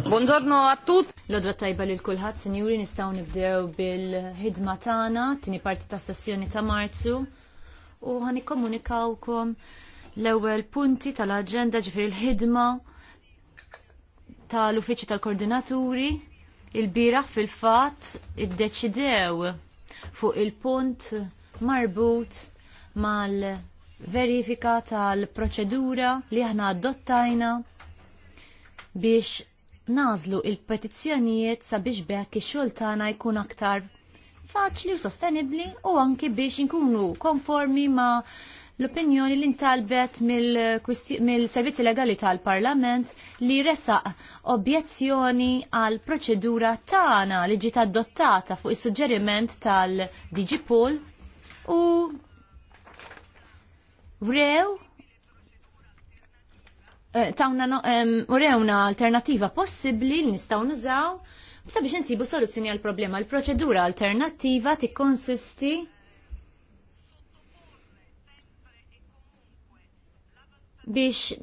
Buongiorno a tutti. L-odra tajba lil kulħadd, sinjuri nistgħu nibdew bil-ħidma tagħna, tieni parti ta' sessjoni ta' Marzu u komunikawkom l-ewwel punti tal-aġenda ġifir il-ħidma tal-uffiċċju tal-koordinaturi il bira fil-fatt iddeċidew fuq il-punt marbut mal verifika tal-proċedura li aħna adottajna biex nażlu il-petizzjonijiet sabiex bekk ix-xogħol tagħna jkun aktar faċli u sostenibbli u anki biex inkunu konformi ma' l-opinjoni li ntalbet mill-servizzi legali tal-Parlament li resaq objezzjoni għal proċedura tagħna li ġiet adottata fuq is-suġġeriment tal-DigiPol u rew eh, tawna u rewna alternativa possibli li nistaw nużaw sabiex nsibu soluzzjoni għal problema. L-proċedura alternativa tikkonsisti biex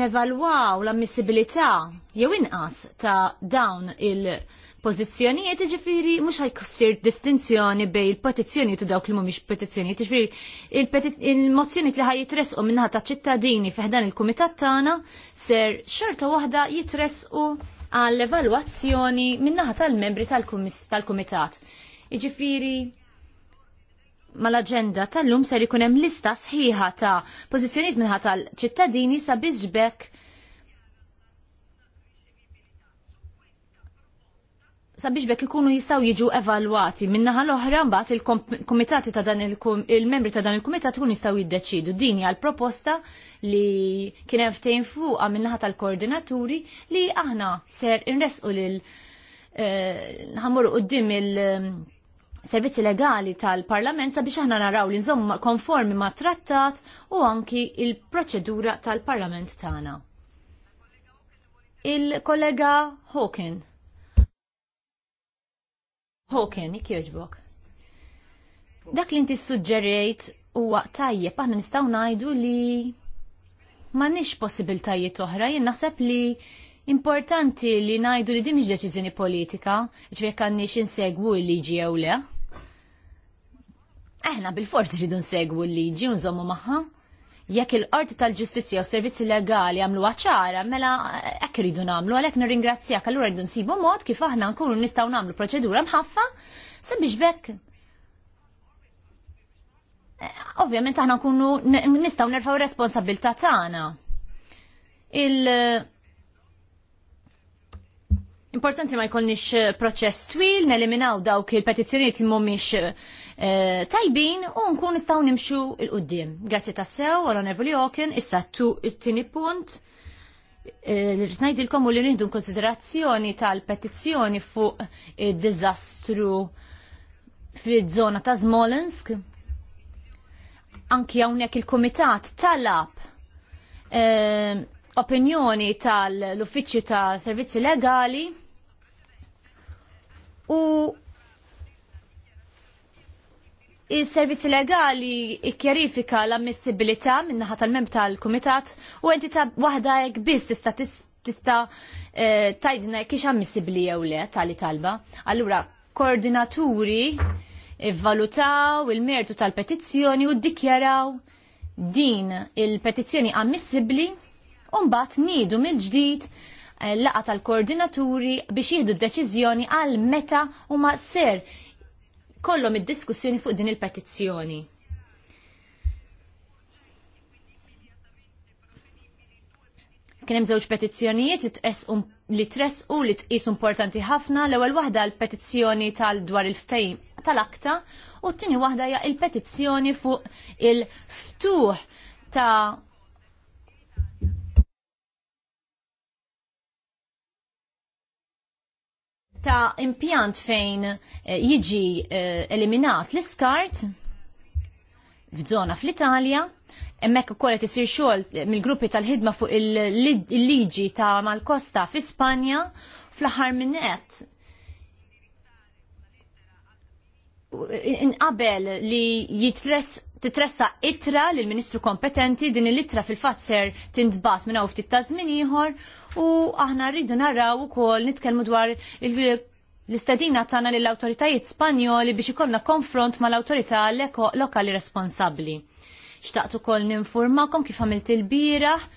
nevalwaw l-ammissibilità jew inqas ta' dawn il- pożizzjonijiet, ġifiri mhux ħajkossir distinzjoni bej il-petizzjonijiet u dawk li mhumiex petizzjonijiet, ġifiri il-mozzjonijiet li ħaj u minnaħat ta' ċittadini fiħdan il-kumitat tagħna ser xorta waħda jitresqu għall-evalwazzjoni minnaħat tal-membri tal-kumitat. Iġifiri, mal-agenda tal-lum ser ikun hemm lista sħiħa ta' pożizzjonijiet minħa tal-ċittadini sabiex bekk sabiex bekk ikunu jistaw jiġu evalwati minnaħa l-oħra mbagħad il-komitati ta' dan il-membri ta' dan il-kumitat ikunu jistgħu jiddeċidu. Din hija l-proposta li kien hemm ftehim fuqha minnaħa tal-koordinaturi li aħna ser inresqu lil eh, ħammur quddiem il- eh, servizzi legali tal-Parlament sabiex aħna naraw li nżomma konformi ma' trattat u anki il-proċedura tal-Parlament tagħna. Il-kollega Hawking Hawken, joġbok. Dak li inti suġġerejt huwa tajjeb aħna nistgħu ngħidu li m'għandniex possibiltajiet oħra, jien naħseb li importanti li ngħidu li din deċizjoni deċiżjoni politika, jiġifieri kan nix insegwu l-liġi jew le. Aħna bil-forsi rridu nsegwu l-liġi u nżommu magħha jekk il-qorti tal-ġustizzja u servizzi legali għamlu ċara, mela hekk iridu nagħmlu għalhekk nirringrazzjak allura rridu nsibu mod kif aħna nkunu nistgħu nagħmlu proċedura mħaffa sabiex bekk eh, ovvjament aħna nkunu nistgħu nerfaw responsabilta' tagħna. Il- Importanti ma jkollniex eh, proċess twil, neliminaw dawk il-petizzjoniet li mhumiex eh, tajbin u nkun nistgħu nimxu il qoddim Grazzi tassew, għal onervoli Oken, issa tu it-tieni punt eh, li e, rtnajdilkom u li rridu konsiderazzjoni tal-petizzjoni fuq id-diżastru fiż-żona ta' Smolensk. Anki hawnhekk il-kumitat talab e, opinjoni tal-Uffiċċju ta' Servizzi Legali u il-servizzi legali ikkjerifika l-ammissibilità minnaħa tal-mem tal-komitat u entita' waħda jek biss tista tista eh, tajdna kiex ammissibbli jew le tali talba. Allura, koordinaturi valutaw il-mertu tal-petizzjoni u ddikjaraw din il-petizzjoni ammissibbli u mbagħad nidu mill-ġdid Eh, laqa tal-koordinaturi biex jieħdu d-deċiżjoni għal meta u ma ser kollom id-diskussjoni fuq din il-petizzjoni. Kien hemm żewġ petizzjonijiet li um- u li tqis importanti ħafna l-ewwel waħda l-petizzjoni tal-dwar il-ftejn tal-akta u t tini waħda il-petizzjoni fuq il-ftuħ ta' ta' impjant fejn eh, jiġi eh, eliminat l-iskart f'żona fl-Italja, emmek u kolet isir xol mill-gruppi tal-ħidma fuq il-liġi ta' Malkosta fi Spanja, fl-ħar minnet inqabel li jitress titressa itra l ministru kompetenti din l-itra fil fat ser tindbat minn hawn ftit ta' żmien ieħor u aħna rridu naraw ukoll nitkellmu dwar l-istedina tagħna lill awtoritajiet Spanjoli biex ikollna konfront mal-awtorità lokali responsabbli. Xtaqt ukoll ninfurmakom kif għamilt il-bieraħ.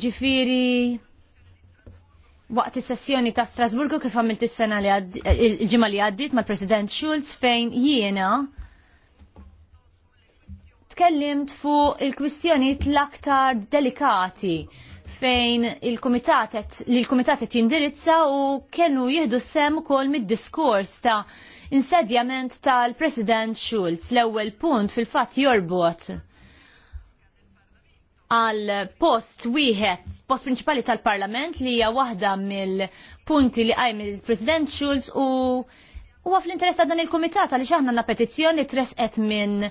Iġifiri, waqt is-sessjoni ta' Strasburgu kif għamilt is-sena li il-ġimgħa li għaddiet mal-President Schulz fejn jiena tkellimt fuq il-kwistjonijiet l-aktar delikati fejn il-komitatet li l-komitatet jindirizza u kellu jihdu sem ukoll mid-diskors ta' insedjament tal-President Schulz l-ewwel punt fil-fatt jorbot għal post wieħed, post prinċipali tal-Parlament li hija waħda mill-punti li qajm il-President Schulz u huwa fl-interess ta' dan il-Kumitat għaliex aħna na petizzjoni tresqet minn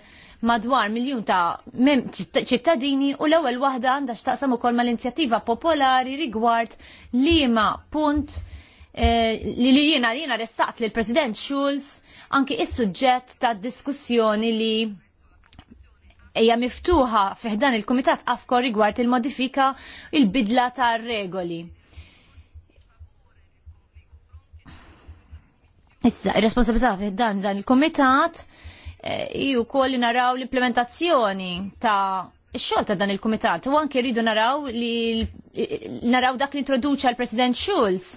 madwar miljun ta' ċittadini u l-ewwel waħda għandha x'taqsam ukoll mal-inzjattiva popolari rigward liema punt eh, li li jiena jiena ressaqt lill-President Schulz anki is-suġġett ta' diskussjoni li hija miftuħa fiħdan il-Kumitat afko rigward il-modifika il-bidla tar regoli. Issa, ir-responsabilità fiħdan dan il-Kumitat ju eh, koll naraw l-implementazzjoni ta' xogħol ta' dan il-Kumitat. U anke rridu naraw li naraw dak li introduċa l-President Schulz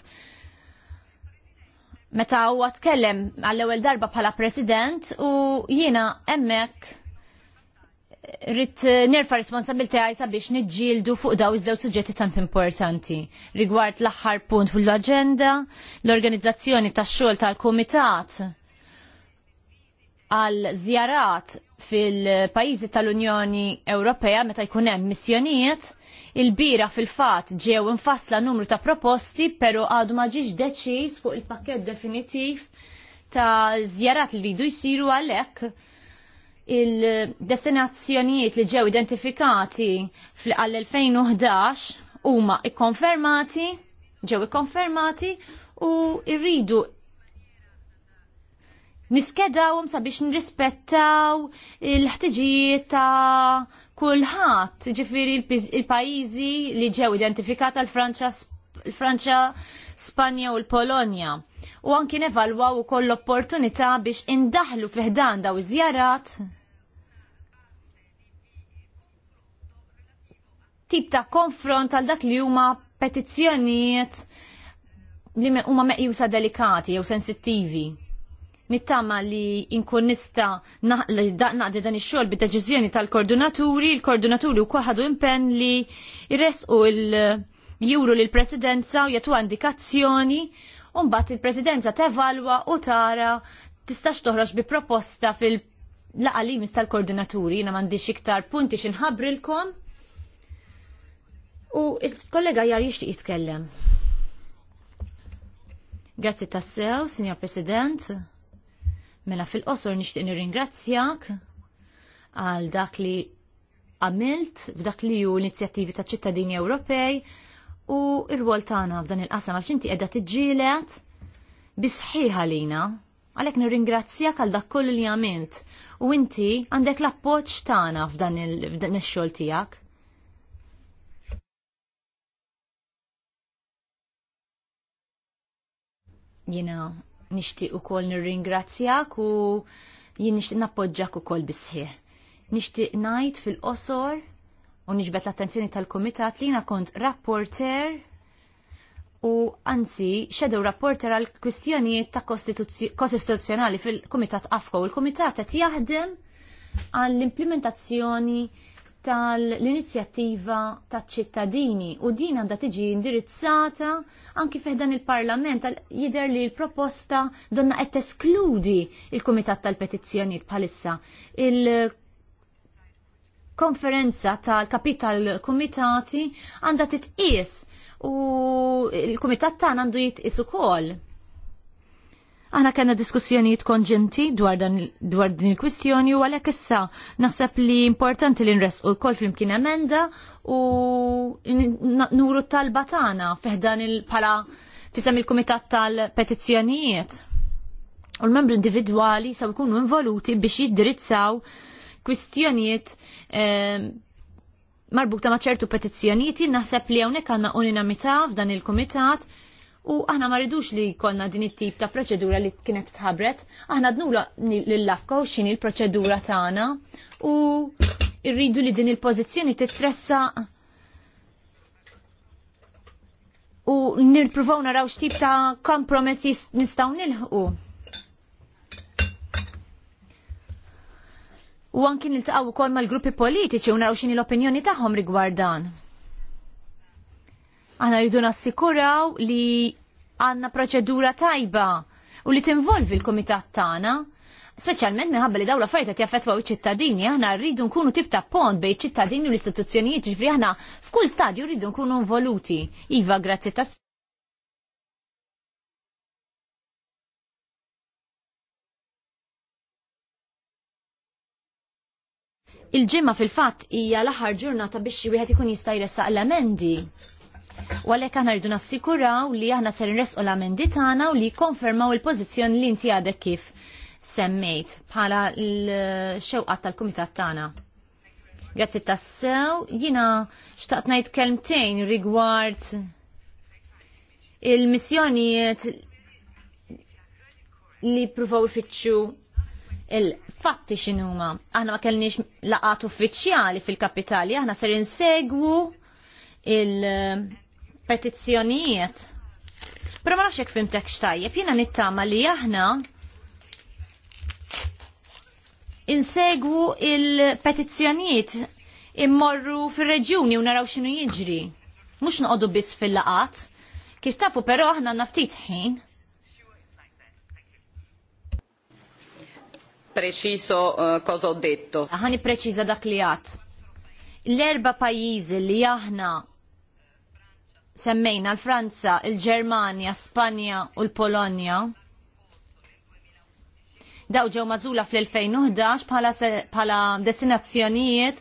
meta huwa tkellem għall-ewwel darba bħala President u jiena hemmhekk rrit nerfa responsabilti għaj sabiex nġildu fuq daw iż-żew suġġetti tant importanti. Rigward l-aħħar punt fuq l-agenda, l-organizzazzjoni tax xogħol tal-Kumitat għal żjarat fil-pajjiżi tal-Unjoni Ewropea meta jkun hemm missjonijiet, il-bira fil-fatt ġew infassla numru ta' proposti, pero għadu ma ġiex deċiż fuq il-pakket definitiv ta' żjarat li jdu jsiru għalhekk il-destinazzjonijiet li ġew identifikati fl-2011 huma ikkonfermati, ġew ikkonfermati u rridu niskedawhom sabiex nirrispettaw il-ħtiġijiet ta' kulħadd, ġifieri il-pajjiżi li ġew identifikata l-Franċa, il-Franċa, Spanja u l-Polonja. U anki nevalwaw ukoll l-opportunità biex indaħlu fiħdan daw iżjarat tip ta' konfront għal dak li huma petizzjonijiet li huma meqjusa delikati jew sensittivi nittama li inkun nista naqdi dan ix-xogħol bid-deċiżjoni tal-koordinaturi, il-koordinaturi wkoll ħadu impenn li jresqu il- juru lill presidenza u jatu indikazzjoni u mbagħad il-presidenza tevalwa u tara tistax toħroġ bi proposta fil laqa li mistal koordinaturi jiena m'għandix iktar punti x'inħabbrilkom. U il-kollega jar jixtieq jitkellem. Grazzi tassew, Signor President. Mela fil-qosor nixtieq nirringrazzjak għal dak li għamilt f'dak li ju l-inizjattivi ta' ċittadini Ewropej u r-rwol tagħna f'dan il-qasam għax inti qiegħda tiġġieled bisħiħa lina. Għalhekk nirringrazzjak għal dak kollu li għamilt u inti għandek l-appoġġ tagħna f'dan ix-xogħol tiegħek. Jiena nixtieq ukoll nirringrazzjak u jien nixtieq nappoġġjak ukoll bisħieħ. Nixtieq ngħid fil-qosor u nixbet l-attenzjoni tal-Kumitat li jina kont rapporter u anzi xedu rapporter għal kwistjonijiet ta' kostituzzjonali fil-Kumitat Afko u l-Kumitat qed jaħdem għall implementazzjoni tal-inizjattiva taċ ċittadini u din għandha tiġi indirizzata anki fiħdan il-Parlament jidher li l-proposta donna qed teskludi il-Kumitat tal-Petizzjonijiet bħalissa. il konferenza tal-kapital komitati għandha titqis u l-kumitat tagħna għandu jitqis ukoll. Aħna kena diskussjonijiet konġenti dwar, dwar din il-kwistjoni u għalhekk issa naħseb li importanti li nresqu l-kol flimkien emenda u nuru talba tagħna fiħdan il-pala fisem il-Kumitat tal-Petizzjonijiet. U l-membri individwali saw jkunu involuti biex jiddirizzaw kwistjonijiet ehm, marbuta ma' ċertu petizzjonijiet jien naħseb li hawnhekk għandna uninamità f'dan il-kumitat u aħna ma rridux li konna din it-tip ta' proċedura li kienet tħabret, aħna dnula lil lafka u xini l-proċedura tagħna u rridu li din il-pożizzjoni titressa u nirpruvaw naraw x'tip ta' kompromessi nistgħu nilħqu. u anki u wkoll mal-gruppi politiċi u naraw x'inhi l-opinjoni tagħhom rigward dan. Aħna rridu nassikuraw li għandna proċedura tajba u li tinvolvi l-kumitat tagħna. Speċjalment minħabba li daw l-affarijiet qed jaffettwaw iċ-ċittadini, aħna rridu nkunu tibta pont bej ċittadini u l-istituzzjonijiet, ġifri aħna f'kull stadju rridu nkunu involuti. Iva, grazzi tas Il-ġimma fil-fatt hija l-aħħar ġurnata biex wieħed ikun jista' jressaq l-amendi. U għalhekk aħna rridu nassikuraw li aħna ser inresqu l-amendi tagħna u li jkonfermaw il-pożizzjoni li inti għadek kif semmejt bħala l-xewqat tal-kumitat tagħna. Grazzi tassew, jina xtaqt najt kelmtejn rigward il-missjonijiet li provaw ifittxu il-fatti x'inhuma. Aħna ma kellniex laqat uffiċjali fil-kapitali, aħna ser insegwu il-petizzjonijiet. Però ma nafx hekk fimtek x'tajjeb, jiena nittama li aħna insegwu il-petizzjonijiet immorru fil-reġjuni u naraw x'inhu jiġri. Mhux noqogħdu biss fil-laqat. Kif tafu però aħna naftit ħin. Preċiżo eh, cosa ho detto. Ħani preċiża dak li għat. L-erba pajjiżi li aħna semmejna l-Franza, il-Germania, Spanja u l-Polonja daw ġew mażula fl-2011 bħala destinazzjonijiet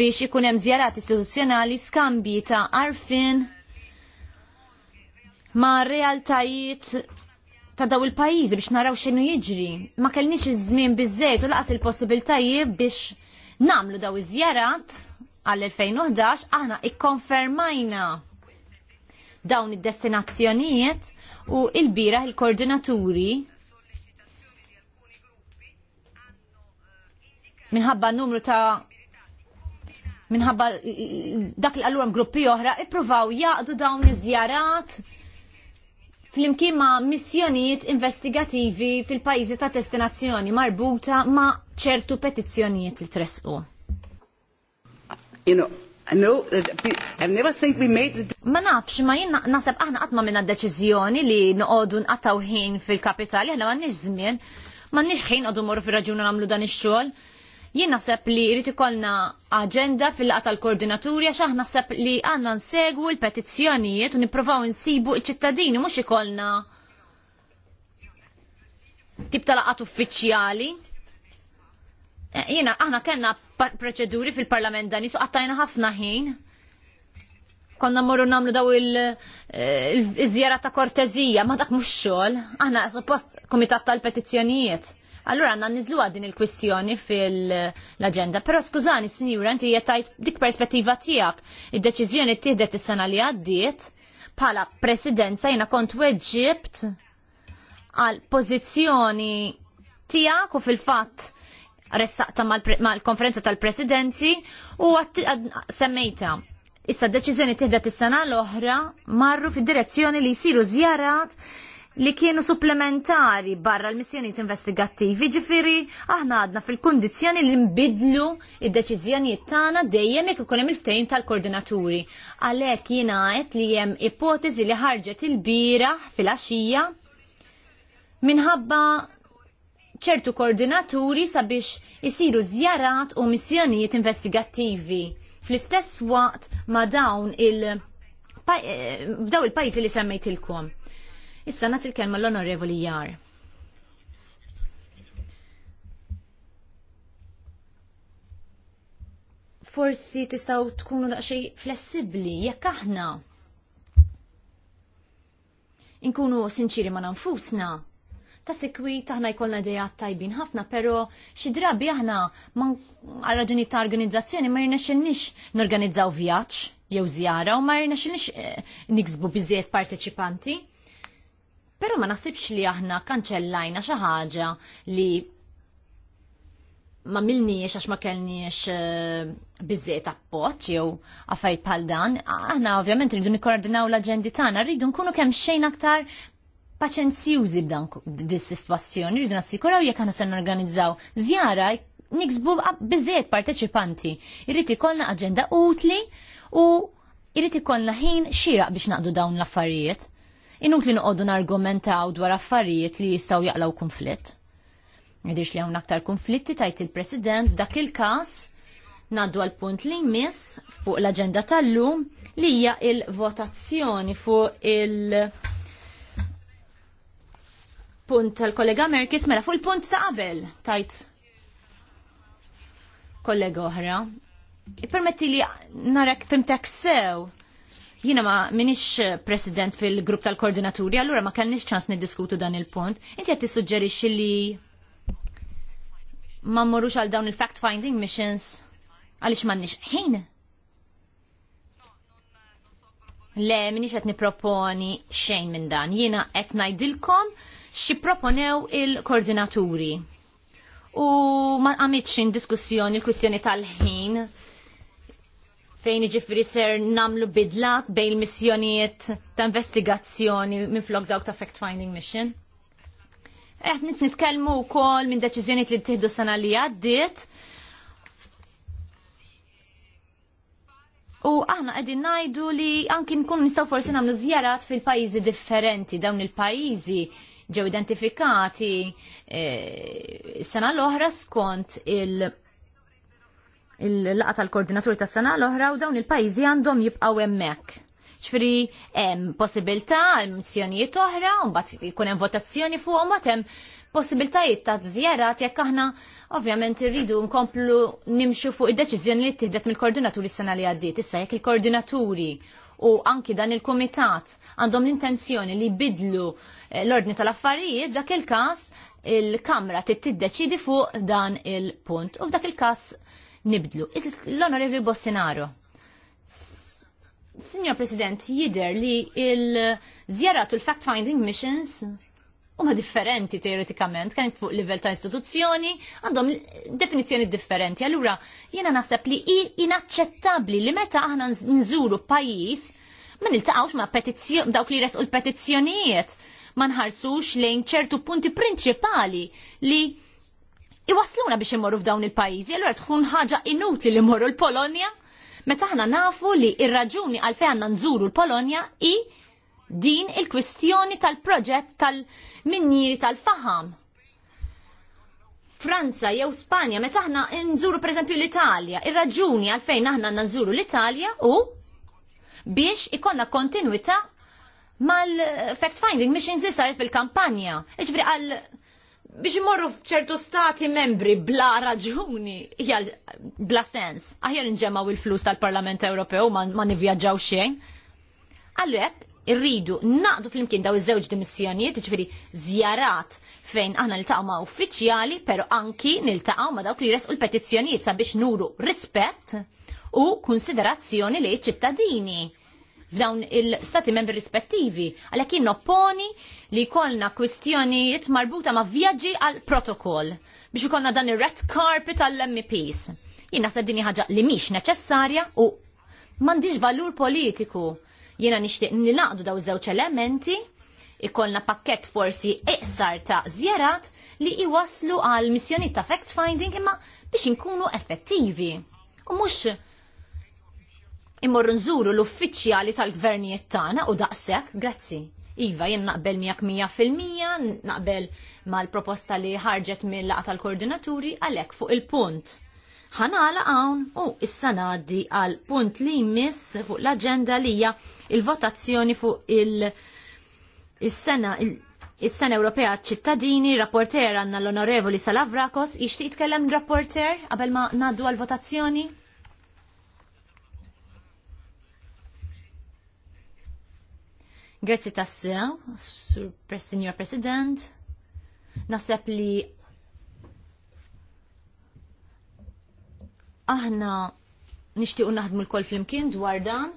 biex ikun hemm żjarat istituzzjonali skambji ta' arfin ma' realtajiet ta' daw il-pajjiżi biex naraw x'inhu jiġri. Ma kellniex iż-żmien biżejt u laqas il-possibiltajiet biex namlu daw iż-żjarat għall-2011 aħna ikkonfermajna dawn id-destinazzjonijiet u il-bira il-koordinaturi minħabba numru ta' minħabba dak li għallum gruppi oħra ippruvaw jaqdu dawn iż-żjarat flimkien ma' missjonijiet investigativi fil-pajjiżi ta' destinazzjoni marbuta ma' ċertu petizzjonijiet li tresqu. You know, I never think we made the... Ma nafx, ma jien nasab aħna ma' minna deċiżjoni li noqogħdu nqattaw ħin fil-kapitali, aħna m'għandniex żmien, m'għandniex ħin qogħdu morru fir-raġuni nagħmlu dan ix-xogħol. Jien naħseb li jrid ikollna aġenda fil-laqa tal-koordinaturi għax aħna naħseb li għandna nsegwu l-petizzjonijiet u nippruvaw insibu iċ-ċittadini mhux ikollna tip tal laqat uffiċjali. Eh, jiena aħna kellna proċeduri fil-parlament dan jisu qattajna ħafna ħin konna morru namlu daw il-żjara eh, ta' kortezija, ma dak mux xol, aħna suppost komitat tal-petizzjonijiet. Allura għanna nizlu din il-kwistjoni fil-agenda. Pero skużani, sinjura, għanti jettajt dik perspettiva tijak. il deċizjoni t-tihdet is-sena li għaddiet bħala presidenza jina kont weġġibt għal pozizjoni tijak u fil-fat ressaqta mal-konferenza tal-presidenzi u semmejta. Issa d-deċizjoni tihdet is-sena l-oħra marru fid-direzzjoni li jisiru zjarat li kienu supplementari barra l-missjoniet investigattivi, ġifiri aħna għadna fil-kondizjoni li nbidlu id deċizjoniet tagħna dejjem jekk ikun hemm il-ftehim tal-koordinaturi. Għalhekk jien qed li hemm ipotezi li ħarġet il-bira fil-għaxija minħabba ċertu koordinaturi sabiex isiru zjarat u missjonijiet investigattivi fl-istess waqt ma dawn il- pajzi eh, il-pajzi li semmejtilkom. Issa nat il-kelma l-Onorevoli Jar. Forsi tistaw tkunu daqxej flessibli, jekk aħna. Inkunu sinċiri ma' nanfusna. Ta' sikwi taħna jkollna ideja tajbin ħafna, pero xi drabi aħna għal raġuni ta' organizzazzjoni ma jirnexxilniex norganizzaw vjaġġ jew żjara u ma jirnexxilniex eh, niksbu biżejjed parteċipanti Pero ma naħsibx li aħna kanċellajna xi ħaġa li ma milniex għax ma kellniex eh, bizziet appoġġ jew affarijiet bħal dan, aħna ovvjament rridu nikkoordinaw l-aġendi tagħna, rridu nkunu kemm xejn aktar paċenzjużi b'dan dis-sitwazzjoni, rridu nassikuraw jekk aħna se norganizzaw żjara niksbu bizziet parteċipanti. Irrid ikollna aġenda utli u irrid ikollna ħin xieraq biex naqdu dawn l-affarijiet. Inutli noqogħdu nargumentaw dwar affarijiet li jistgħu jaqlaw konflitt. Għedix li hawn aktar konflitti tajt il-President f'dak il-każ naddu għal punt li jmiss fuq l-aġenda tal-lum li hija il-votazzjoni fuq il- punt tal-kollega Merkis mela fuq il-punt ta' qabel tajt kollega oħra. Permetti li narek fimtek sew Jiena ma minix president fil-grupp tal-koordinaturi, allura ma kellniex ċans niddiskutu dan il-punt. Inti qed tissuġġerixxi li ma mmorrux għal dawn il-fact-finding missions għaliex m'għandniex ħin. Le, minix qed niproponi xejn minn dan. Jiena qed ngħidilkom xi proponew il-koordinaturi. U ma għamitx diskussjoni l-kwistjoni tal-ħin fejn iġifiri ser namlu bidla bejn missjonijiet ta' investigazzjoni minn flok dawk ta' fact-finding mission. Eħt nit nitkelmu u kol minn deċizjoniet li tiħdu sena li għaddiet. U aħna għedin najdu li anki nkun nistaw forsi namlu zjarat fil-pajizi differenti, dawn il-pajizi ġew identifikati e, eh, sena l-oħra skont il- il-laqa tal-koordinaturi tas sena l-oħra u dawn il-pajjiżi għandhom jibqgħu hemmhekk. Ċfri hemm possibilità għal missjonijiet oħra, u bat jkun hemm votazzjoni fuq u mbagħad hemm possibiltajiet ta' żjarat jekk aħna ovvjament irridu nkomplu nimxu fuq id-deċiżjoni li tieħdet mill-koordinaturi s-sena li għaddiet. Issa jekk il-koordinaturi u anki dan il-komitat għandhom l-intenzjoni li bidlu eh, l-ordni tal-affarijiet, dak il-kas il-Kamra tiddeċidi fuq dan il-punt. U f'dak il-kas nibdlu. l onorevli Bossinaro. Signor President, jider li il-żjarat u l-fact-finding missions huma differenti teoretikament, kemm fuq livell ta' istituzzjoni, għandhom definizzjoni differenti. Allura, jiena naħseb li inaċċettabli inaċċettabbli li meta aħna nżuru pajjiż ma niltaqgħux ma' petizzjoni dawk li resqu l-petizzjonijiet ma nħarsux lejn ċertu punti prinċipali li iwasluna biex immorru f'dawn il-pajjiżi, allura tkun ħaġa inutli li morru l-Polonja, meta aħna nafu li ir-raġuni għalfejn għandna nżuru l-Polonja i din il-kwistjoni tal-proġett tal-minjiri tal-faham. Franza jew Spanja, meta aħna nżuru pereżempju l-Italja, ir-raġuni għalfejn aħna nżuru l-Italja u biex ikonna kontinuita mal-fact-finding missions li saret fil-kampanja. Iġbri għal biex imorru f'ċertu stati membri bla raġuni, bla sens, aħjar nġemaw il-flus tal-Parlament Ewropew ma nivvjaġġaw xejn. Għalhekk irridu naqdu fl-imkien daw iż-żewġ dimissjonijiet, ġifieri żjarat fejn aħna niltaqgħu ma' uffiċjali, però anki niltaqgħu ma' dawk li resqu l-petizzjonijiet sabiex nuru rispett u konsiderazzjoni li ċittadini f'dawn il-stati membri rispettivi. Għalhekk jien opponi li jkollna kwistjonijiet marbuta ma' vjaġġi għal protokoll biex ikollna dan ir-red carpet għall-MPs. Jina naħseb dini ħaġa li mhix neċessarja u m'għandix valur politiku. Jiena nixtieq nilaqdu daw żewġ elementi ikollna pakket forsi iqsar ta' zjerat li iwaslu għal missjoni ta' fact-finding imma biex inkunu effettivi. U mux immorru nżuru l-uffiċjali tal-gvernijiet tagħna u daqshekk, grazzi. Iva, jien naqbel miegħek mija fil-mija, naqbel mal-proposta li ħarġet mill laqgħa tal-koordinaturi għalhekk fuq il-punt. Ħanala hawn u issa ngħaddi għal punt li jmiss fuq l-aġenda li hija il-votazzjoni fuq il- is-sena Is-sena Ewropea ċittadini, rapporter għanna l-onorevoli Salavrakos, jixtieq jitkellem rapporter qabel ma naddu għal votazzjoni? Grazzi tasse, Signor President. Nasab li aħna nixtiequ naħdmu l-kol fl-imkien dwar dan.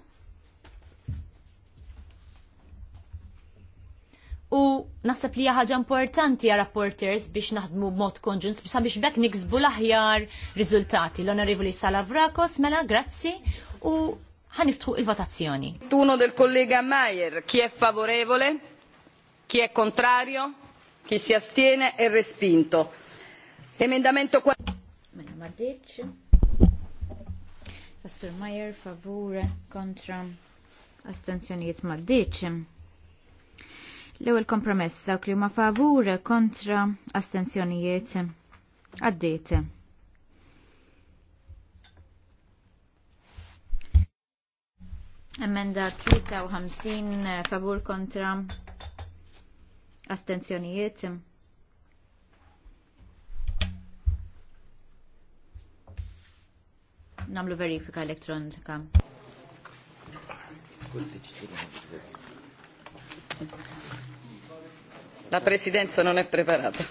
U naħseb li ħaġa importanti għal rapporters biex naħdmu mod konġuns biex sabiex bekk niksbu l-aħjar riżultati. L-Onorevoli Salavrakos, mela, grazzi. U ħaniftħu il-votazzjoni. Tuno del kollega Mayer, chi è favorevole, chi è contrario, chi si astiene e respinto. Emendamento 4. Mela mardiċ. Pastor Mayer, favore, kontra, astenzjonijiet mardiċ. L-ewel kompromess dawk li favore favur kontra astenzjonijiet għaddiet. Emenda 53 eh, favur kontra astenzjonijiet. Namlu verifika elektronika. La presidenza non è preparata.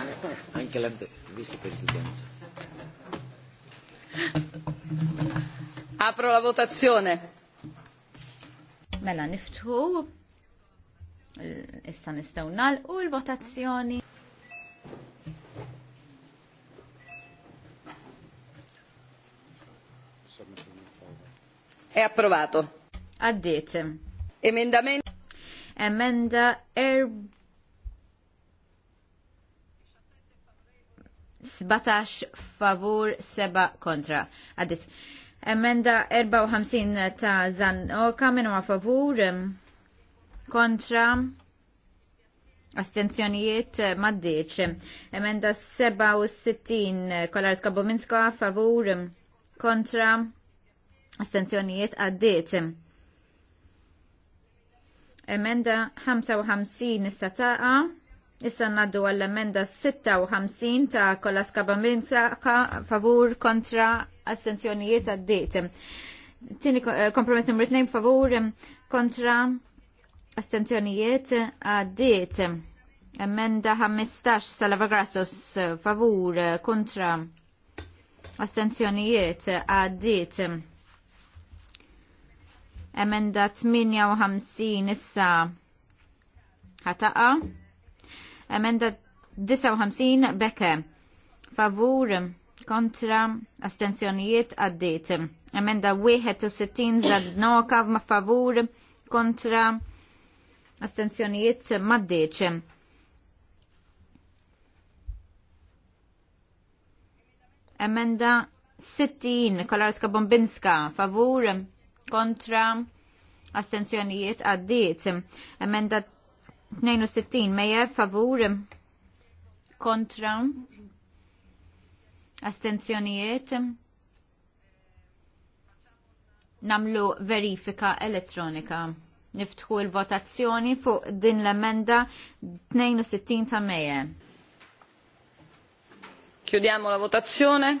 Anche la vicepresidenza. Apro la votazione. Mela niftħu issa nistgħu nagħlqu l-votazzjoni. È approvato. Addiet. Emendamento. Emenda er... 17 favur, 7 kontra. Addiet. Emenda 54 ta' Zanoka minu a favur kontra astenzjonijiet maddiċ. Emenda 67 Kolarska Bominska a favur kontra astenzjonijiet għaddiċ emenda 55 issa taqa, issa naddu għall-emenda 56 ta' kolla skabaminka favur kontra astenzjonijiet għaddit. Tini eh, kompromess numru 2 favur kontra astenzjonijiet għaddit. Emenda 15 Salavagrassos favur kontra astenzjonijiet għaddit. Emenda 58 issa ħataqa. Emenda 59 beke favur kontra astenzjonijiet għaddit. Emenda 61 zad noka ma favur kontra astensjonijiet maddeċ. Emenda 60 Kolarska Bombinska favur kontra astenzjonijiet għaddit. Emenda 62 meje favur kontra astenzjonijiet namlu verifika elettronika. Niftħu il-votazzjoni fuq din l-emenda 62 ta' meje. Chiudiamo la votazione.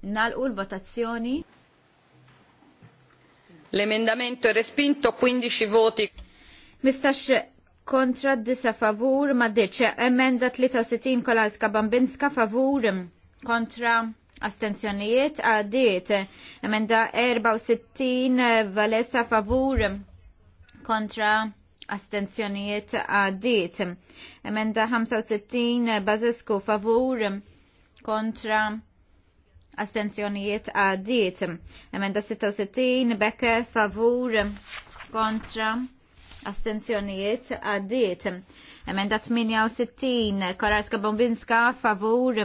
Nalqu l-votazzjoni. L'emendamento è respinto 15 voti. Mistax kontra disa favur ma deċ emenda 63 kolaska Bambinska favur kontra astenzjonijiet għadiet emenda 64 Valessa favur kontra astenzjonijiet għadiet emenda 65 Bazesku favur kontra astenzjonijiet għadiet emenda 66 beke favur kontra astenzjonijiet għaddiet. Emenda 68, Korarska Bombinska, favur,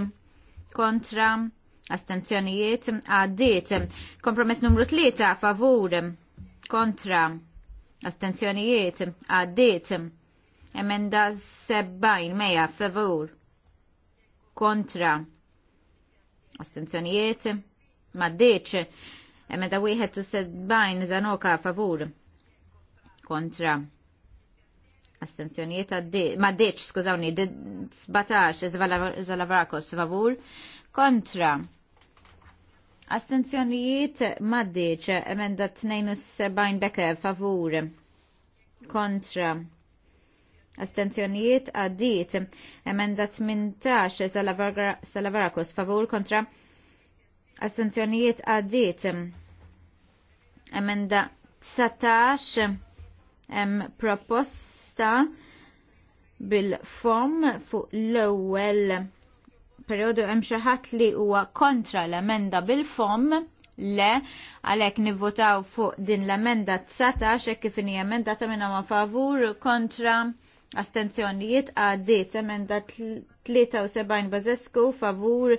kontra, astenzjonijiet għaddiet. Kompromess numru 3, favur, kontra, astenzjonijiet għaddiet. Emenda 70, meja, favur, kontra, astenzjonijiet maddiċ. Emenda 71, Zanoka, favur, kontra astenzjonijiet ma deċ, skużawni, 17 zalavrakos favur kontra astenzjonijiet ma deċ, emenda 72 beke favur kontra astenzjonijiet għaddit, emenda 18 zalavrakos favur kontra astenzjonijiet għaddit, emenda 19 hemm proposta bil-fom fuq l-ewwel perjodu hemm xi ħadd li huwa kontra l-emenda bil-fom le għalhekk nivvotaw fuq din l-emenda 19 hekk kif inhi emenda ta' minnha ma' favur kontra astenzjonijiet għaddiet emenda 73 Bazesku favur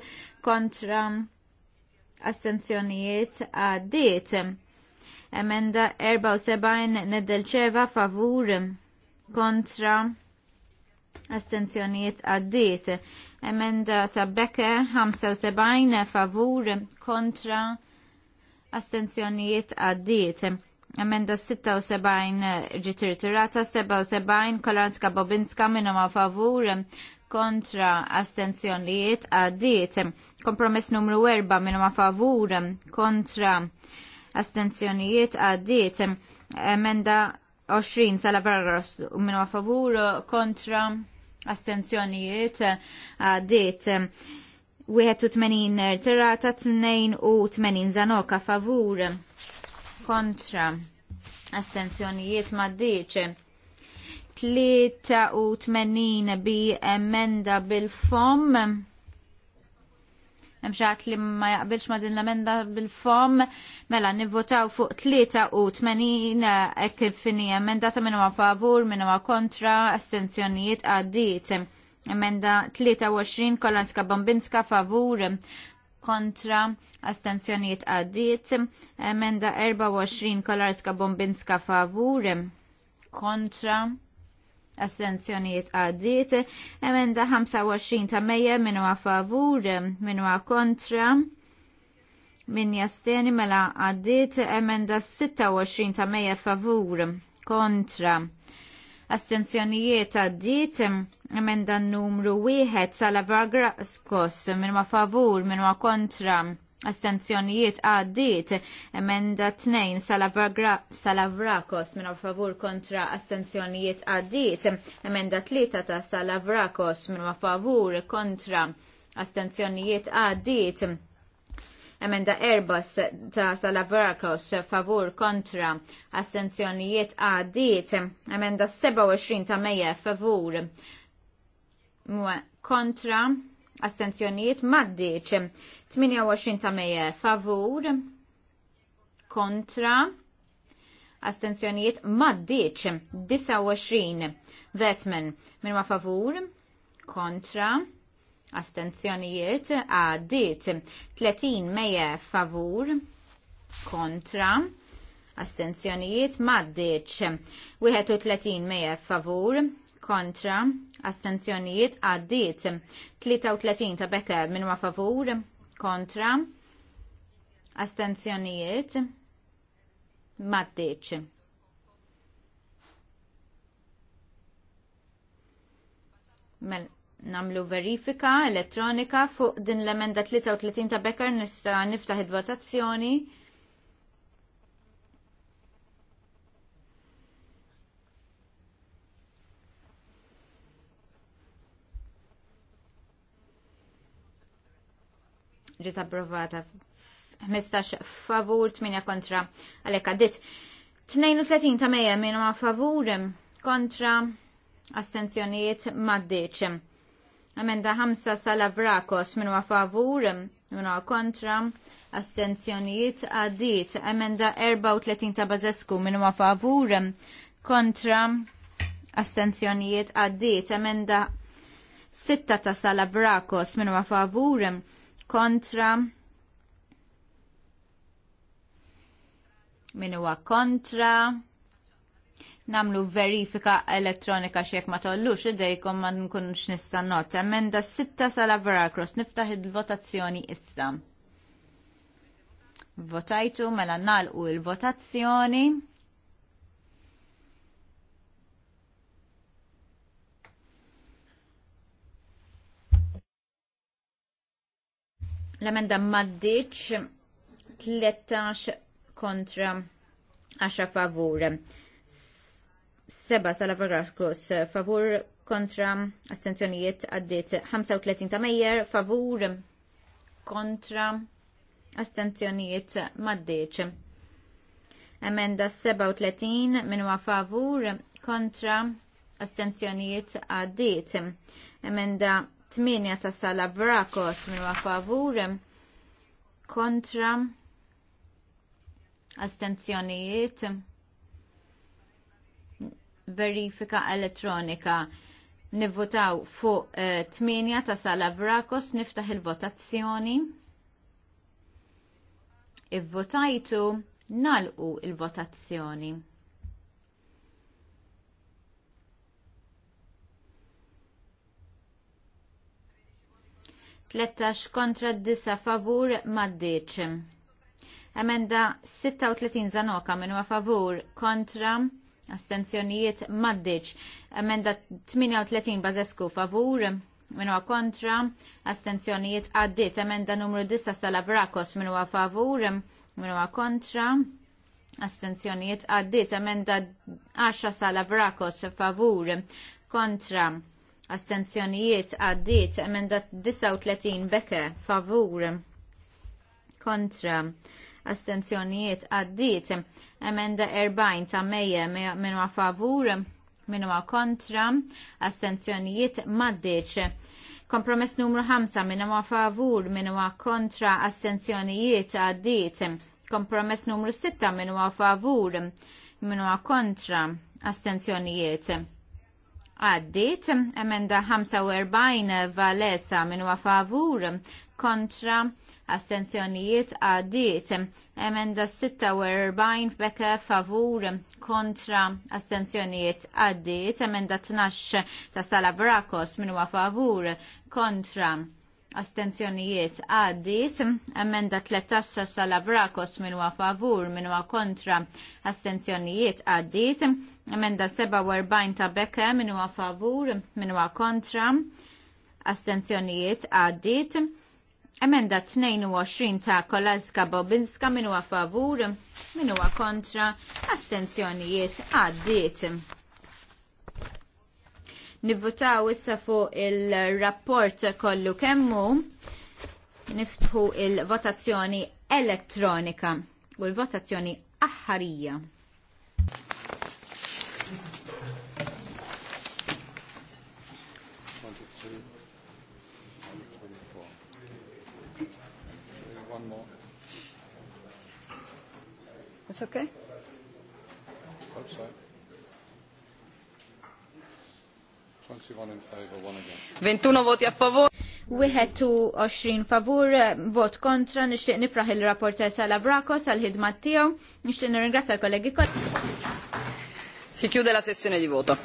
kontra astenzjonijiet għaddiet. Emenda 74 Nedelċeva favur kontra astenzjonijiet għaddit. Emenda ta' Beke 75 favur kontra astenzjonijiet għaddit. Emenda 76 ġitirtirata 77 Kolanska Bobinska minnum a favur kontra astenzjonijiet għaddit. Kompromess numru 4 minnum a favur kontra astenzjonijiet għaddiet emenda 20 sala barros minu a favur kontra astenzjonijiet għaddiet 81 tira tirata 82 zanoka favur kontra astenzjonijiet maddiċ 83 bi emenda bil-fom hemm li ma jaqbilx ma din l-emenda bil-fom, mela nivvotaw fuq u 80 ek fini emenda ta' minnu favur, minnu kontra, astenzjonijiet għaddit. Emenda 23 Kolanska Bombinska favur, kontra, astenzjonijiet għaddit. Emenda 24 kolanska Bombinska favur, kontra, Assenzjonijiet għaddit. Emenda 25 ta' meja minu għafavur, minu kontra. Min jasteni mela għaddit. Emenda 26 ta' meja favur, kontra. Astenzjonijiet għaddit. Emenda numru 1 sal skos, minu għafavur, minu kontra Astenzjonijiet għaddit emenda 2 Salavrakos minn favur kontra astenzjonijiet għaddit emenda 3 ta' Salavrakos minn favur kontra astenzjonijiet għaddit emenda 4 ta' Salavrakos favur kontra astenzjonijiet għaddit emenda 27 ta' Meja favur kontra astenzjonijiet maddiċ 28 ta' meje favur kontra astenzjoniet maddiċ 29 vetmen minn ma favur kontra astenzjonijiet għaddit 30 meje favur kontra astenzjoniet maddiċ 31 meje favur kontra astenzjonijiet għaddiet 33 ta' Becker minn ma' favur kontra astenzjonijiet maddiċ. Mel namlu verifika elettronika fuq din l-emenda 33 ta' Becker nista' niftaħ id-votazzjoni. ġiet approvata 15 favur 8 kontra għalhekk għaddit. 32 ta' meja minn ma' favur kontra astenzjonijiet maddeċ. Amenda 5 vrakos minn ma' favur minn kontra astenzjonijiet għaddit. Amenda 34 ta' bazesku minn ma' favur kontra astenzjonijiet għaddit. Amenda 6 ta' vrakos minn ma' favur kontra min huwa kontra namlu verifika elettronika xiek ma tollux idejkom ma nkunx nista' not. Emenda sitta sala Veracross niftaħ il-votazzjoni issa. Votajtu mela nalqu il-votazzjoni. L-emenda maddiċ 13 kontra 10 favur. Seba sal-avrakus favur kontra astenzjonijiet għaddit 35 ta' mejjer favur kontra astenzjonijiet maddiċ. Emenda 37 minwa favur kontra astenzjonijiet għaddit. Emenda 8 ta' sala brakos minn ma' favur kontra astenzjonijiet verifika elettronika. Nivvotaw fuq 8 eh, ta' sala brakos niftaħ il-votazzjoni. Ivvotajtu nalqu il-votazzjoni. 13 kontra 9 favur maddiċ. Emenda 36 zanoka minu ma' favur kontra astenzjonijiet maddiċ. Emenda 38 bazesku favur minu a kontra astenzjonijiet għaddit. Emenda numru 10 stalavrakos minu ma' favur minu ma' kontra astenzjonijiet għaddit. Emenda 10 stalavrakos favur kontra astenzjonijiet għaddiet emenda 39 beke favur kontra astenzjonijiet għaddiet emenda 40 ta' minu minwa favur għa kontra astenzjonijiet maddiċ Kompromess numru 5 għa favur għa kontra astenzjonijiet għaddiet Kompromess numru 6 għa favur għa kontra astenzjonijiet għaddit, emenda 45 valesa minn favur kontra astenzjonijiet għaddit, emenda 46 beke favur kontra astenzjonijiet għaddit, emenda 12 ta' sala brakos minn favur kontra astenzjonijiet għaddit, emenda 13 sal-avrakos minn wa favur minn wa kontra astenzjonijiet għaddit, emenda 47 ta' beke minn wa favur minn wa kontra astenzjonijiet għaddit, emenda 22 ta' Kolalska Bobinska minn wa favur minn wa kontra astenzjonijiet għaddit nivvutaw issa fuq il-rapport kollu kemmu niftħu il-votazzjoni elettronika u l-votazzjoni aħħarija. It's okay? Outside. 21 voti a favor. Wieħed u 20 favur, vot kontra, nixtieq nifraħ il-rapporter Sala Braco sal-ħidma tiegħu, nixtieq nirringrazzja l-kollegi kollha. Si chiude la sessione di voto.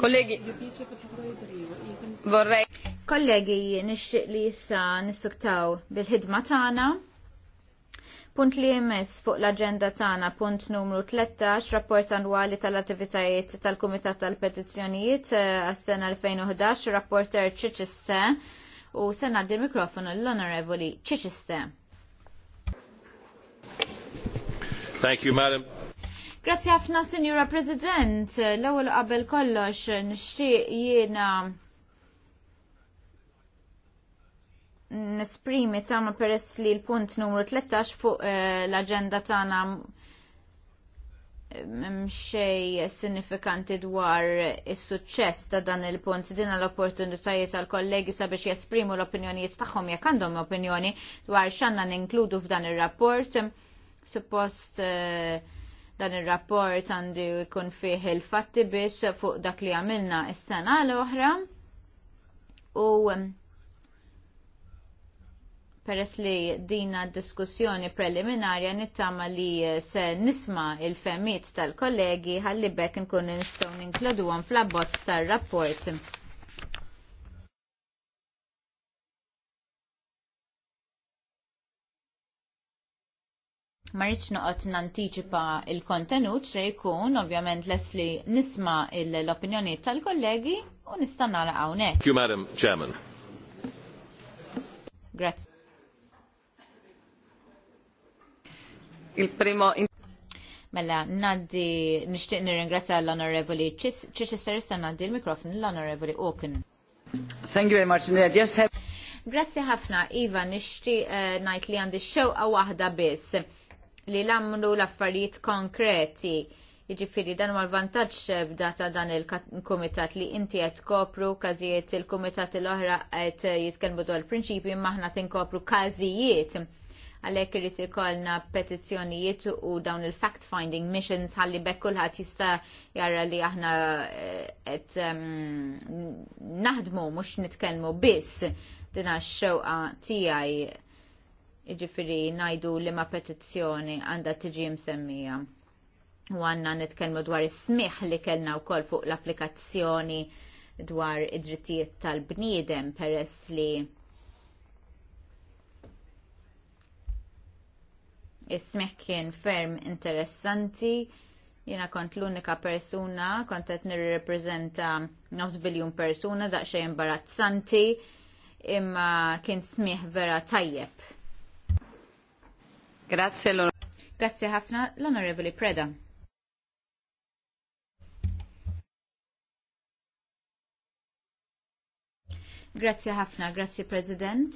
Kollegi, vorrei. Kollegi, nixtieq li issa nissuktaw bil-ħidma tagħna. Punt li jmiss fuq l-agenda tagħna punt numru 13, rapport annwali tal-attivitajiet tal-Kumitat tal-Petizzjonijiet eh, għas-sena 2011, rapporter Ċiċisse u sena ngħaddi l-mikrofonu l-Onorevoli Ċiċisse. Thank you, Madam Grazzi ħafna, Sinjura President. L-ewwel qabel kollox nixtieq jiena nesprimi tama peress li l-punt numru 13 fuq eh, l-agenda tana mxej sinifikanti dwar is suċċess ta' dan il-punt dina l-opportunitajiet għal kollegi sabiex jesprimu l-opinjonijiet tagħhom jekk għandhom opinjoni dwar x'għandna ninkludu f'dan ir-rapport. Suppost uh, Dan ir-rapport għandu jkun fih il-fatti biex fuq dak li għamilna is-sena l-oħra. U peress li dina diskussjoni preliminarja nittama li se nisma il-femmit tal-kollegi ħalli bekk nkun nistgħu ninkludu fl-abbozz tar-rapport. Ma rridx noqgħod nantiċipa l kontenut se jkun ovvjament Leslie nisma' l-opinjoni tal-kollegi u nista' nagħlaq hawnhekk. Thank you, Madam Chairman. Grazie. Il-primo Mela, naddi nixtieq nirringrazzja l-Onorevoli Chichester sa naddi l-mikrofon l honorevoli Oaken. Thank you very much. have... Grazzi ħafna, Iva, nixtieq uh, ngħid li għandi xewqa waħda biss li l l-affarijiet konkreti. Jiġifieri dan ma l-vantaġġ bda ta' dan il-kumitat li inti qed tkopru każijiet il komitat l-oħra qed jitkellmu dwar prinċipji imma aħna tinkopru każijiet għalhekk irid ikollna petizzjonijiet u dawn il-fact-finding missions ħalli bekk kulħadd jista' jara li aħna eh, qed mm, naħdmu mhux nitkellmu biss din għax-xewqa tiegħi Jiġifieri ngħidu li ma petizzjoni għandha tiġi msemmija. U għandna nitkellmu dwar is smiħ li kellna wkoll fuq l-applikazzjoni dwar id-drittijiet tal-bniedem peress li is smiħ kien ferm interessanti jena kont l-unika persuna, kont qed nirrepreżenta nofs biljun persuna daqsxejn imbarazzanti, imma kien smih vera tajjeb. Grazie Grazie ħafna l-Onorevoli Preda. Grazie ħafna, grazie President.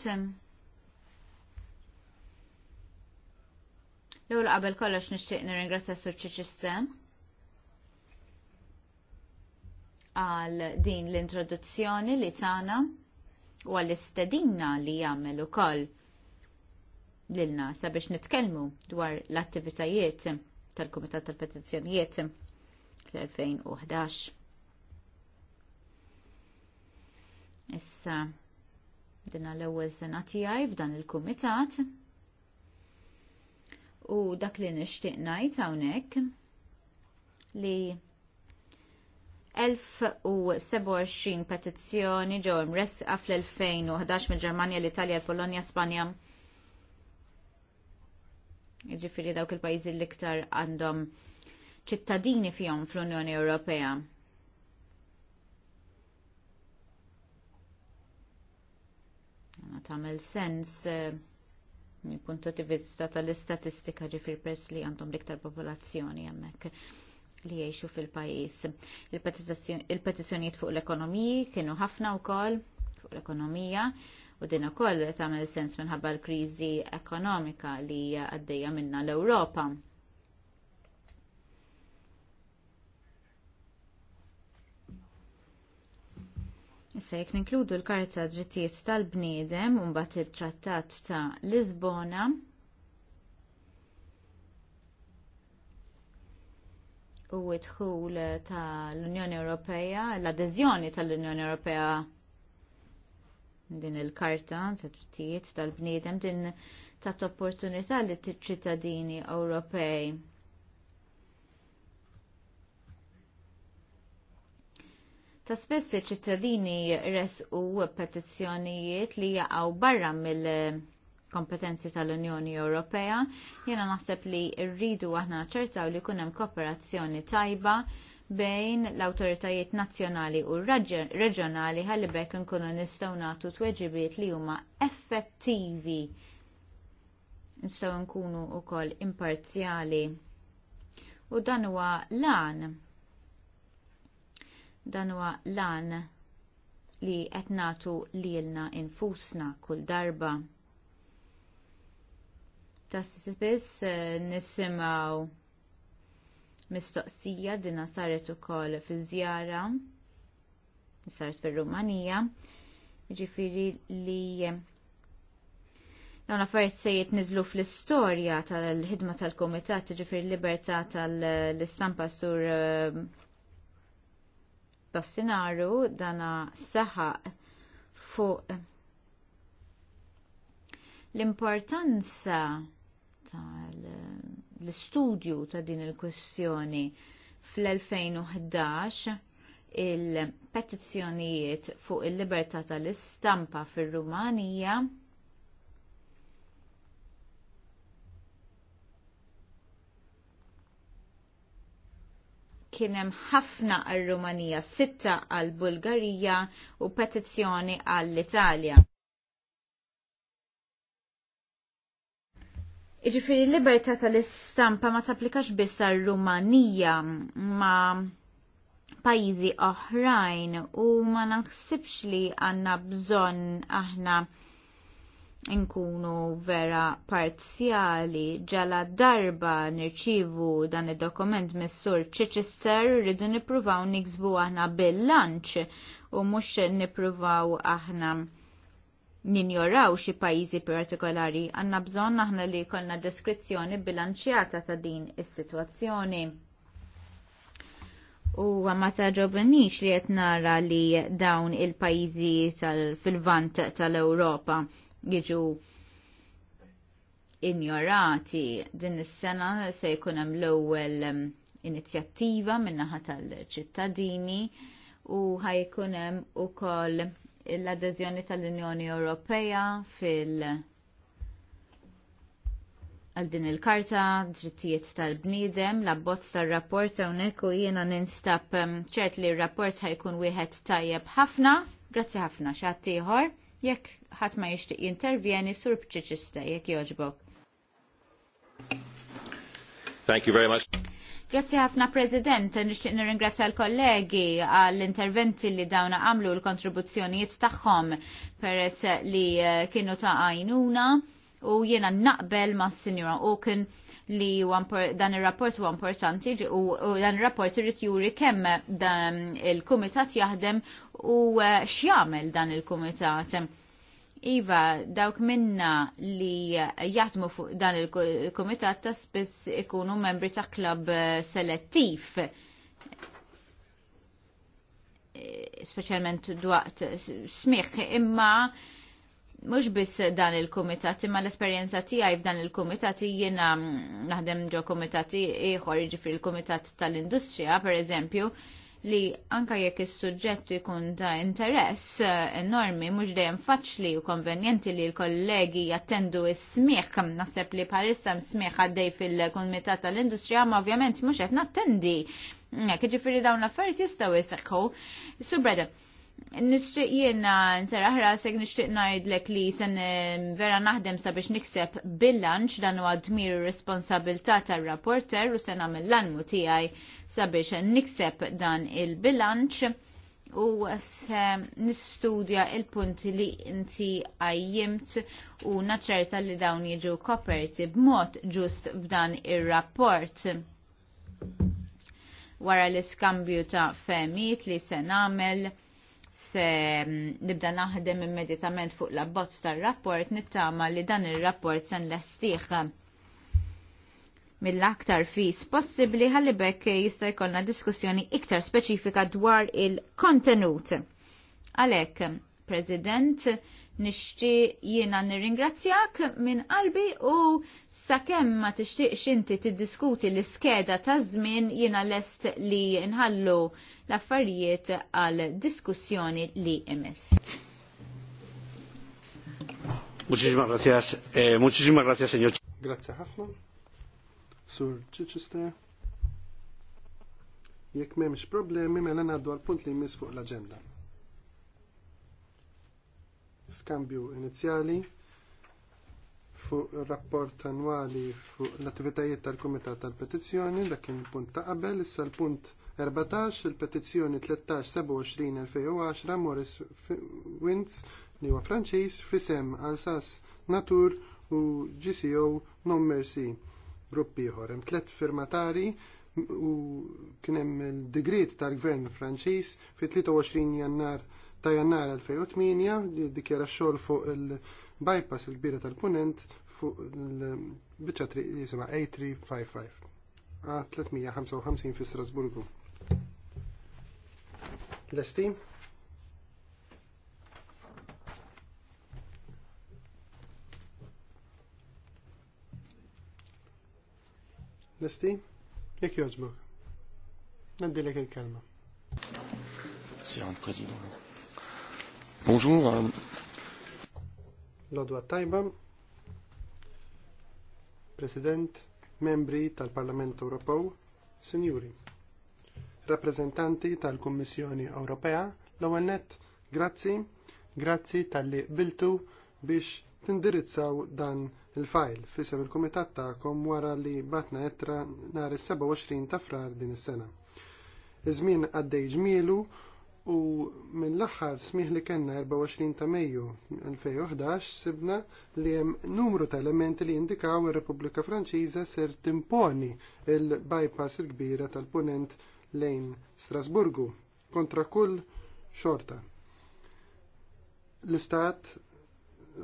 L-ewwel qabel kollox nixtieq nirringrazzja Sur Ċiċisse għal din l-introduzzjoni li tana u għall-istedina li jagħmel ukoll lilna sabiex nitkellmu dwar l-attivitajiet tal-Kumitat tal-Petizzjonijiet fl-2011. Issa dina l-ewwel sena tiegħi b'dan il-kumitat u dak li nixtieq ngħid hawnhekk li 1027 petizzjoni ġew imresqa fl-2011 mill-Ġermanja, l-Italja, l-Polonja, Spanja, ġifiri dawk il pajzi l-iktar għandhom ċittadini fihom fl-Unjoni Ewropea. Tamel sens eh, minn punto di vista tal-istatistika ġifir press li għandhom l-iktar popolazzjoni hemmhekk li jgħixu fil-pajis. Il-petizjoniet fuq l-ekonomiji kienu ħafna wkoll fuq l-ekonomija U din ukoll tagħmel sens minħabba l-kriżi ekonomika li għaddejja minna l-Ewropa. Issa jekk ninkludu l-Karta Drittijiet tal-Bniedem u mbagħad it-Trattat ta' Lisbona, u id-dħul tal-Unjoni Ewropea, l-adeżjoni tal-Unjoni Ewropea din il-karta tat-tijiet tal-bniedem din tat opportunità li t-ċittadini Ewropej. Ta' spess ċittadini resqu petizzjonijiet li jaqgħu barra mill- kompetenzi tal-Unjoni Ewropea, jiena naħseb li rridu aħna ċertaw li jkun hemm kooperazzjoni tajba bejn l-awtoritajiet nazzjonali u reġjonali ħallibek nkunu nistgħu nagħtu tweġibiet li huma effettivi nistgħu nkunu wkoll imparzjali. U dan huwa lan dan huwa lan li qed nagħtu lilna infusna kull darba. Ta' spiss eh, nisimgħu mistoqsija dina saret ukoll fi żjara saret fir-Rumanija. Ġifiri li dawn affarijiet se jitniżlu fl-istorja tal-ħidma tal-Kumitat, ġifiri libertà tal-istampa sur eh, Bostinaru dana saħaq fuq l-importanza tal- l-istudju ta' din il-kwestjoni fl-2011 il-petizzjonijiet fuq il-libertà tal-istampa fir-Rumanija Kien hemm ħafna għal rumanija sitta għall bulgarija u petizzjoni għall-Italja. Iġifiri liberta tal-istampa ma tapplikax biss għal-Rumanija ma pajizi oħrajn u ma naħsibx li għanna bżon aħna nkunu vera parzjali ġala darba nirċivu dan id-dokument mis-sur Chichester rridu nippruvaw niksbu aħna bil-lanċ u mhux nippruvaw aħna ninjoraw xi pajjiżi partikolari għandna bżonn aħna li jkollna deskrizzjoni bilanċjata ta' din is-sitwazzjoni. U ma taġobniex li qed nara li dawn il-pajjiżi fil-vant tal-Ewropa jiġu injorati din is-sena se jkun hemm l-ewwel um, inizjattiva min-naħa tal-ċittadini u ħajkun hemm ukoll l adezjoni tal-Unjoni Ewropea fil- għal din il-karta, drittijiet tal-bnidem, l-abbozz tal-rapport hawnhekk u jiena ninstab ċert li r-rapport ħajkun wieħed tajjeb ħafna, grazzi ħafna xattiħor, ieħor, jekk ħadd ma jixtieq jintervjeni sur bċiċista jekk jogħġbok. Thank you very much. Grazzi ħafna President, nixtieq nirringrazzja l-kollegi għall-interventi li dawna għamlu l-kontribuzzjonijiet tagħhom peress li eh, kienu ta' għajnuna u jiena naqbel ma' Sinjora Oken li dan ir-rapport huwa importanti u, u dan ir-rapport irid juri kemm eh, il-kumitat jaħdem u eh, x'jagħmel dan il-kumitat Iva, dawk minna li jatmu fuq dan il-komitat ta' spiss ikunu membri ta' klab selettiv. Specialment dwaqt smiħ, imma mux biss dan il-komitat, imma l-esperienza tijaj f'dan il-komitat jiena naħdem ġo komitati ieħor ġifri il-komitat tal-industrija, per eżempju, li anka jekk is-suġġett ikun ta' interess eh, enormi mhux dejjem faċli u konvenjenti li l-kollegi jattendu is-smieħ naħseb li bħalissa smieħ għaddej fil-Kumitat tal-Industrija ma ovvjament mhux qed nattendi. Jiġifieri dawn l-affarijiet jistgħu jseħħu. Su Nishtiq jiena nseraħ rasek nishtiq najdlek li sen vera naħdem sabiex nikseb bilanċ dan huwa dmir responsabilità tar-rapporter u sen għamil l-anmu tiegħi sabiex nikseb dan il-bilanċ u se nistudja il-punti li inti għajjimt u naċċerta li dawn jiġu koperti b'mod ġust f'dan ir-rapport wara l-iskambju ta' femit li se nagħmel se mm, nibda naħdem immedjatament fuq l-abbozz tar-rapport nittama li dan ir-rapport se nlestih mill-aktar fis possibbli ħalli bekk jista' jkollna diskussjoni iktar speċifika dwar il-kontenut. Għalhekk, President, nixti jiena nirringrazzjak minn qalbi u sakemm ma tixtieqx inti tiddiskuti l-iskeda ta' żmien jiena lest li nħallu l-affarijiet għal diskussjoni li imis. Muchísimas gracias, eh, muchísimas senjor. Grazie ħafna. Sur Chichester. Jekk m'hemmx problemi mela ngħaddu għal punt li jmiss fuq l agenda skambju inizjali fuq rapport annwali fuq l-attivitajiet tal-Kumitat tal-Petizzjoni, dak kien il-punt ta' qabel, issa l-punt 14, il-petizzjoni 13-27-2010 Morris Wintz li huwa Franċiż fisem Alsas Natur u GCO Non Mercy grupp ieħor. Hemm tliet firmatari u kien hemm il-digrit tal-Gvern Franċiż fit 23 Jannar ta' jannar 2008 li dikjara xogħol fuq il-bypass il-kbira tal-punent fuq il-biċċa triq li jisimha A355 għal 355 fi Strasburgu. Lesti? Lesti? Jekk jogħġbok. Nadilek il-kelma. Sjan, President. Bonjour. Lodwa tajba, President, membri tal-Parlament Ewropew, Sinjuri, rappresentanti tal-Kummissjoni Ewropea, l-ewwel nett, grazzi, grazzi tal-li biltu biex tindirizzaw dan il-fajl fisem il-Kumitat tagħkom wara li batna etra nhar is-27 ta' frar din is-sena. Iż-żmien għaddej ġmielu U minn l-aħħar smieħ li kellna 24 ta' Mejju 2011 sibna li hemm numru ta' elementi li jindikaw ir-Repubblika Franċiża ser timponi il-bypass il-kbira tal-punent lejn Strasburgu kontra kull xorta. L-Istat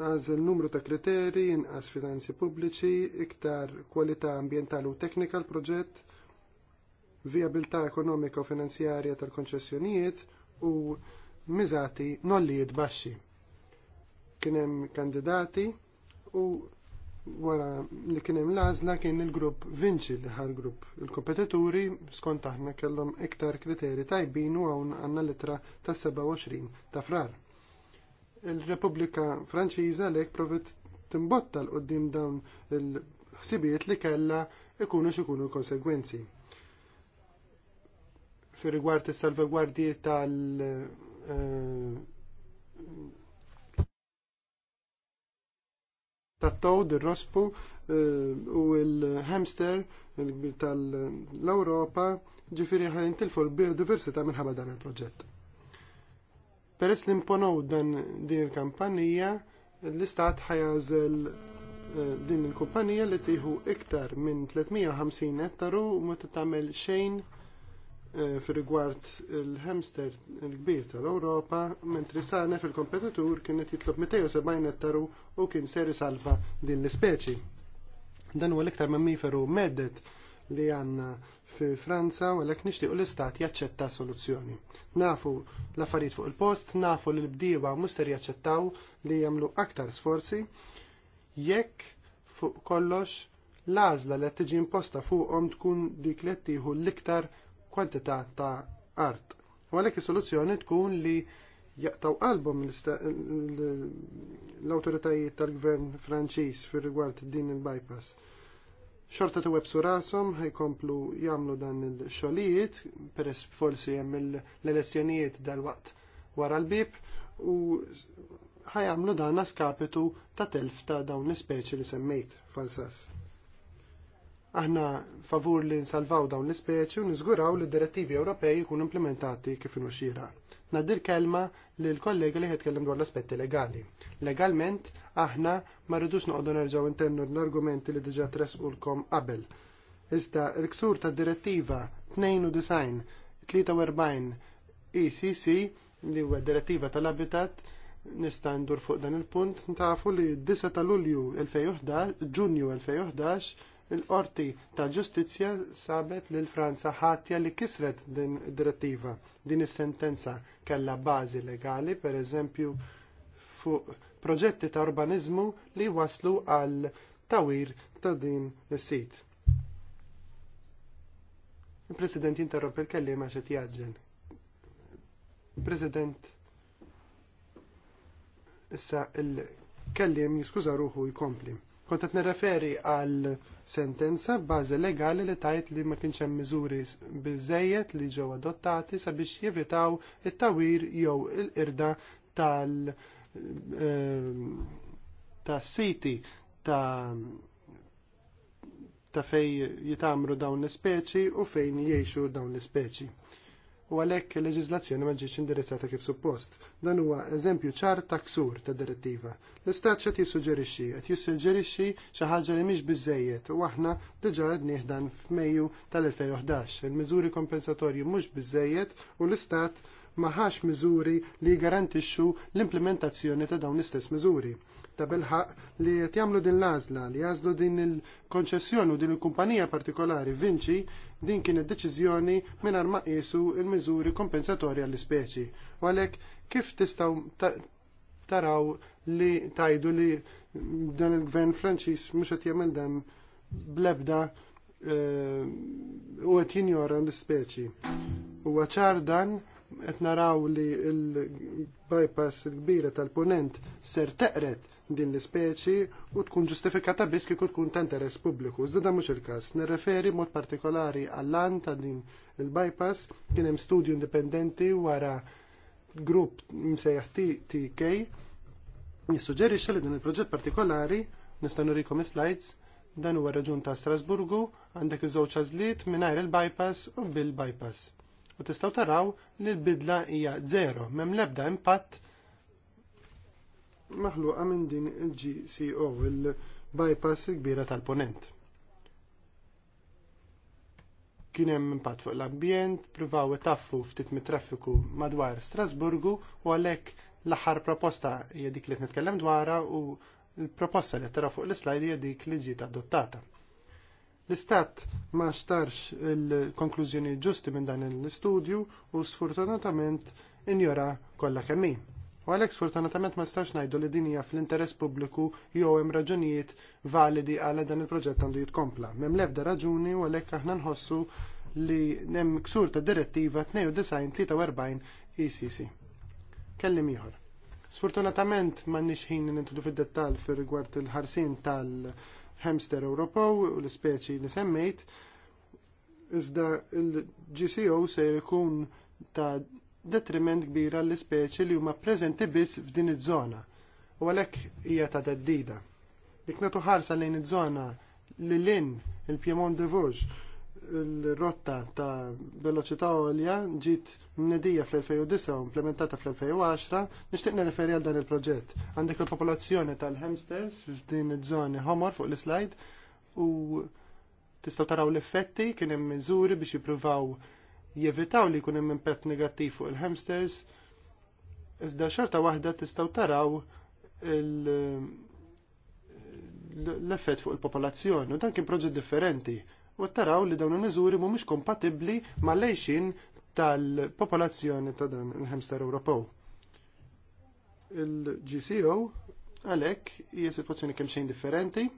il numru ta' kriteri, inqas finanzi pubbliċi, iktar kwalità ambjentali u teknika l-proġett, viabilità ekonomika u finanzjarja tal-konċessjonijiet u miżati nollijiet baxxi. Kien hemm kandidati u wara li kien hemm l kien il-grupp vinċi li ħal grupp. Il-kompetituri skont aħna kellhom iktar kriteri tajbin u hawn għandna litra ta' 27 ta' frar. Il-Repubblika Franċiża lek provit timbotta l-qoddim dawn il-ħsibiet li kellha ikunu xikunu l-konsegwenzi fir rigward is-salvagwardji tal- eh, tat-towd, ir-rospu eh, u l-hamster tal-Ewropa ġifiri ħan intilfu l-biodiversità minħabba dan il-proġett. Peress li imponow dan din il-kampanija, l-istat ħajażel eh, din il-kumpanija li tieħu iktar minn 350 ettaru u ma tagħmel xejn Eh, fil-rigward il-hamster il-kbir tal-Europa, mentri sana fil-kompetitur kienet jitlob 270 nettaru u kien ser salva din l-ispeċi. Dan huwa l-iktar mammiferu meddet li għanna fi Franza u għalek u l-istat jaċċetta soluzzjoni. Nafu l-affarijiet fuq il-post, nafu li l bdiba muster jaċċettaw li jamlu aktar sforzi, jekk fuq kollox l li tiġi imposta fuqhom tkun dik li tieħu l-iktar kwantità ta' art. U għalhekk is-soluzzjoni tkun li jaqtaw qalbhom l-awtoritajiet tal-gvern Franċiż fir rigward din il-bypass. Xorta ta' rashom ħajkomplu jagħmlu dan il-xogħlijiet peress forsi hemm l-elezzjonijiet dal-waqt wara l-bib u ħajamlu dan skapitu ta' telf ta' dawn l-ispeċi li semmejt falsas. Aħna favur li nsalvaw dawn l-ispeċi u niżguraw li d-direttivi Ewropej jkunu implementati kif inhu xira. kelma li l-kollega li ħetkellem dwar l-aspetti legali. Legalment, aħna ma rridux noqogħdu nerġgħu intennu l-argumenti li diġà tresqulkom qabel. Iżda l-ksur ta' direttiva 92 43 ECC li huwa direttiva tal-abitat nista' ndur fuq dan il-punt ntafu li d-9 ta' Lulju 2011 Ġunju 2011 il-qorti ta' ġustizzja sabet lil Franza ħatja li kisret din id direttiva. Din is-sentenza kellha bażi legali, pereżempju fuq proġetti ta' urbaniżmu li waslu għal tawir ta' din is-sit. Il-President jinterromp il-kellima xed jaġġel. President, issa il-kellim jiskuża ruħu jkompli. Kont qed nirreferi għal sentenza b'bażi legali li tajt li ma kienx hemm miżuri biżejjed li ġew adottati sabiex jevitaw it-tawir jew il-qirda tal- eh, ta' siti ta' ta' fej jitamru dawn l-speċi u fejn jiexu dawn l-speċi u għalhekk il-leġiżlazzjoni ma ġietx indirizzata kif suppost. Dan huwa eżempju ċar ta' ksur ta' direttiva. L-Istat xa jissuġġerixxi? Qed jissuġġerixxi xi ħaġa li mhix biżejjed u aħna diġà qed nieħdan f'Mejju tal-2011. Il-miżuri kompensatorji mhux biżejjed u l-Istat ma ħax miżuri li jgarantixxu l-implementazzjoni ta' dawn l-istess miżuri ta' bilħaq li qed jagħmlu din l-għażla li jazlu din il-konċessjoni u din il-kumpanija partikolari Vinci din kienet deċiżjoni mingħajr ma qisu l-miżuri kompensatorja l ispeċi U għalhekk kif tistgħu taraw li tajdu li dan il-gvern Franċiż mhux qed jagħmel dan blebda eh, u għet jinjora l-speċi. U għacħar dan, għet naraw li l-bypass il-kbira tal-ponent ser teqret din l-ispeċi u tkun ġustifikata biss kieku tkun ta' interess pubbliku. Zdada mhux il-każ. Nirreferi mod partikolari għall-an ta' din il-bypass kien hemm studju indipendenti wara grupp msejjaħ TK jissuġġerixxa li din il-proġett partikolari nista' nurikom slides dan huwa raġun ta' Strasburgu għandek iż-żewġ għażliet mingħajr il-bypass u bil-bypass. U tistgħu taraw li l-bidla hija zero, m'hemm l-ebda impatt maħluqa minn din il-GCO, il-bypass kbira tal-ponent. Kien hemm impatt fuq l-ambjent, pruvaw taffu ftit mit-traffiku madwar Strasburgu u għalhekk l-aħħar proposta hija dik li qed nitkellem dwarha u l-proposta li tara fuq l-slajd hija dik li ġiet adottata. L-istat ma xtarx il-konklużjoni ġusti minn dan l-istudju u sfortunatament injora kollha kemm U għalhekk sfortunatament ma stax ngħidu li din hija fl-interess pubbliku jew hemm raġunijiet validi għal dan il-proġett għandu jitkompla. Mem l-ebda raġuni u għalhekk aħna nħossu li hemm ksur ta' direttiva 92-43 ECC. E Kellim ieħor. Sfortunatament m'għandniex ħin nintudu fid-dettall fir rigward il-ħarsin tal-hamster Ewropew u l-ispeċi li semmejt, iżda l gco se jkun ta' detriment kbira l-ispeċi li huma preżenti biss f'din iż-żona u għalhekk hija ta' teddida. Jekk nagħtu ħarsa lejn iż-żona li lin il-Piemont de Vosges il-rotta ta' veloċità għolja ġiet mnedija fl-2009 implementata fl-2010, nixtieq nirreferi għal dan il-proġett. Għandek il-popolazzjoni tal-hamsters f'din iż-żoni homor fuq l-slide u tistgħu taraw l-effetti kien hemm miżuri biex jippruvaw jevitaw li jkun hemm impatt negattiv fuq il-hamsters, iżda xorta waħda tistgħu taraw l-effett fuq il-popolazzjoni u dan kien proġett differenti u taraw li dawn il-miżuri mhumiex kompatibbli mal-lejxin tal-popolazzjoni ta' dan il-hamster Ewropew. Il-GCO għalhekk hija sitwazzjoni kemm xejn differenti.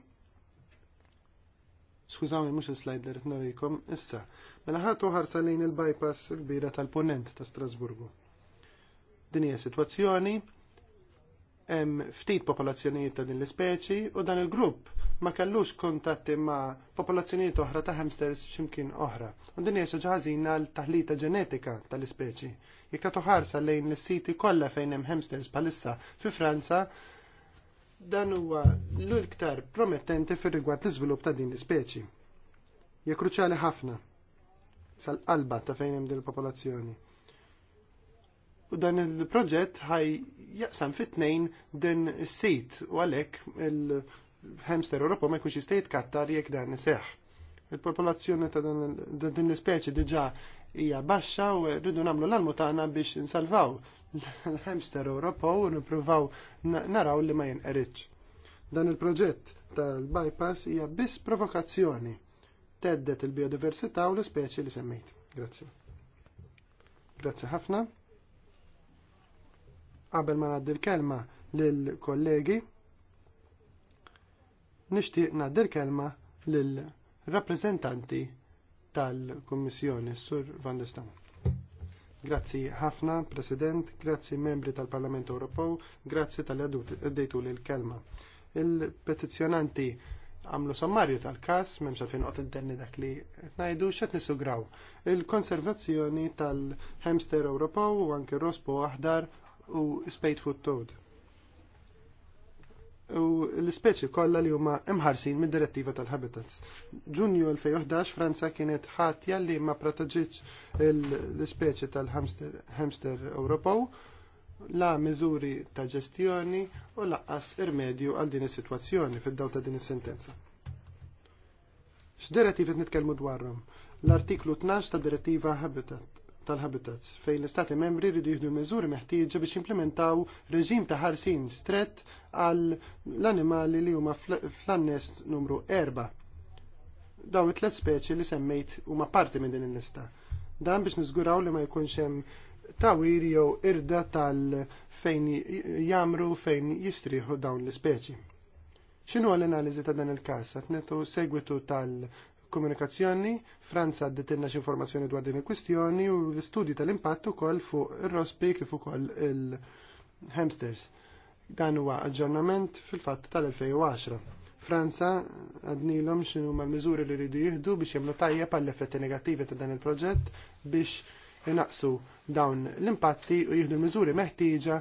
Skużawni mhux il slider li rrid norikom issa mela ħatu ħarsa lejn il-bypass il-bira tal-punent ta' Strasburgu. Din hija sitwazzjoni hemm ftit popolazzjonijiet ta' din l-ispeċi u dan il-grupp ma kellux kuntatti ma' popolazzjonijiet oħra ta' hamsters x'imkien oħra. U din hija xi ħażina għal taħlita ġenetika tal-ispeċi. Jekk ta' ħarsa lejn is-siti kollha fejn hemm hamsters bħalissa fi Franza, dan huwa l-iktar promettenti fir-rigward l-iżvilupp ta' din l-ispeċi. Hija kruċjali ħafna sal-qalba ta' fejn hemm il-popolazzjoni. U dan il-proġett ħaj jaqsam fit-tnejn din is-sit u għalhekk il-hamster Ewropa ma jkunx jista' jitkattar jekk dan iseħħ. Il-popolazzjoni ta' din l-ispeċi diġà hija baxxa u rridu nagħmlu l-almu tagħna biex insalvaw l-hamster Ewropa u nippruvaw naraw li ma jinqeritx. Dan il-proġett tal-bypass hija biss provokazzjoni teddet il-biodiversità u l ispeċi li semmejt. Grazzi. Grazzi ħafna. Qabel ma naddi l-kelma lill-kollegi, nixtieq ngħaddi l-kelma lill-rappreżentanti tal-Kummissjoni, Sur Van de Stam. Grazzi ħafna, President, grazzi membri tal-Parlament Ewropew, grazzi tal-għaddejtu l-kelma. Il-petizjonanti il petizjonanti għamlu sommarju tal-kas, memx għalfejn id interni dak li najdu xet nisugraw. Il-konservazzjoni tal-hamster Ewropew u anke rospo aħdar u spade foot toad. U l-speċi kollha li huma imħarsin mid-direttiva tal-habitats. Ġunju 2011 Franza kienet ħatja li ma protoġġiġ l-speċi tal-hamster Ewropew la miżuri ta' ġestjoni u laqqas irmedju għal din is-sitwazzjoni fid-dawl ta' din is-sentenza. X'direttivi nitkellmu dwarhom? L-artiklu 12 ta' direttiva Habitat tal-habitats fejn l-istati membri rridu jieħdu miżuri meħtieġa biex implementaw reġim ta' ħarsin strett għal l-animali li huma fl annest numru 4. Daw it-tlet speċi li semmejt huma parti minn din il-lista. Dan biex niżguraw li ma jkunx hemm tawir jew irda tal fejn jamru fejn jistriħu dawn l ispeċi X'inhu l analizi ta' dan il-każ? għatnetu segwitu tal komunikazzjoni, Franza għaddetilna xi informazzjoni dwar din il-kwistjoni u l-istudju tal-impatt ukoll fuq ir-rospi kif ukoll il-hamsters. Dan huwa aġġornament fil-fatt tal-2010. Franza għadnilhom xinu ma' miżuri li ridu jieħdu biex jagħmlu tajjeb għall effetti negattivi ta' dan il-proġett biex Jnaqsu dawn l-impatti u jieħdu l-miżuri meħtieġa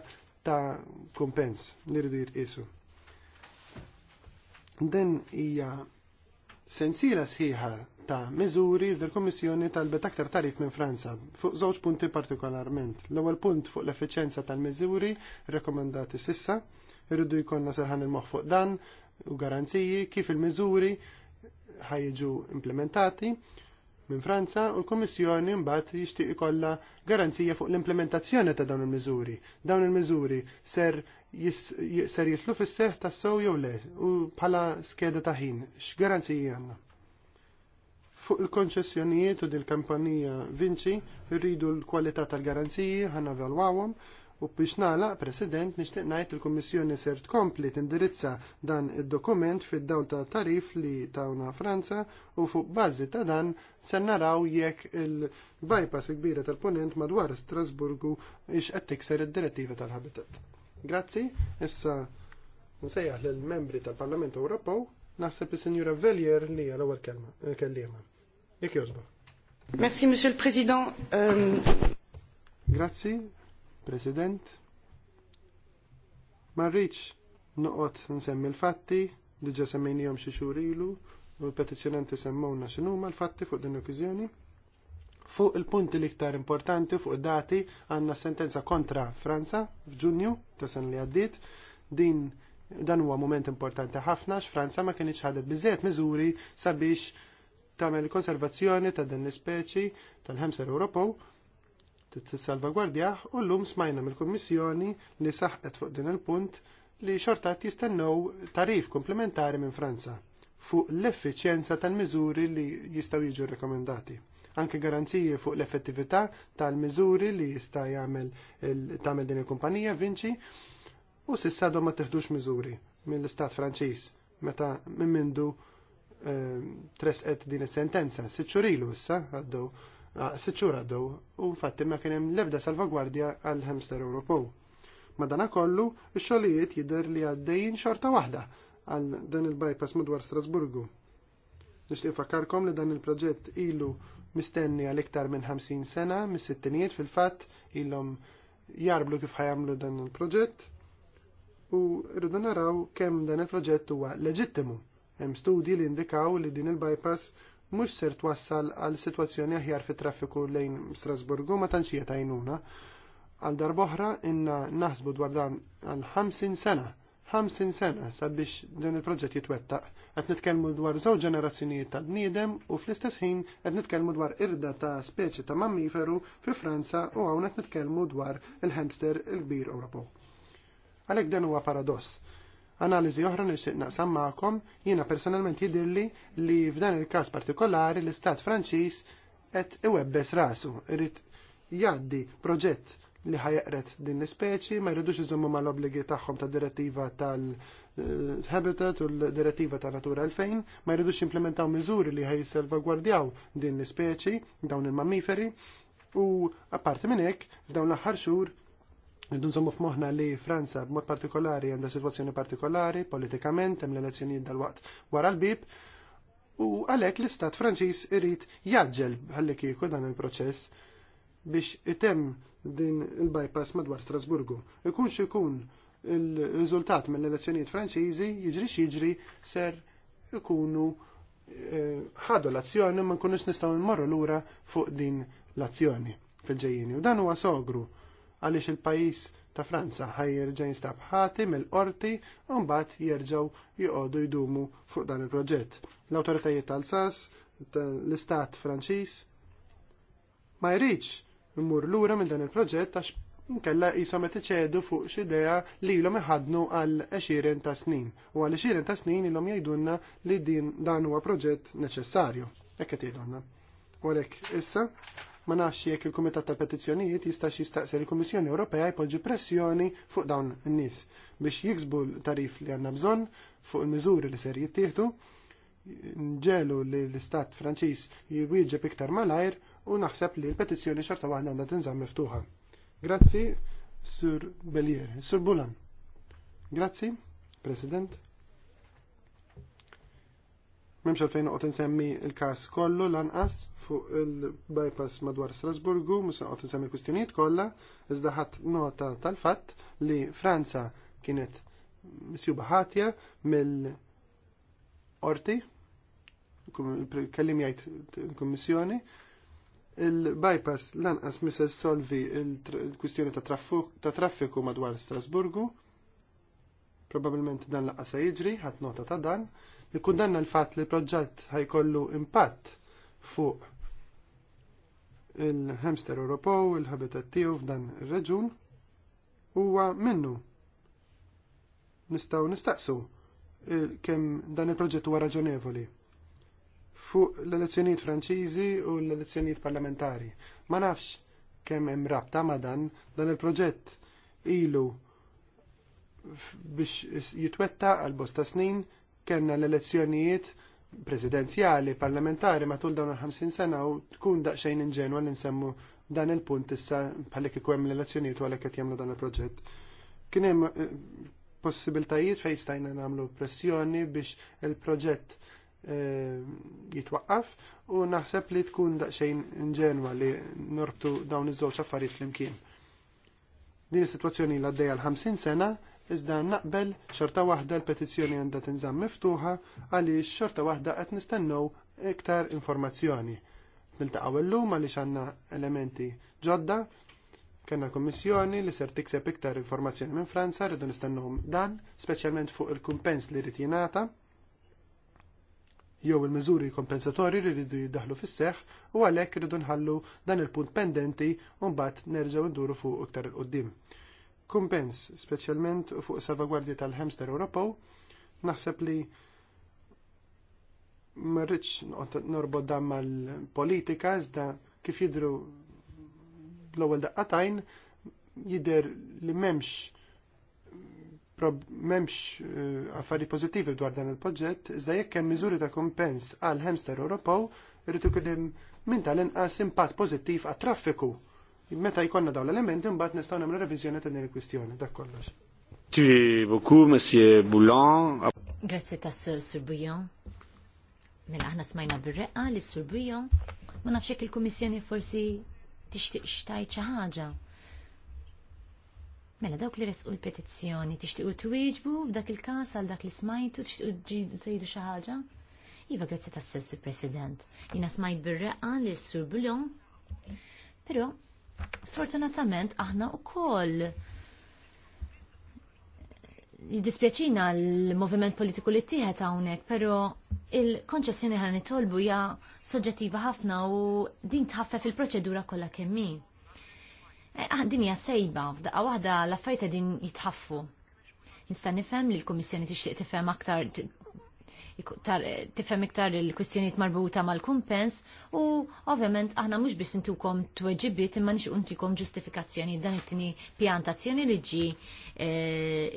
ta' kumpens li rridu jitqisu. Din hija sensiela sħiħa ta' miżuri iżda l-Kummissjoni talbet aktar tarif minn Franza fuq żewġ punti partikolarment. L-ewwel punt fuq l-effiċenza tal-miżuri rekomandati sissa, irridu jkollna serħan il-moħħ fuq dan u garanziji kif il-miżuri ħajġu implementati minn Franza u l kummissjoni mbagħad jixtieq ikollha garanzija fuq l-implementazzjoni ta' dawn il-miżuri. Dawn il-miżuri ser ser jitlu fis-seħ tas-sew jew le u bħala skeda ta' ħin. X'garanziji għandna? Fuq il-konċessjonijiet u dil-kampanija Vinci rridu l-kwalità tal-garanziji ħana valwawhom U biex nagħlaq, President, nixtieq ngħid il-Kummissjoni ser tkompli tindirizza dan id-dokument fid-dawl ta' tarif li tawna Franza u fuq bażi ta' dan se naraw jekk il-bypass kbira tal-ponent madwar Strasburgu ix qed tikser id-direttiva tal-Habitat. Grazzi, issa nsejjaħ lill membri tal-Parlament Ewropew naħseb is-Sinjura Veljer li għal ewwel kelliema. Jekk jogħġbok. Merci, Monsieur le Président. Euh, Grazzi, President. Ma rridx nsemmi l-fatti, diġà semmini xi xhur ilu, u l-petizzjonanti semmowna x'inhuma l-fatti fuq din l-okkużjoni. Fuq il-punti l-iktar importanti fuq dati għandna sentenza kontra Franza f'Ġunju ta' sen li għaddiet. Din dan huwa moment importanti ħafna x'Franza ma kienx ħadet biżejjed miżuri sabiex tagħmel konservazzjoni ta' din l-ispeċi tal-ħemser Ewropew T-tis-salvagwardja u llum smajna mill-Kummissjoni li saħqet fuq din il-punt li xortat jistennew tarif komplementari minn Franza fuq l-effiċjenza tal-miżuri li jistgħu jiġu rekomendati. Anke garanzije fuq l-effettività tal-miżuri li jista' jagħmel tagħmel din il-kumpanija Vinci u sissa dom ma teħdux miżuri mill-Istat Franċiż meta minn mindu eh, tresqet din is-sentenza. sitt xurilu issa għaddew Ah, siċċur għaddew u fattim ma kien hemm l-ebda salvagwardja għall hamster Ewropew. Madanakollu x-xogħlijiet jidher li għaddejn xorta waħda għal dan il-bypass madwar Strasburgu. Nixtieq fakkarkom li dan il-proġett ilu mistenni għal iktar minn 50 sena, mis-sittinijiet fil-fatt ilhom jarblu kif ħajamlu dan il-proġett u rridu naraw kemm dan il-proġett huwa leġittimu. Hemm studji li indikaw li din il-bypass mhux ser twassal għal sitwazzjoni aħjar fit traffiku lejn Strasburgu ma tanċija tajnuna. Għal darboħra inna naħsbu dwar dan għal 50 sena. 50 sena sabiex dan il-proġett jitwettaq. għet nitkellmu dwar żewġ ġenerazzjonijiet ta' bniedem u fl-istess ħin qed nitkellmu dwar irda ta' speċi ta' mammiferu fi Franza u għawna għet nitkellmu dwar il-hamster il-kbir Ewropew. Għalhekk dan huwa paradoss Analiżi oħra nixtieq naqsam magħkom, jiena personalment jidhirli li f'dan il-każ partikolari l-Istat Franċiż qed iwebbes rasu, irid jgħaddi proġett li ħajqret din l-ispeċi, ma jridux iżommu mal obligi tagħhom ta' direttiva tal-Habitat u l-direttiva ta' Natura 2000, ma jridux implementaw miżuri li ħajselvagwardjaw din l-ispeċi, dawn il-mammiferi, u apparti minn hekk, f'dawn l-aħħar xhur Niddu nżommu f'moħna li Franza b'mod partikolari għandha sitwazzjoni partikolari, politikament, hemm l-elezzjonijiet dal-waqt wara l-bib, u għalhekk l-Istat Franċiż irrit jaġġel ħalli kieku dan il-proċess biex item din il-bypass madwar Strasburgu. Ikunx ikun il-riżultat mill-elezzjonijiet Franċiżi jiġri xiġri ser ikunu eh, ħadu l-azzjoni ma nkunux nistgħu nmorru lura fuq din l-azzjoni fil-ġejjini. U dan huwa sogru għaliex il-pajjiż ta' Franza ħaj jirġa' jinstab ħati mill-qorti u mbagħad jerġgħu joqogħdu jdumu fuq dan il-proġett. L-awtoritajiet tal-Sas, l-Istat Franċiż ma jridx immur lura minn dan il-proġett għax nkella jisom qed iċedu fuq x'idea li ilhom iħadnu għal 20 ta' snin. U għal 20 ta' snin ilhom jgħidulna li din dan huwa proġett neċessarju. Hekk qed jgħidulna. U għalhekk issa Ma nafx jekk il-Kumitat tal Petizzjonijiet jista' jistaqsi l-Kummissjoni Ewropea jpoġġi pressjoni fuq dawn in-nies biex jiksbu l-tarif li għandna bżonn fuq il-miżuri li ser jittieħdu, nġelu li l-Istat Franċiż jwieġeb iktar malajr u naħseb li l-petizzjoni xorta waħda għandha tinżamm miftuħa. Grazzi, Sur Belier, Sur Bulan. Grazzi, President. Memx għalfejn uqt nsemmi il-kas kollu lanqas fuq il-bypass madwar Strasburgu, musa uqt nsemmi kustjoniet kolla, iżda ħadd nota tal-fatt li Franza kienet misju ħatja mill-orti, kellim jajt il-Kummissjoni, il-bypass lanqas misa solvi il-kustjoni ta' traffiku madwar Strasburgu, probabilment dan laqqa se jiġri, ħat nota ta' dan, danna l-fatt li l-proġett ħajkollu impatt fuq il-hamster Ewropew, il-habitat tiegħu f'dan ir-reġun huwa minnu. Nistgħu nistaqsu kemm dan il-proġett huwa raġonevoli fuq l-elezzjonijiet Franċiżi u l-elezzjonijiet parlamentari. Ma nafx kemm hemm rabta ma dan dan il-proġett ilu biex jitwetta għal bosta snin kellna l-elezzjonijiet presidenzjali, parlamentari matul dawn il-50 sena u tkun daqsxejn inġenwa li nsemmu dan il-punt issa bħalek kieku hemm l-elezzjonijiet u għalek qed jagħmlu dan il-proġett. Kien hemm eh, possibiltajiet fejn stajna nagħmlu pressjoni biex il-proġett eh, jitwaqqaf u naħseb li tkun daqsxejn inġenwa li norbtu dawn iż-żewġ affarijiet flimkien. Din is-sitwazzjoni l għaddejja l-50 sena iżda naqbel xorta waħda l-petizzjoni għandha tinżamm miftuħa għaliex xorta waħda qed nistennew iktar informazzjoni. Niltaqgħu llum għaliex għandna elementi ġodda, Kenna l-Kommissjoni li ser tikseb iktar informazzjoni minn Franza rridu nistennu dan, speċjalment fuq il-kumpens li rrid jingħata jew il-miżuri kompensatorji li rridu jiddaħlu fis-seħħ u għalhekk rridu nħallu dan il-punt pendenti u mbagħad nerġgħu nduru fuq iktar il-qudiem kumpens, speċjalment fuq salvagwardji tal-hamster Ewropew, naħseb li marriċ norbod dan mal-politika, iżda kif jidru l-ewwel daqqatajn jidher li m'hemmx m'hemmx eh, affari pożittivi dwar dan il-proġett, iżda jekk hemm miżuri ta' kumpens għal hamster Ewropew, irid ikun hemm minn tal-inqas impatt pożittiv għat-traffiku Meta jkollna dawn l-elementi mbagħad nistgħu nagħmlu revizjoni ta' din il-kwistjoni dak kollox. Merci beaucoup, Monsieur Boulan. Grazie tas Sur Bouillon. Mela aħna smajna bir-reqqa li Sur Bouillon ma nafx hekk il-Kummissjoni forsi tixtieq xtajt xi ħaġa. Mela dawk li resqu l-petizzjoni tixtiequ twieġbu f'dak il-każ għal dak li smajtu tixtiequ ġidu tgħidu xi ħaġa. Iva grazzi tas Sur President. Jiena smajt bir-reqqa li Sur Bouillon. Però Sfortunatament aħna wkoll jiddispjaċina l-moviment politiku li tieħed hawnhekk, però il-konċessjoni ħan nitolbu hija soġġettiva ħafna u din tħaffef il-proċedura kollha kemm hi. Eh, ah, din hija sejba, f'daqqa waħda l-affarijiet din jitħaffu. Nista' nifhem li l-Kummissjoni tixtieq tifhem aktar tifhem iktar il-kwistjonijiet marbuta mal-kumpens u ovvjament aħna mhux biss intukom tweġibiet imma nix untikom ġustifikazzjoni dan it-tieni pjantazzjoni li ġi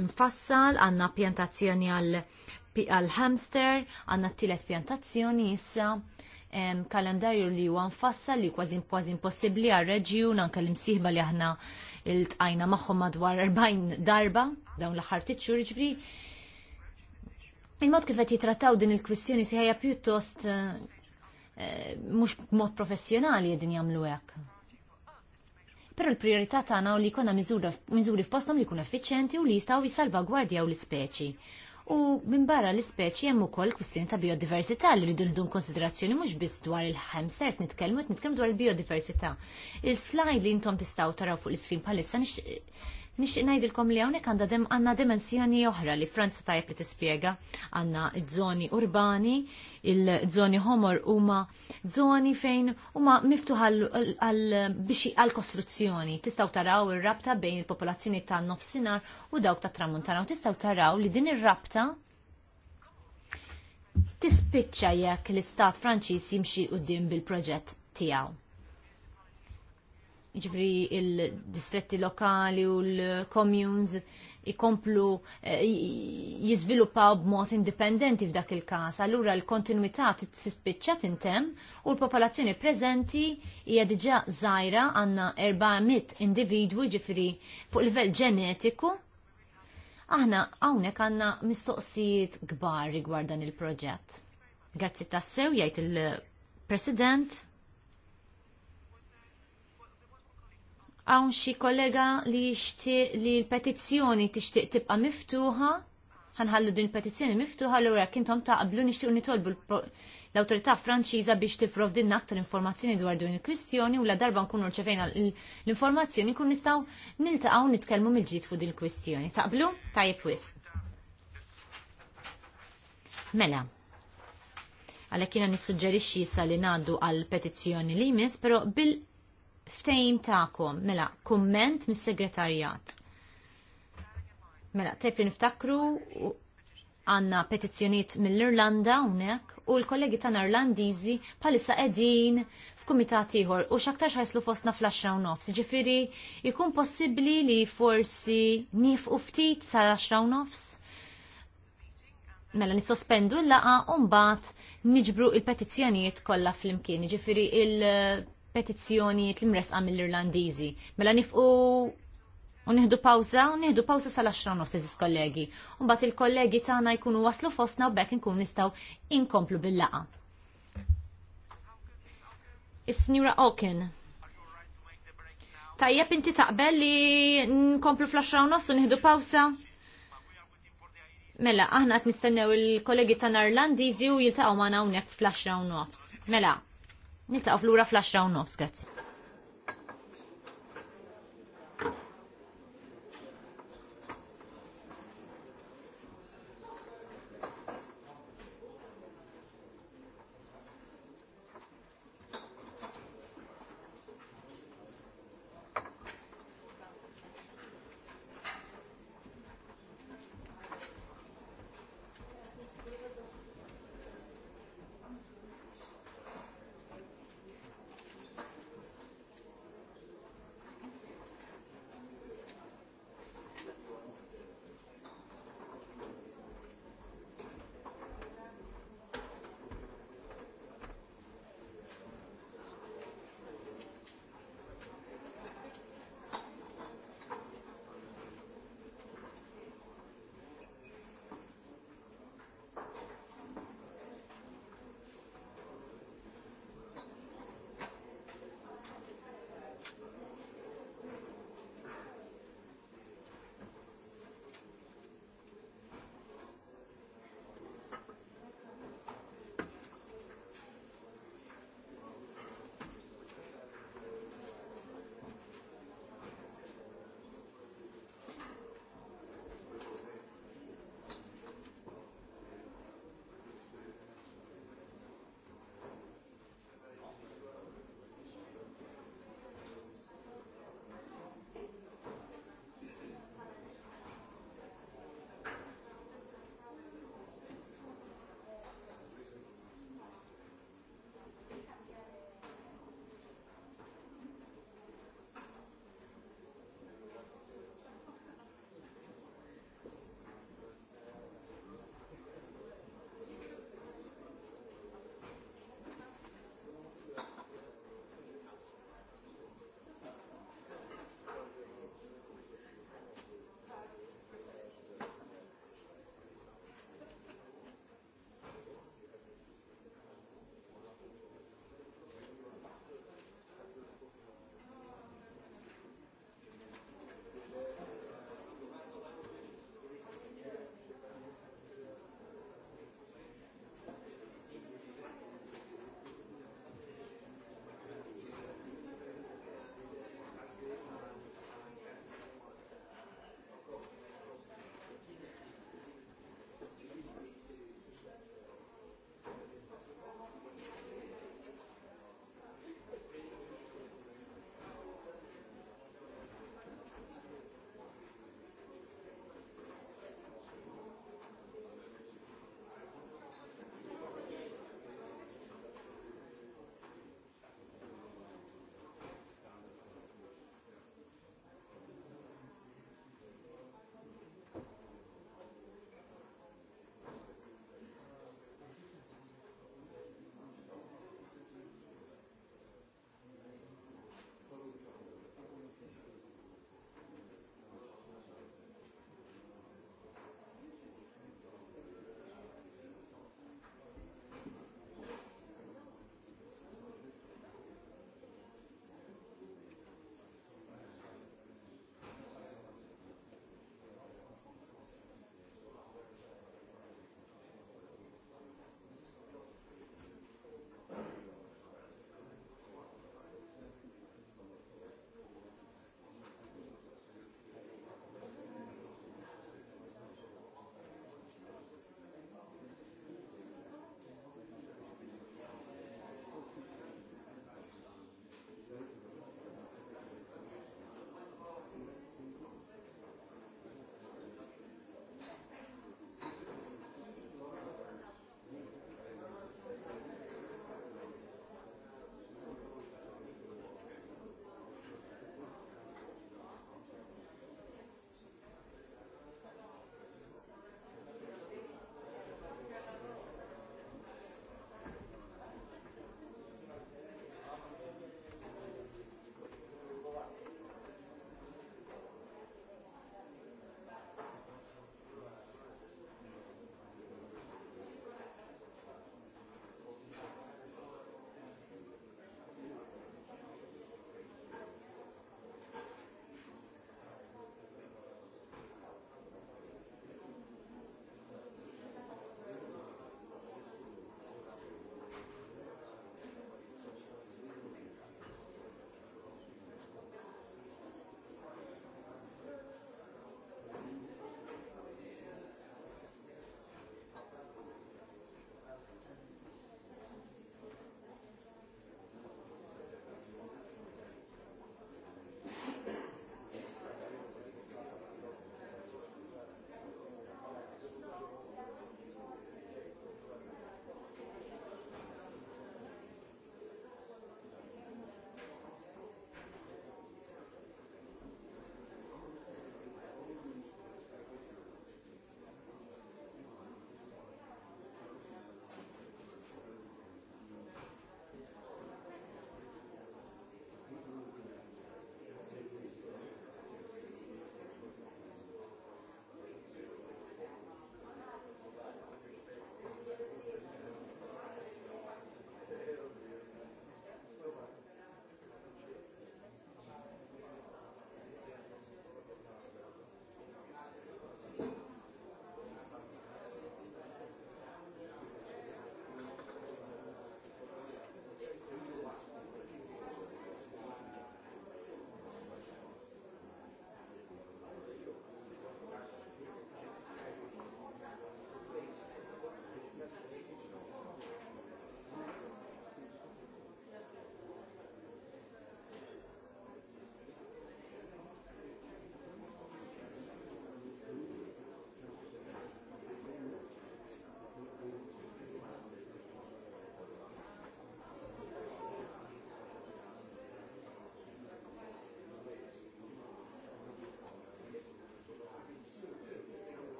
infassal e, għandna pjantazzjoni għal hamster għandna t-tielet pjantazzjoni issa kalendarju li huwa nfassal li kważi kważi impossibbli għal reġjun anke l-imsieħba li aħna il-tqajna magħhom madwar 40 darba dawn l-aħħar tiċċur ġifri Il-mod kif qed jitrattaw din il-kwistjoni se ħajja pjuttost eh, eh, mhux b'mod professjonali qegħdin jagħmlu hekk. Però l-priorità tagħna li jkollna miżuri f'posthom li jkunu effiċjenti u li jistgħu jissalvagwardjaw l-ispeċi. U minn barra l-ispeċi hemm ukoll kwistjoni ta' biodiversità li rridu nħdu konsiderazzjoni mhux biss dwar il-ħemsert nitkellmu, nitkellmu dwar il-biodiversità. Il-slide li intom tistgħu taraw fuq l-iskrin bħalissa Nixtieq ngħidilkom li hawnhekk għandha għandna dimensjoni oħra li Franza tajjeb li tispjega għandna żoni urbani, il-żoni homor huma żoni fejn huma miftuħ għal kostruzzjoni. Tistgħu taraw ir-rabta bejn il-popolazzjoni ta' nofsinhar u dawk ta' tramuntana u tistgħu taraw li din ir-rabta tispiċċa jekk l-Istat Franċiż jimxi quddiem bil-proġett tiegħu ġifri il-distretti lokali u l-communes ikomplu eh, jizviluppaw b'mod indipendenti f'dak il-każ. Allura l-kontinuità tispiċċa tintem u l-popolazzjoni prezenti hija diġa' żgħira għandna 400 individwi ġifri fuq livell ġenetiku. Aħna hawnhekk għandna mistoqsijiet kbar rigward dan il-proġett. Grazzi tassew jgħid il-President Hawn xi kollega li jixtieq li l-petizzjoni tixtieq tibqa' miftuħa, ħanħallu din il-petizzjoni miftuħa l ura kintom taqblu nixtiequ nitolbu l-awtorità Franċiża biex tipprovdinna aktar informazzjoni dwar din il-kwistjoni u la darba nkunu rċevejna l-informazzjoni nkun nistgħu niltaqgħu nitkellmu mill-ġid fuq din il-kwistjoni. Taqblu? Tajjeb wisq. Mela, Għalhekk jiena nissuġġerixxi sa li ngħaddu għal petizzjoni li jmiss, però bil Ftehim ta'kom, mela komment mis-segretarjat. Mela, tepli niftakru għanna petizjoniet mill-Irlanda unek u l-kollegi tan Irlandizi palissa edin f'kumitat ieħor u x'aktar ħajslu fostna fl axra u nofs. Ġifieri jkun possibbli li forsi nifqu ftit sa l-axra nofs. Mela nissospendu l-laqa u mbagħad niġbru il-petizzjonijiet kollha flimkien. Ġifieri il- petizzjoni li mresqa mill-Irlandiżi. Mela nifqu u nieħdu pawza, u nieħdu pawza sal-10 nofs eżis kollegi. mbagħad il-kollegi tagħna jkunu waslu fostna u bekk inkunu nistgħu inkomplu bil-laqa. Is-Sinjura Oken. Tajjeb inti taqbel li nkomplu fl-10 nofs u nieħdu pawza? Mela, aħna qed nistennew il-kollegi tagħna Irlandiżi u jiltaqgħu magħna hawnhekk fl-10 nofs. Mela, Niltaqgħu flura fl-10 nofs,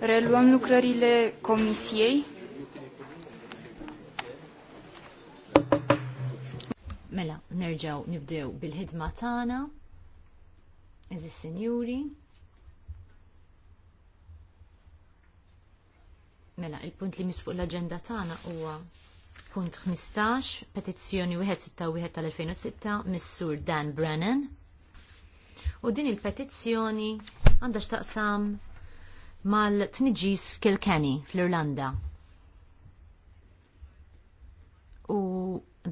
Reluăm lucrările comisiei. Mela, nerġaw nibdew bil-ħidma tagħna. Eżis sinjuri. Mela, il-punt li misfuq l-aġenda tagħna huwa punt 15, petizzjoni 161 tal-2006 miss sur Dan Brennan u din il-petizzjoni għandha x'taqsam mal-tniġis Kilkenny fl-Irlanda. U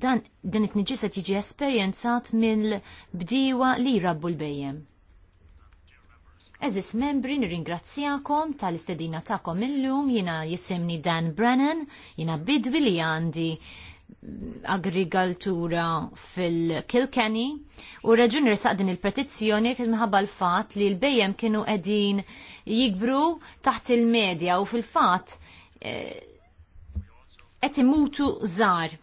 dan din it-tniġis qed jiġi esperjenzat mill-bdiewa li jrabbu l-bejjem. Eżis membri nirringrazzjakom tal-istedina tagħkom illum jiena jisimni Dan Brennan, jiena bidwi li għandi agrikoltura fil-Kilkenny u reġun irsaq din il-petizzjoni kien minħabba l-fat li l-bejjem kienu qegħdin jikbru taħt il-medja u fil-fat eh, qed imutu żgħar.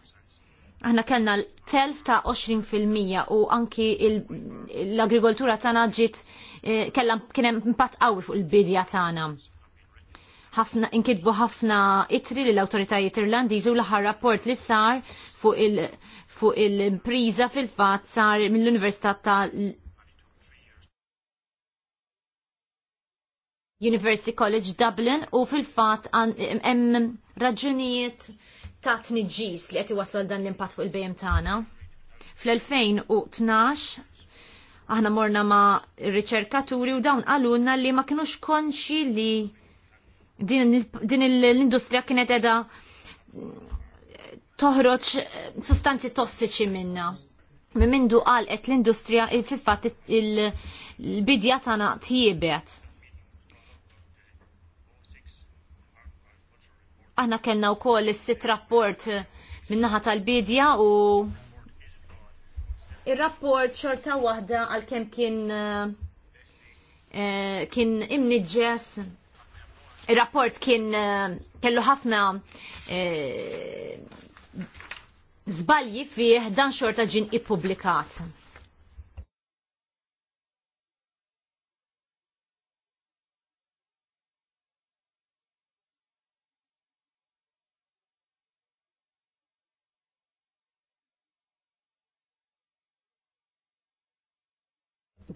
Aħna kellna l-telf ta' 20% u anki l-agrikoltura tagħna ġiet eh, kellha kien hemm impatt qawwi fuq il-bidja tagħna ħafna inkitbu ħafna itri l awtoritajiet Irlandiżi u l-aħħar rapport li sar fuq il fuq il-impriża fil-fatt sar mill-Università ta' University College Dublin u fil-fatt hemm raġunijiet ta' tniġġis li qed iwassal dan l-impatt fuq il-bejjem tagħna. Fl-2012 aħna morna ma' riċerkaturi u dawn għalunna li ma kienux konxi li din l-industrija kienet edha toħroġ eh, sustanzi tossiċi minna. Minn mindu qalqet l-industrija fil il-bidja tagħna tiebet. Aħna kellna wkoll is-sit rapport min-naħa tal-bidja u ir-rapport xorta waħda għal kemm kien eh, kien imniġġes il-rapport kien eh, kellu ħafna eh, zbalji fih dan xorta ġin ippubblikat.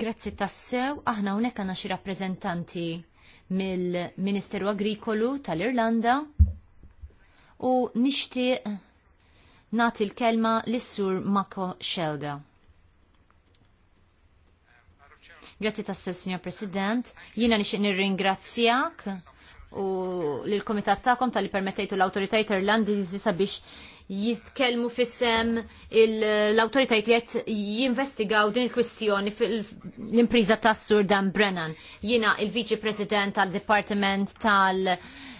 Grazzi tassew, aħna unek għanna xi rappresentanti mill-Ministeru Agrikolu tal-Irlanda u nixtieq nagħti l-kelma lis-Sur Mako Shelda. Grazzi tassel, Signor President. Jiena nixtieq nirringrazzjak u l-komitat tagħkom tal-li permettejtu l-autoritajt Irlandi sabiex jitkellmu fissem l-autoritajt li jinvestigaw din il-kwistjoni fil-impriża ta' Sur Dan Brennan. Jiena il-Viċi President tal-Dipartiment tal-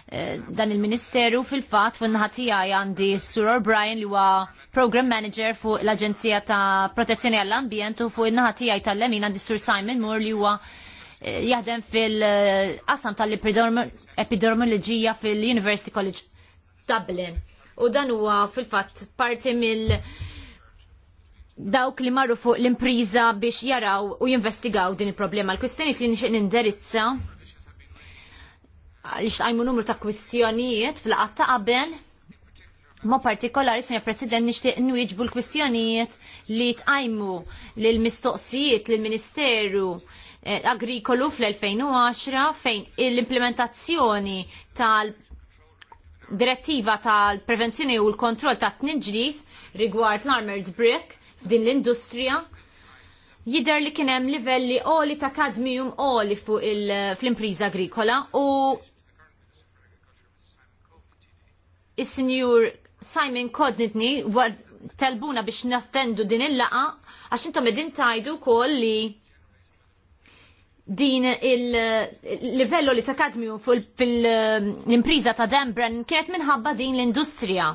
eh, dan il-Ministeru fil-fat fil-naħatijaj għandi Sur O'Brien li huwa Program Manager fuq l-Aġenzija ta' Protezzjoni għall-Ambjent u fuq il-naħatijaj tal-Lemin għandi Sur Simon Moore li huwa eh, jaħdem fil-qasam eh, tal-epidemiologija fil-University College Dublin u dan huwa fil-fatt parti mill dawk li marru fuq l-impriża biex jaraw u jinvestigaw din il-problema. L-kwistjoni li nixtieq indirizza għalix għajmu numru ta' kwistjonijiet fil-qatt ta' qabel Ma partikolari, Sinja President, nixtieq nwieġbu l-kwistjonijiet li tqajmu lill-mistoqsijiet lill-Ministeru eh, agrikolu fl-2010 fejn l-implementazzjoni tal direttiva tal-prevenzjoni u l-kontroll ta' tniġris rigward l-armored brick f'din l-industrija jider li kienem livelli oli ta' kadmium oli fuq fl-impriża agrikola u is-sinjur Simon Codnitni talbuna biex nattendu din il-laqa għax intom edin tajdu kol li din il-livello li ta' kadmju fil-impriża ta' Dembren kienet minħabba din l-industrija.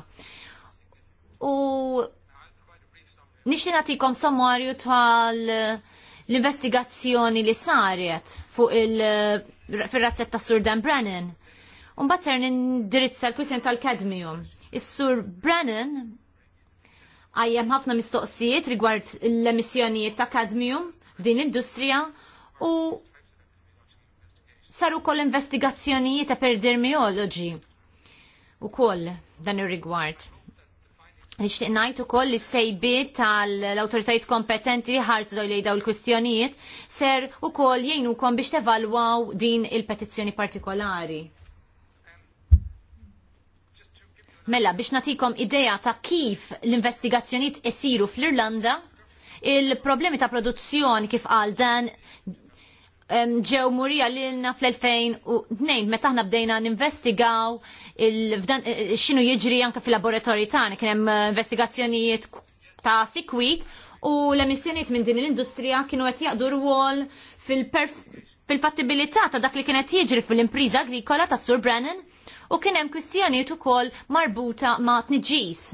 U nix nagħtikom sommarju tal l-investigazzjoni li saret fuq il-razzet ta' Sur Dan Brennan. Unbat ser nindirizza l kwisjon tal kadmiju Is-Sur Brennan għajjem ħafna mistoqsijiet rigward l-emissjonijiet ta' kadmium f'din l-industrija u saru kol investigazzjonijiet epidemioloġi u kol dan ir-rigward. Nixtieq ngħid ukoll li sejbiet tal-awtoritajiet kompetenti ħarsu doj lejn dawn il-kwistjonijiet ser ukoll jgħinukom biex tevalwaw din il-petizzjoni partikolari. Mela, biex natikom ideja ta' kif l-investigazzjonijiet isiru fl-Irlanda, il-problemi ta' produzzjoni kif qal dan ġew murija l-na fl-2002 meta aħna bdejna ninvestigaw e, e, x'inhu jiġri anke fil laboratori tagħna kien hemm investigazzjonijiet ta' sikwit u l-emissjonijiet minn din l-industrija kienu qed jaqdu rwol fil-fattibilità ta' dak li kienet jiġri fil-impriża agrikola ta' Sur Brennan u kien hemm kwistjonijiet ukoll marbuta ma' t-nġis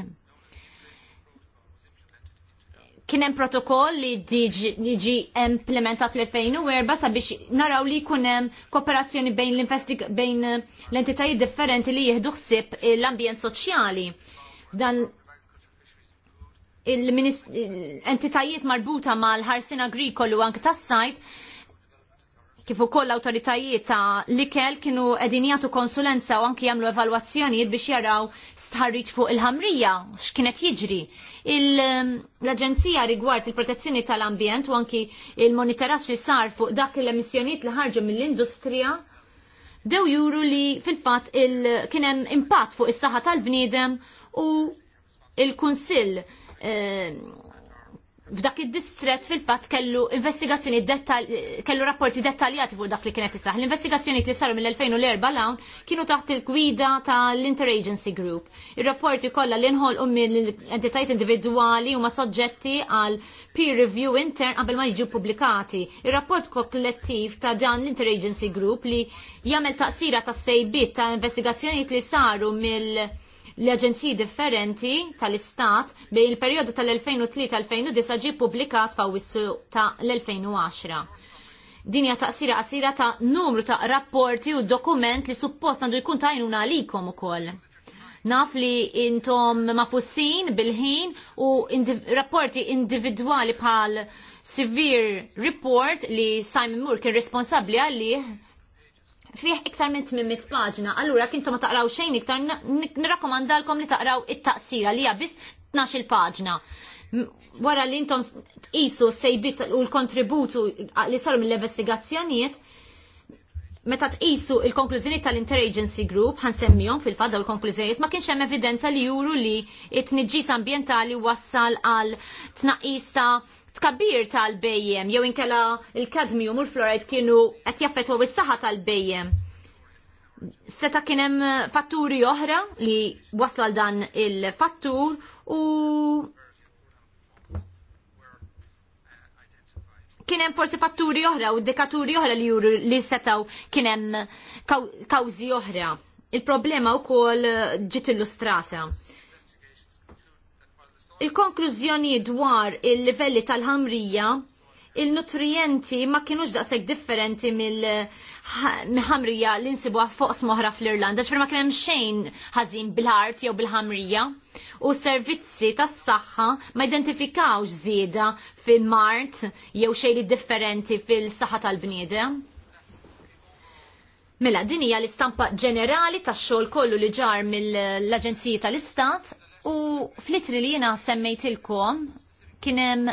kien hemm protokoll li jiġi implementat fl 2004 sabiex naraw li jkun hemm kooperazzjoni bejn bejn l-entitajiet differenti li jieħdu ħsieb l-ambjent soċjali. Dan l-entitajiet marbuta mal-ħarsin u anke tas-sajt kif ukoll l-awtoritajiet ta' l-ikel kienu qegħdin jagħtu konsulenza u anki jagħmlu evalwazzjonijiet biex jaraw stħarriġ fuq il-ħamrija x'kienet jiġri. Ehm, L-Aġenzija rigward il-protezzjoni tal-ambjent u anki il-monitoraġġ li sar fuq dak l-emissjonijiet li ħarġu mill-industrija dew juru li fil-fatt kien hemm impatt fuq is-saħħa tal-bniedem u il-Kunsill ehm, f'dak id-distret fil-fatt kellu investigazzjoni kellu rapporti dettaljati fuq dak li kienet isaħ. L-investigazzjoni li saru mill-2004 lawn kienu taħt il-gwida tal-Interagency Group. Ir-rapporti kollha li nħolqu mill-entitajiet individwali huma soġġetti għal peer review intern qabel ma jiġu publikati. Ir-rapport kollettiv ta' dan l-Interagency Group li jagħmel taqsira tas-sejbiet ta' investigazzjonijiet li saru mill- l-aġenziji differenti tal-istat bej il-perjodu tal-2003-2009 ġie publikat fawissu ta' l-2010 dinja taqsira qasira ta' numru ta' rapporti u dokument li suppost għandu jkun ta' jnuna għalikom ukoll. Naf li intom mafussin bil-ħin u indiv rapporti individuali bħal severe report li Simon Moore kien responsabli għalih fih iktar minn 800 paġna, allura kintu ma taqraw xejn iktar nirrakkomandalkom li taqraw it-taqsira li hija biss 12 paġna. Wara li intom tqisu sejbit u l-kontributu li saru mill-investigazzjonijiet, meta tqisu il-konklużjoni tal-Interagency Group ħansemmihom fil-fadda l konklużjoniet ma kienx hemm evidenza li juru li t tniġġis ambjentali wassal għal t-naqista tkabbir tal-bejjem, jew inkella il-kadmium u l-fluoride kienu qed jaffetwaw is-saħħa tal-bejjem. Seta kien hemm fatturi oħra li waslu għal dan il-fattur u kien hemm forsi fatturi oħra u indikaturi oħra li juru li setaw kien hemm kawżi oħra. Il-problema wkoll ġiet illustrata. Il-konklużjoni dwar il-livelli tal-ħamrija il-nutrienti ma kienux daqseg differenti mill-ħamrija li nsibu fuq smoħra fl-Irlanda, ċfer ma kienem xejn ħażin bil-ħart jew bil-ħamrija u servizzi tas saħħa ma identifikawx zieda fil-mart jew xejn differenti fil-saħħa tal-bniedem. Mela, din hija l-istampa ġenerali tax-xogħol kollu li ġar mill-Aġenziji tal-Istat U fl-itri li jena semmejtilkom kienem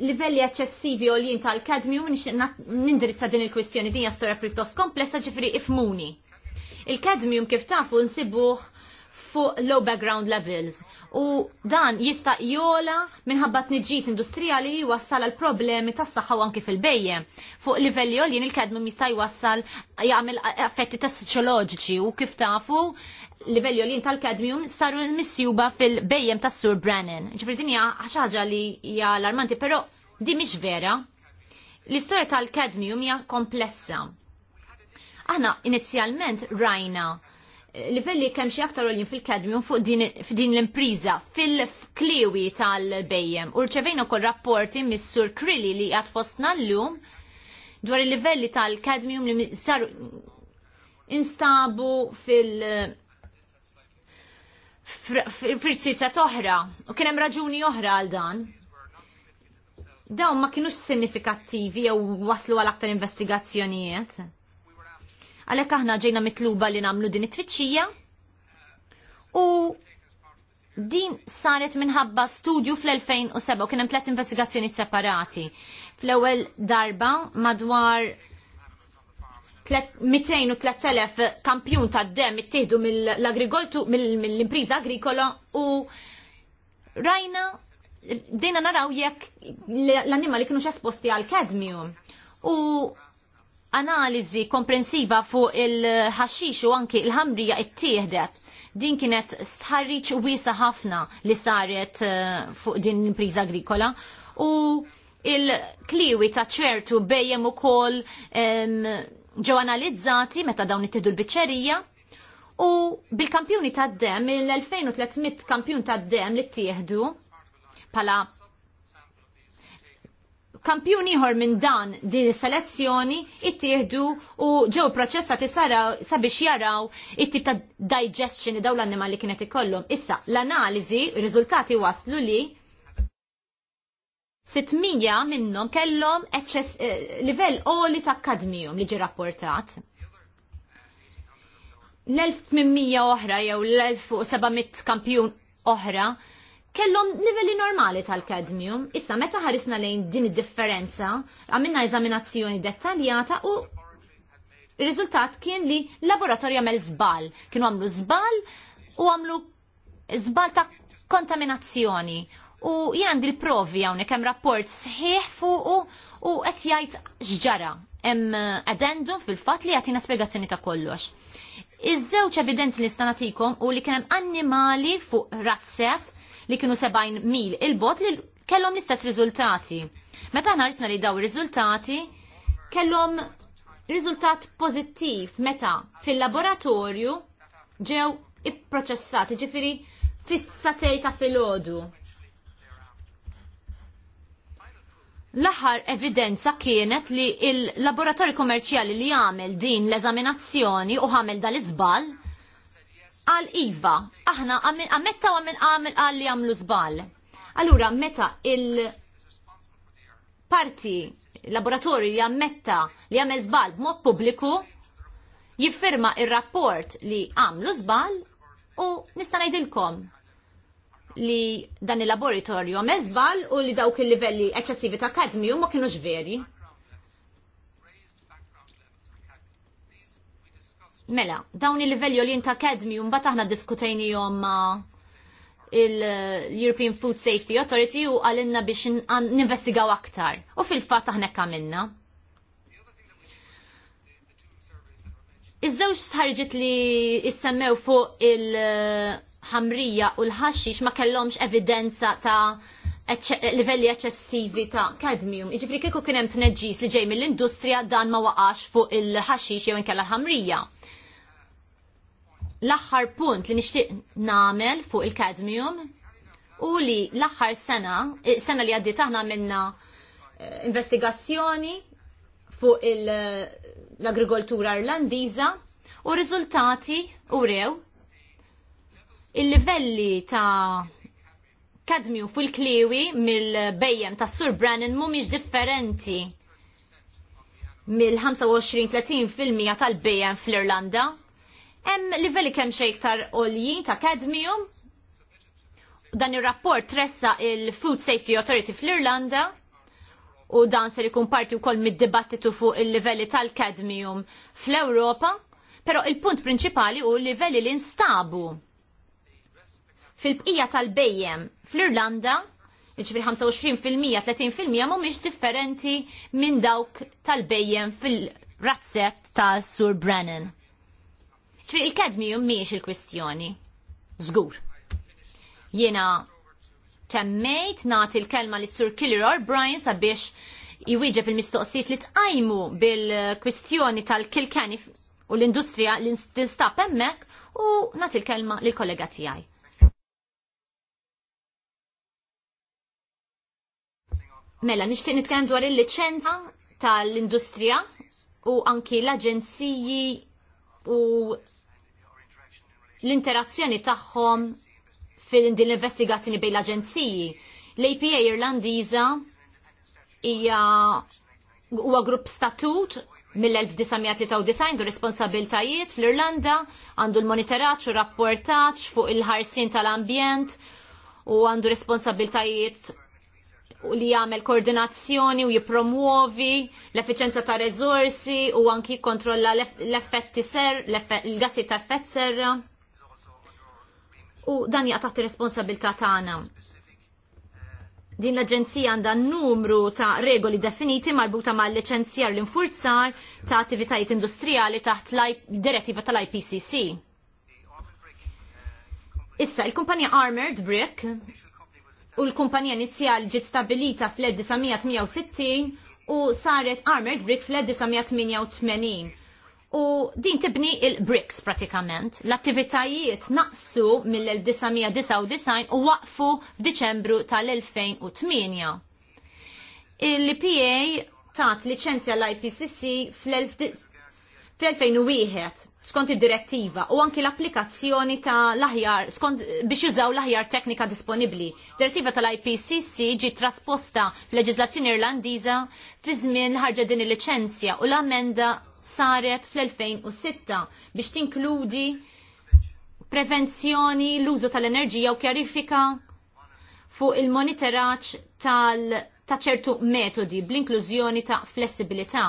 livelli eccessivi u l-kadmi u nindirizza din il-kwistjoni dinja storja pjuttost komplessa ġifri ifmuni. Il-kadmium kif tafu nsibuh fuq low background levels u dan jista' jola minħabba t-nġis industrijali jwassal għal problemi tas saħħa u anke fil-bejje. Fuq livell joljen il-kedmu jista' jwassal jagħmel effetti tas soċoloġiċi u kif tafu livell joljen tal-kadmium saru missjuba fil-bejjem tas Sur Brennan. Ġifri din hija ħaġa li hija alarmanti, però di mhix vera. L-istorja tal-kadmium hija komplessa. Aħna inizjalment rajna livelli kemm xi aktar olin fil-kadmium fuq din l-impriża fil-kliwi tal-bejjem. U rċevejna kol rapporti mis-sur Krilli li għat fostna l-lum dwar il-livelli tal-kadmium li saru instabu fil- fil-sitta toħra u kien hemm raġuni oħra għal dan. Dawn ma kienux sinifikattivi jew waslu għal aktar investigazzjonijiet. Għalhekk aħna ġejna mitluba li nagħmlu din it-tfittxija u din saret minħabba studju fl-2007 u kien hemm tliet investigazzjoni separati. Fl-ewwel darba madwar 203.000 kampjun ta' dem ittieħdu mill-agrikoltu mill-impriża agrikola u rajna dejna naraw jekk l-annimali kienu esposti għal kadmium. U analiżi komprensiva fuq il-ħaxix u anki il-ħamrija ittieħdet. Din kienet stħarriċ wiesa ħafna li saret eh, fuq din l-impriża agrikola u il-kliwi ta' ċertu bejjem ukoll ġew analizzati meta dawn it-tidu l-biċċerija u bil-kampjuni tad-dem, il-2300 kampjun tad-dem li ttieħdu pala kampjun ieħor minn dan din is-selezzjoni ittieħdu u ġew proċessati sabiex jaraw it-tip ta' digestion dawn l annimali li kienet ikollhom. Issa l-analiżi, riżultati waslu li 600 minnhom kellhom eh, livell qoli ta' kadmium li ġi rapportat l-1800 oħra jew l-1700 kampjun oħra kellhom livelli normali tal-kadmium. Issa meta ħarisna lejn din id-differenza, għamilna eżaminazzjoni dettaljata u il-riżultat kien li laboratorju għamel żbal. Kienu għamlu żbal u għamlu żbal ta' kontaminazzjoni. U jien għandi l-provi hawnhekk hemm rapport sħiħ fuq u qed jgħid x'ġara. Hemm addendum fil-fatt li jagħtina spjegazzjoni ta' kollox. Iż-żewġ evidenzi li stanatikom u li kien hemm annimali fuq razzet li kienu 70 mil il-bot li kellhom l-istess riżultati. Meta ħna risna li daw riżultati kellhom riżultat pożittiv meta fil-laboratorju ġew ipproċessati, ġifiri fizzatej ta' filgħodu. L-aħħar evidenza kienet li il-laboratorju kommerċjali li jagħmel din l-eżaminazzjoni u ħamel dal izbal għal Iva, aħna għametta għamil għamil għal li għamlu zbal. Allura, meta il-parti, laboratorju li għametta li għamil zbal b'mod publiku, jiffirma il-rapport li għamlu zbal u nista' ngħidilkom li dan il-laboratorju għamel zbal u li dawk il-livelli eċessivi ta' kadmium ma kienu veri. Mela, dawn il-livelli li jinta kedmi, un bat aħna diskutejni jom il-European Food Safety Authority u għalinna biex ninvestigaw aktar. U fil-fat aħna għamilna. Iż-żewġ sħarġit li issemmew fuq il-ħamrija u l-ħaxix ma kellhomx evidenza ta' livelli eċessivi ta' kadmium. Iġifri kieku kien hemm tneġġis li ġej mill-industrija dan ma waqax fuq il-ħaxix jew inkella l-ħamrija. L-aħħar punt li nixtieq nagħmel fuq il-kadmium u li l-aħħar sena, sena li għaddiet aħna minna eh, investigazzjoni fuq l-agrikoltura irlandiża u riżultati u rew il-livelli ta' fuq fil kliwi mill-bejjem ta' Sur Brannan mhumiex differenti mill-25-30% tal-bejjem fl-Irlanda Hemm livelli kemm xejn iktar għoljin ta' kadmium. Dan ir-rapport tressa il-Food Safety Authority fl-Irlanda u dan ser ikun parti wkoll mid-dibattitu fuq il-livelli tal-kadmium fl-Ewropa, però il-punt prinċipali u l-livelli li nstabu. Fil-bqija tal-bejjem fl-Irlanda, ġifri 25%, 30% mhumiex differenti minn dawk tal-bejjem fil-razzett ta' Sur Brennan ċri il-kadmiju miex il-kwistjoni. Zgur. Jena temmejt nat il-kelma li sur Killer Brian sabiex jwieġeb il-mistoqsijiet li tqajmu bil-kwistjoni tal-kilkani u l-industrija li nistab hemmhekk u nagħti il-kelma lill kollega tiegħi. Mela, nixtieq nitkellem dwar il-liċenza tal-industrija u anki l-aġenziji u l-interazzjoni tagħhom fil-din l-investigazzjoni bejn l-aġenziji. L-APA Irlandiża hija huwa grupp statut mill-1993 għandu responsabiltajiet fl-Irlanda għandu l-monitoraċ u rapportaċ fuq il-ħarsin tal-ambjent u għandu responsabiltajiet li jagħmel koordinazzjoni u jipromuovi l-effiċenza ta' reżorsi u anki kontrolla l-effetti ser, l-gassi ta' effett serra u dan jaqa' taħt ir-responsabilità tagħna. Din l-Aġenzija għandha numru ta' regoli definiti marbuta mal liċenzjar l-infurzar ta' attivitajiet industrijali taħt direttiva tal-IPCC. Issa, il-kumpanija Armored Brick u l-kumpanija inizjal ġiet stabilita fl-1968 u saret Armored Brick fl-1988 u din tibni il bricks pratikament. L-attivitajiet naqsu mill-1999 u waqfu f'Diċembru tal-2008. Il-PA tat licenzja l-IPCC fl-2001 skont id-direttiva u anki l-applikazzjoni ta' l-aħjar skont biex jużaw l-aħjar teknika disponibbli. Direttiva tal-IPCC ġi trasposta fl leġislazzjoni irlandiża fi żmien ħarġa din il-liċenzja u l-amenda saret fl-2006 biex tinkludi prevenzjoni l-użu tal-enerġija u kjarifika fuq il-monitoraġġ ta' ċertu metodi bl-inklużjoni ta' flessibilità.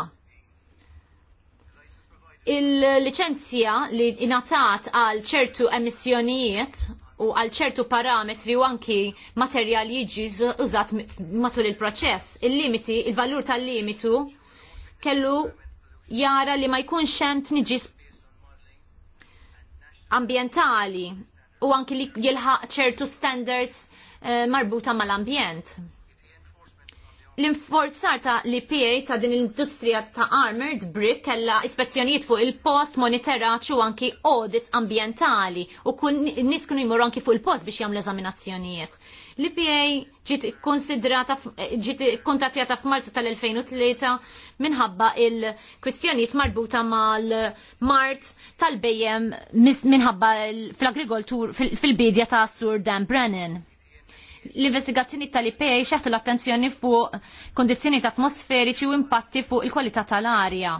Il-licenzja li inatat għal ċertu emissjonijiet u għal ċertu parametri u anki materjal jiġi użat matul il-proċess. Il-limiti, il-valur tal-limitu kellu jara li ma jkunx hemm tniġis ambjentali u anki li jilħaq ċertu standards eh, marbuta mal-ambjent. L-inforzar ta' li PA ta' din l-industrija ta' armored brick kella ispezzjonijiet fuq il-post monitoraċ u anki audits ambientali u kull nis kunu jmur anki fuq il-post biex jagħmlu eżaminazzjonijiet. L-IPA ġiet konsidrata, eh, ġiet kontattjata f'Marzu tal-2003 minħabba il-kwistjonijiet marbuta mal-Mart tal-bejjem minħabba fl-agrikoltur fil-bidja ta' Sur Dan Brennan l-investigazzjoni tal-IPA xeħtu l-attenzjoni fuq kondizjoni atmosferiċi u impatti fuq il-kwalità tal-arja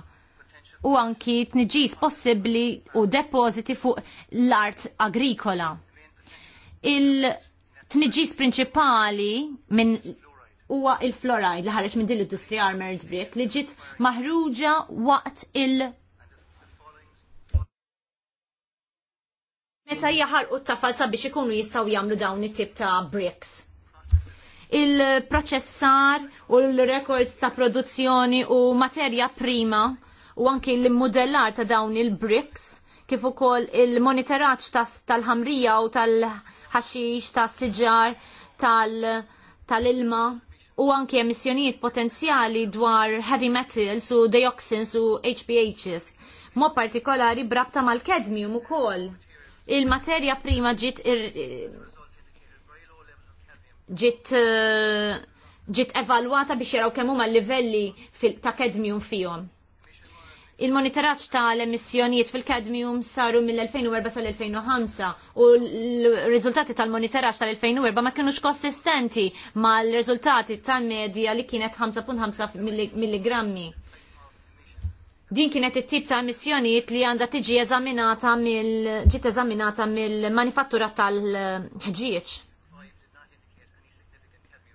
u anki tniġis possibli u depoziti fuq l-art agrikola. Il- tniġis prinċipali minn huwa il-fluoride li ħareġ minn din l-industrija armored brick li ġiet maħruġa waqt il- Meta jaħarqu t-tafalsa biex ikunu jistgħu jagħmlu dawn it-tip ta' bricks. Il-proċessar u l-records ta' produzzjoni u materja prima u anki l-modellar ta' dawn il-bricks kif ukoll il-monitoraġġ tal-ħamrija u tal-, -tal ħaxix, ta' siġar, tal-ilma u anki emissjonijiet potenzjali dwar heavy metals u dioxins u HPHs. Mo partikolari brabta mal-kedmium u kol. Il-materja prima ġit ġit eh, ġit evalwata biex jaraw kemm huma livelli ta' kedmium fihom. Il-monitoraġġ tal-emissjonijiet fil-kadmium saru mill-2004 sal-2005 u l-riżultati tal-monitoraġġ tal-2004 ma kienux konsistenti mal-riżultati tal-medja li kienet 5.5 milligrammi. Din kienet it-tip ta' emissjonijiet li għandha tiġi eżaminata mill ġiet eżaminata mill-manifattura tal-ħġieġ.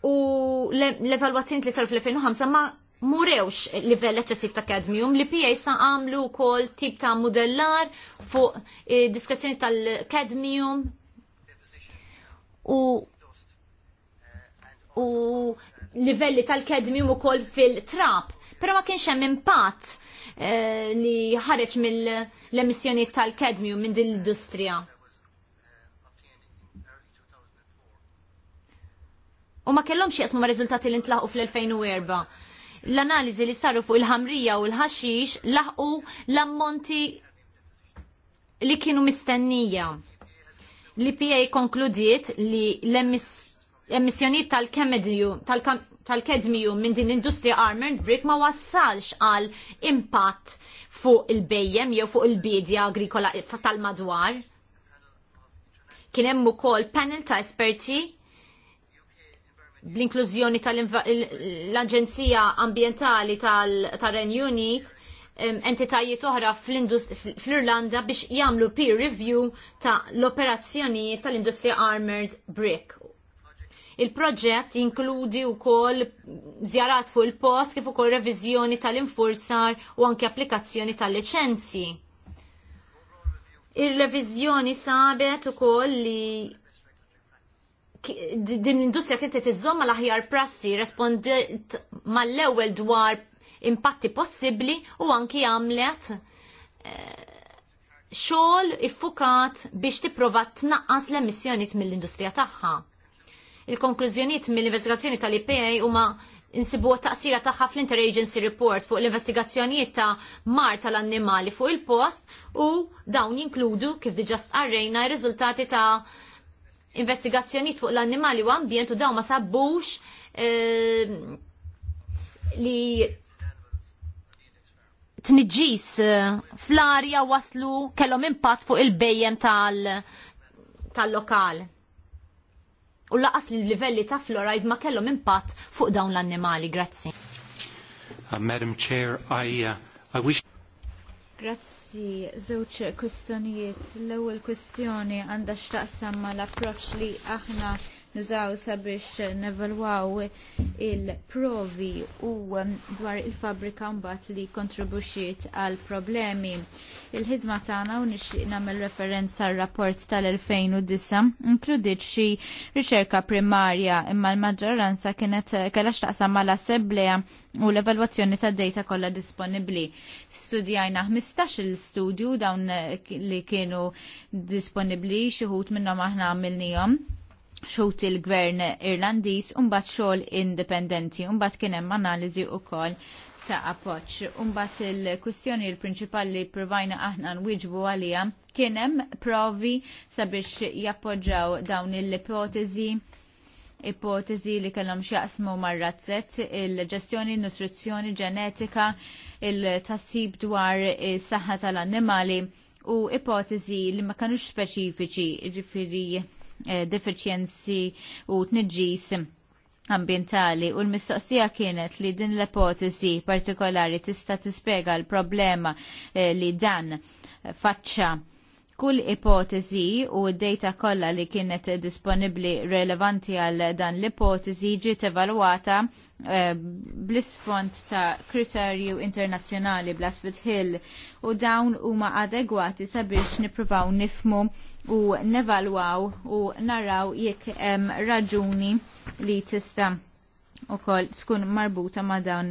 U l-evalwazzjoni li saru fl-2005 ma murewx livell eċċessiv ta' kadmium li pija sa' għamlu kol tip ta' modellar fuq eh, diskrezzjoni tal-kadmium u u livelli tal-kadmium u kol fil-trap. Pero ma kienx hemm impatt eh, li ħareġ mill-emissjoni tal-kadmium minn din l-industrija. U ma kellhomx jaqsmu ma' riżultati li ntlaħqu fl-2004 l-analiżi li saru fuq il-ħamrija u l-ħaxix laħqu l-ammonti li kienu mistennija. L-IPA konkludiet li l-emissjoniet tal-kemedju tal tal-kedmiju minn din industrija armored brick ma wassalx għal impatt fuq il-bejjem jew fuq il-bidja agrikola tal-madwar. Kien hemm ukoll panel ta' esperti bl-inklużjoni tal-Aġenzija Ambientali tal-Renju Unit entitajiet oħra fl-Irlanda biex jagħmlu peer review ta' l-operazzjonijiet tal-Industrija Armored Brick. Il-proġett jinkludi wkoll żjarat fuq il-post kif ukoll reviżjoni tal-infurzar u anke applikazzjoni tal-liċenzji. Ir-reviżjoni sabet ukoll li din l-industrija kien qed iżomma l-aħjar prassi respondiet mal-ewwel dwar impatti possibbli u anki għamlet eh, xogħol iffukat biex tipprova tnaqqas l-emissjonijiet mill-industrija tagħha. Il-konklużjonijiet mill-investigazzjoni tal-IPA huma insibu taqsira tagħha fl-Interagency Report fuq l-investigazzjonijiet ta' mar tal-annimali fuq il-post u dawn jinkludu kif diġa stqarrejna r-riżultati ta' investigazzjonijiet fuq l-annimali u ambjent u daw ma sabbux eh, li tniġġis eh, fl-arja waslu kellhom impatt fuq il-bejjem tal-lokal. U laqas li livelli ta' fluoride ma kellhom impatt fuq dawn l-annimali, grazzi. Uh, Madam Chair, I, uh, wish... Grazzi. Grazzi, żewġ kwistjonijiet. L-ewwel kwistjoni għandha x'taqsam mal-approċċ li aħna nużaw sabiex nevalwaw il-provi u um, dwar il-fabrika mbagħad li kontribuxiet għal problemi. Il-ħidma tagħna u nixtieq nagħmel referenza għal rapport tal-2009 inkludiet xi riċerka primarja imma l-maġġoranza kienet kellha x'taqsam mal-assembleja u l-evalwazzjoni ta' data kollha disponibbli. Studjajna 15 il-studju dawn li kienu disponibbli xi wħud minnhom aħna għamilnihom xut il-gvern irlandiż umbat xogħol indipendenti, umbat kien hemm analiżi wkoll ta' appoġġ. Umbat il-kwistjoni l-prinċipali provajna aħna nwiġbu għalija kien hemm provi sabiex jappoġġaw dawn l-ipotezi ipotezi li kellhom x'jaqsmu mar-razzett, il-ġestjoni, nutrizzjoni ġenetika, il-tassib dwar is-saħħa tal-annimali u ipotezi li ma kenux speċifiċi, ġifieri Eh, deficienzi u tniġġis ambientali u l-mistoqsija kienet li din l-ipotesi partikolari tista' tispjega l-problema eh, li dan faċċa kull ipotezi u d-data kollha li kienet disponibbli relevanti għal dan l-ipotezi ġiet evalwata eh, bl-isfond ta' kriterju internazzjonali bl Hill u dawn huma adegwati sabiex nippruvaw nifmu u nevalwaw u naraw jekk hemm raġuni li tista' ukoll tkun marbuta ma' dawn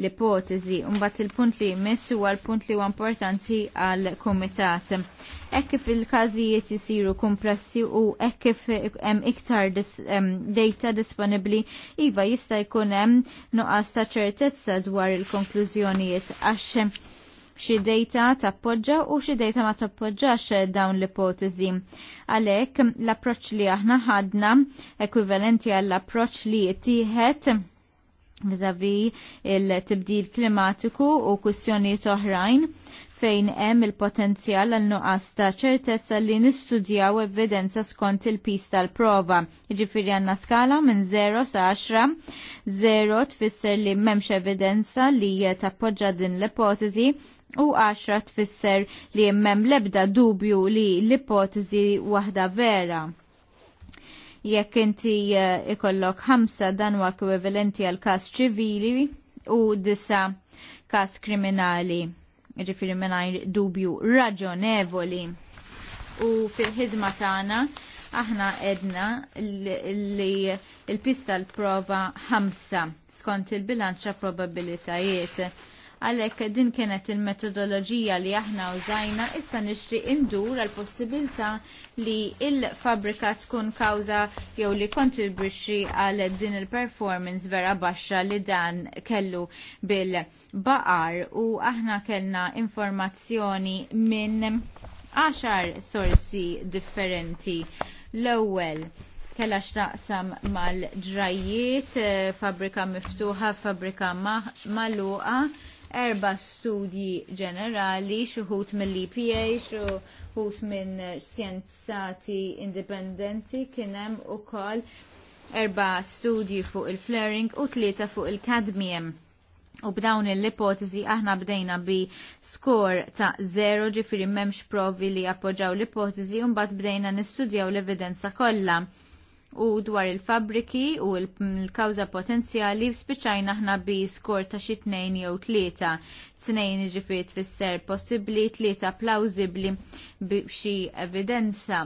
l-ipotezi. Mbagħad il-punt li jmiss huwa l-punt li huwa importanti għal kumitat. Hekk kif il-każijiet isiru kompressi u hekk kif hemm iktar dis, data disponibbli iva jista' jkun hemm nuqqas ta' ċertezza dwar il-konklużjonijiet għax xi data tappoġġa u xi data ma tappoġġax dawn l-ipotezi. Għalhekk l-approċċ li aħna ħadna ekwivalenti għall-approċċ li tieħed vizavi il-tibdil klimatiku u kwistjonijiet oħrajn fejn hemm il-potenzjal għal nuqqas ta' ċertezza li nistudjaw evidenza skont il-pis tal-prova. Ġifieri għandna skala minn 0 sa' 10, 0 tfisser li m'hemmx evidenza li tappoġġa din l-ipotezi u għaxra tfisser li jemmem lebda dubju li l-ipotezi waħda vera jekk inti eh, ikollok ħamsa dan huwa ekwivalenti għal każ ċivili u disa każ kriminali. ġifiri mingħajr dubju raġonevoli. U fil-ħidma tagħna aħna edna li l-pista l-prova ħamsa skont il-bilanċa probabilitajiet għalhekk din kienet il-metodoloġija li aħna użajna issa nixtieq indur għal possibilità li il-fabrika tkun kawża jew li kontribwixxi għal din il-performance vera baxxa li dan kellu bil-baqar u aħna kellna informazzjoni minn għaxar sorsi differenti. L-ewwel kella xtaqsam mal-ġrajiet, eh, fabrika miftuħa, fabrika magħluqa, erba studji ġenerali, xuħut mill-EPA, xuħut minn xjenzati indipendenti, kienem u koll erba studji fuq il-flaring u tlieta fuq il-kadmium. U b'dawn l-ipotezi aħna bdejna bi skor ta' żero, ġifiri memx provi li appoġġaw l-ipotezi u mbagħad bdejna nistudjaw l-evidenza kollha u dwar il-fabriki u l-kawza potenzjali spiċajna aħna bi skor ta' xi tnejn jew tlieta. Tnejn ġifiet tfisser possibbli tlieta plawzibbli b'xi evidenza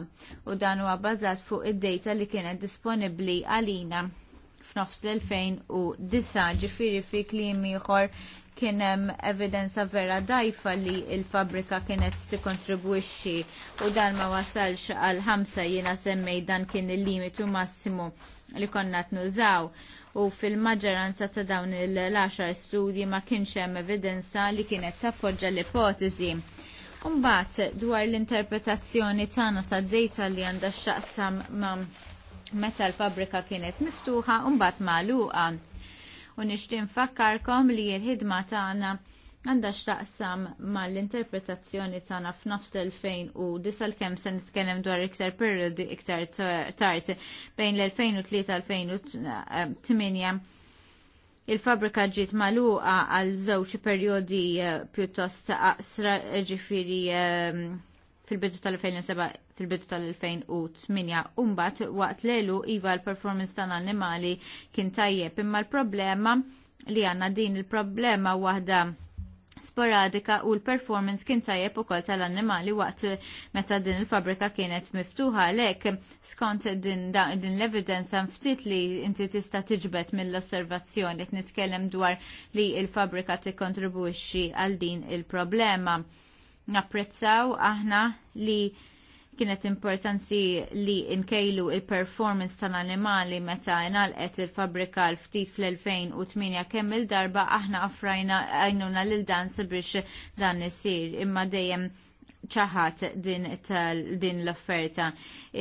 u dan huwa bażat fuq id-data li kienet disponibbli għalina f'nofs l-2009 ġifiri fi klim ieħor kien hemm evidenza vera dajfa li l fabrika kienet tikkontribwixxi u dan ma wasalx għal ħamsa jiena semmej dan kien il-limitu massimu li konna tnużaw u fil-maġġoranza ta' dawn il-10 studji ma kienx hemm evidenza li kienet tappoġġa l-ipotezi. Umbagħad dwar l-interpretazzjoni tagħna tad-dejta li għandha x-xaqsam ma' meta l-fabrika kienet miftuħa u mbagħad magħluqa. U nixtieq nfakkarkom li l-ħidma tagħna għandha x'taqsam mal-interpretazzjoni tagħna f'nofs l-fejn 2009 kemm se nitkellem dwar iktar periodi iktar tard bejn l-2003-2008 il-fabrika ġiet magħluqa għal żewġ perjodi eh, pjuttost aqsra ġifiri eh, fil-bidu tal-2007 fil-bidu tal-2008. Umbat waqt lelu iva l-performance tal-animali kien tajjeb imma l-problema li għanna din il-problema waħda sporadika u l-performance kien tajjeb ukoll tal-annimali waqt meta din il-fabrika kienet miftuħa għalhekk skont din, din l-evidenza ftit li inti tista' tiġbed mill-osservazzjoni qed nitkellem dwar li l-fabrika tikkontribwixxi għal din il-problema. Napprezzaw aħna li kienet importanti li nkejlu il-performance tal-animali meta inalqet il-fabrika l-ftit fl-2008 kemm il-darba aħna affrajna għajnuna lil dan sabiex dan isir imma dejjem ċaħat din, din l-offerta.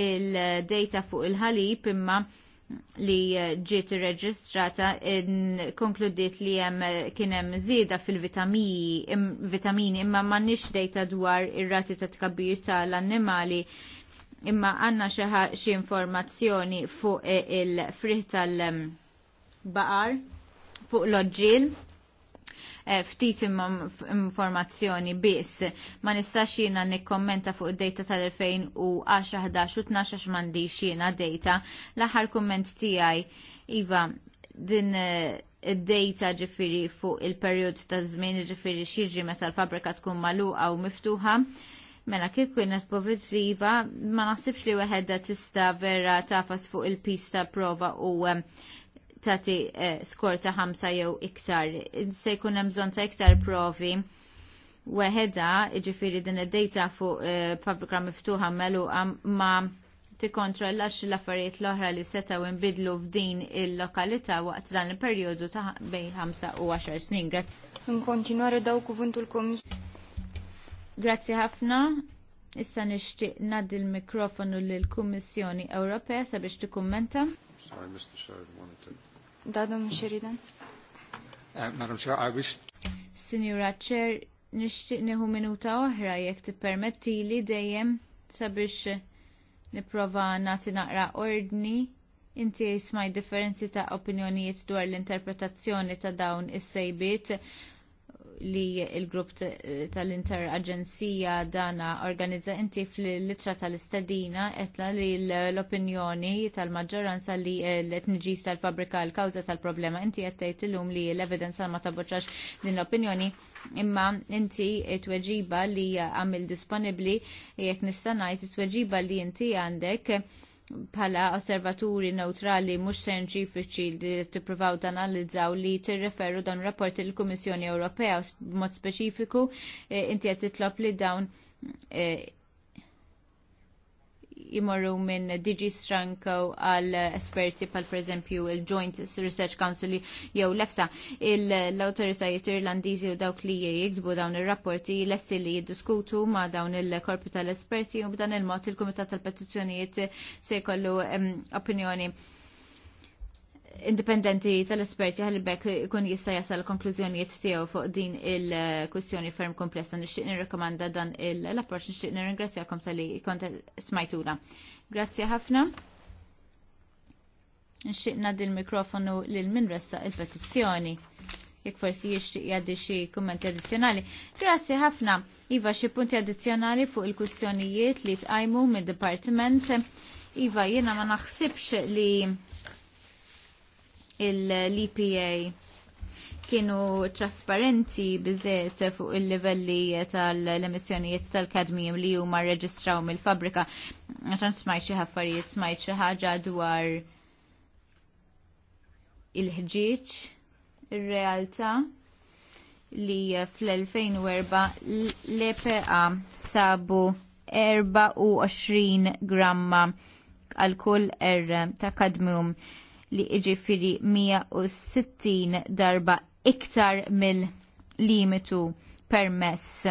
Il-data fuq il-ħalib imma li eh, ġiet irreġistrata konkludiet li hemm eh, kien hemm żieda fil-vitamini imma m'għandniex dejta dwar ir-rati ta' tkabbir tal-annimali imma għandna xi informazzjoni fuq eh, il-friħ tal-baqar ehm, fuq l-oġġiel Eh, ftit informazzjoni biss. Ma nistax jiena nikkommenta fuq id-data tal-2010, 11 u 12 m'għandi jiena data. L-aħħar kumment tiegħi Iva, din eh, id-data ġifiri fuq il-perjod ta' żmien ġifiri xirġi meta l-fabrika tkun magħluqa u miftuħa. Mela kif kien poviziva, ma naħsibx li weħed tista vera tafas fuq il-pista prova u eh, Ta'ti eh, skor ta' ħamsa jew iktar. Se jkun hemm bżonn ta' iktar provi weħeda, jiġifieri din id-data fuq pabrika eh, miftuħa meluqa ma tikkontrollax l-affarijiet l-oħra li setaw inbidlu f'din il-lokalità waqt dan il-perjodu ta' bejn ħamsa u 10 snin. Nkontinware daw kuvuntu l-komis. Grazzi ħafna. Issa nixtieq ngħaddi l-mikrofonu lill-Kummissjoni Ewropea sabiex tikkummenta. Sorry, Mr. Sheridan Dadum Xiridan. Eh, Madam Chair, I wish... Signora Chair, nishtiq neħu minuta oħra jekk tippermetti li dejjem sabiex niprofa nagħti naqra ordni inti smaj differenzi ta' opinjonijiet dwar l-interpretazzjoni ta' dawn is-sejbiet li il-grupp tal-interaġenzija dana organizza inti fil litra tal-istadina etla li l-opinjoni tal-maġġoranza li l-etniġis tal-fabrika l-kawza tal-problema inti qed l-lum li l-evidenza ma taboċax din l-opinjoni imma inti tweġiba li għamil disponibli jek nistanajt tweġiba li inti għandek pala osservaturi neutrali mhux senġifiċi li tippruvaw tanalizzaw li tirreferu dan rapport il-Kummissjoni Ewropea mod speċifiku eh, inti qed titlob li dawn eh, jimorru minn DG Stranko għal esperti pal per eżempju il-Joint Research Council jew l-EFSA. L-autoritajiet irlandiżi u dawk li jiksbu dawn ir-rapporti lesti li jiddiskutu ma dawn il-korpi tal-esperti u b'dan il-mod il-Kumitat tal-Petizzjonijiet se jkollu opinjoni indipendenti tal-esperti għalibek kun jista jasal konklużjonijiet tiegħu fuq din il-kwistjoni ferm komplessa nixtieq nirrekomanda dan l-approċċ nixtieq nirringrazzjakom tal-li kont smajtuna. Grazzi ħafna. Nixtieq ngħaddi l-mikrofonu lil min ressa il-petizzjoni. Jekk forsi jixtieq jgħaddi xi kummenti addizzjonali. Grazzi ħafna. Iva xi punti addizzjonali fuq il-kwistjonijiet li tqajmu mid-dipartiment. Iva jiena ma naħsibx li l-EPA kienu trasparenti biżiet fuq il-livelli tal-emissjonijiet tal kadmijum li huma rreġistraw mill-fabrika. Għatan smajt xi ħaffarijiet smajt xi ħaġa dwar il-ħġieġ, ir-realtà li fl-2004 l-EPA sabu 24 gramma għal kull er ta' kadmium li iġifiri 160 darba iktar mill-limitu permess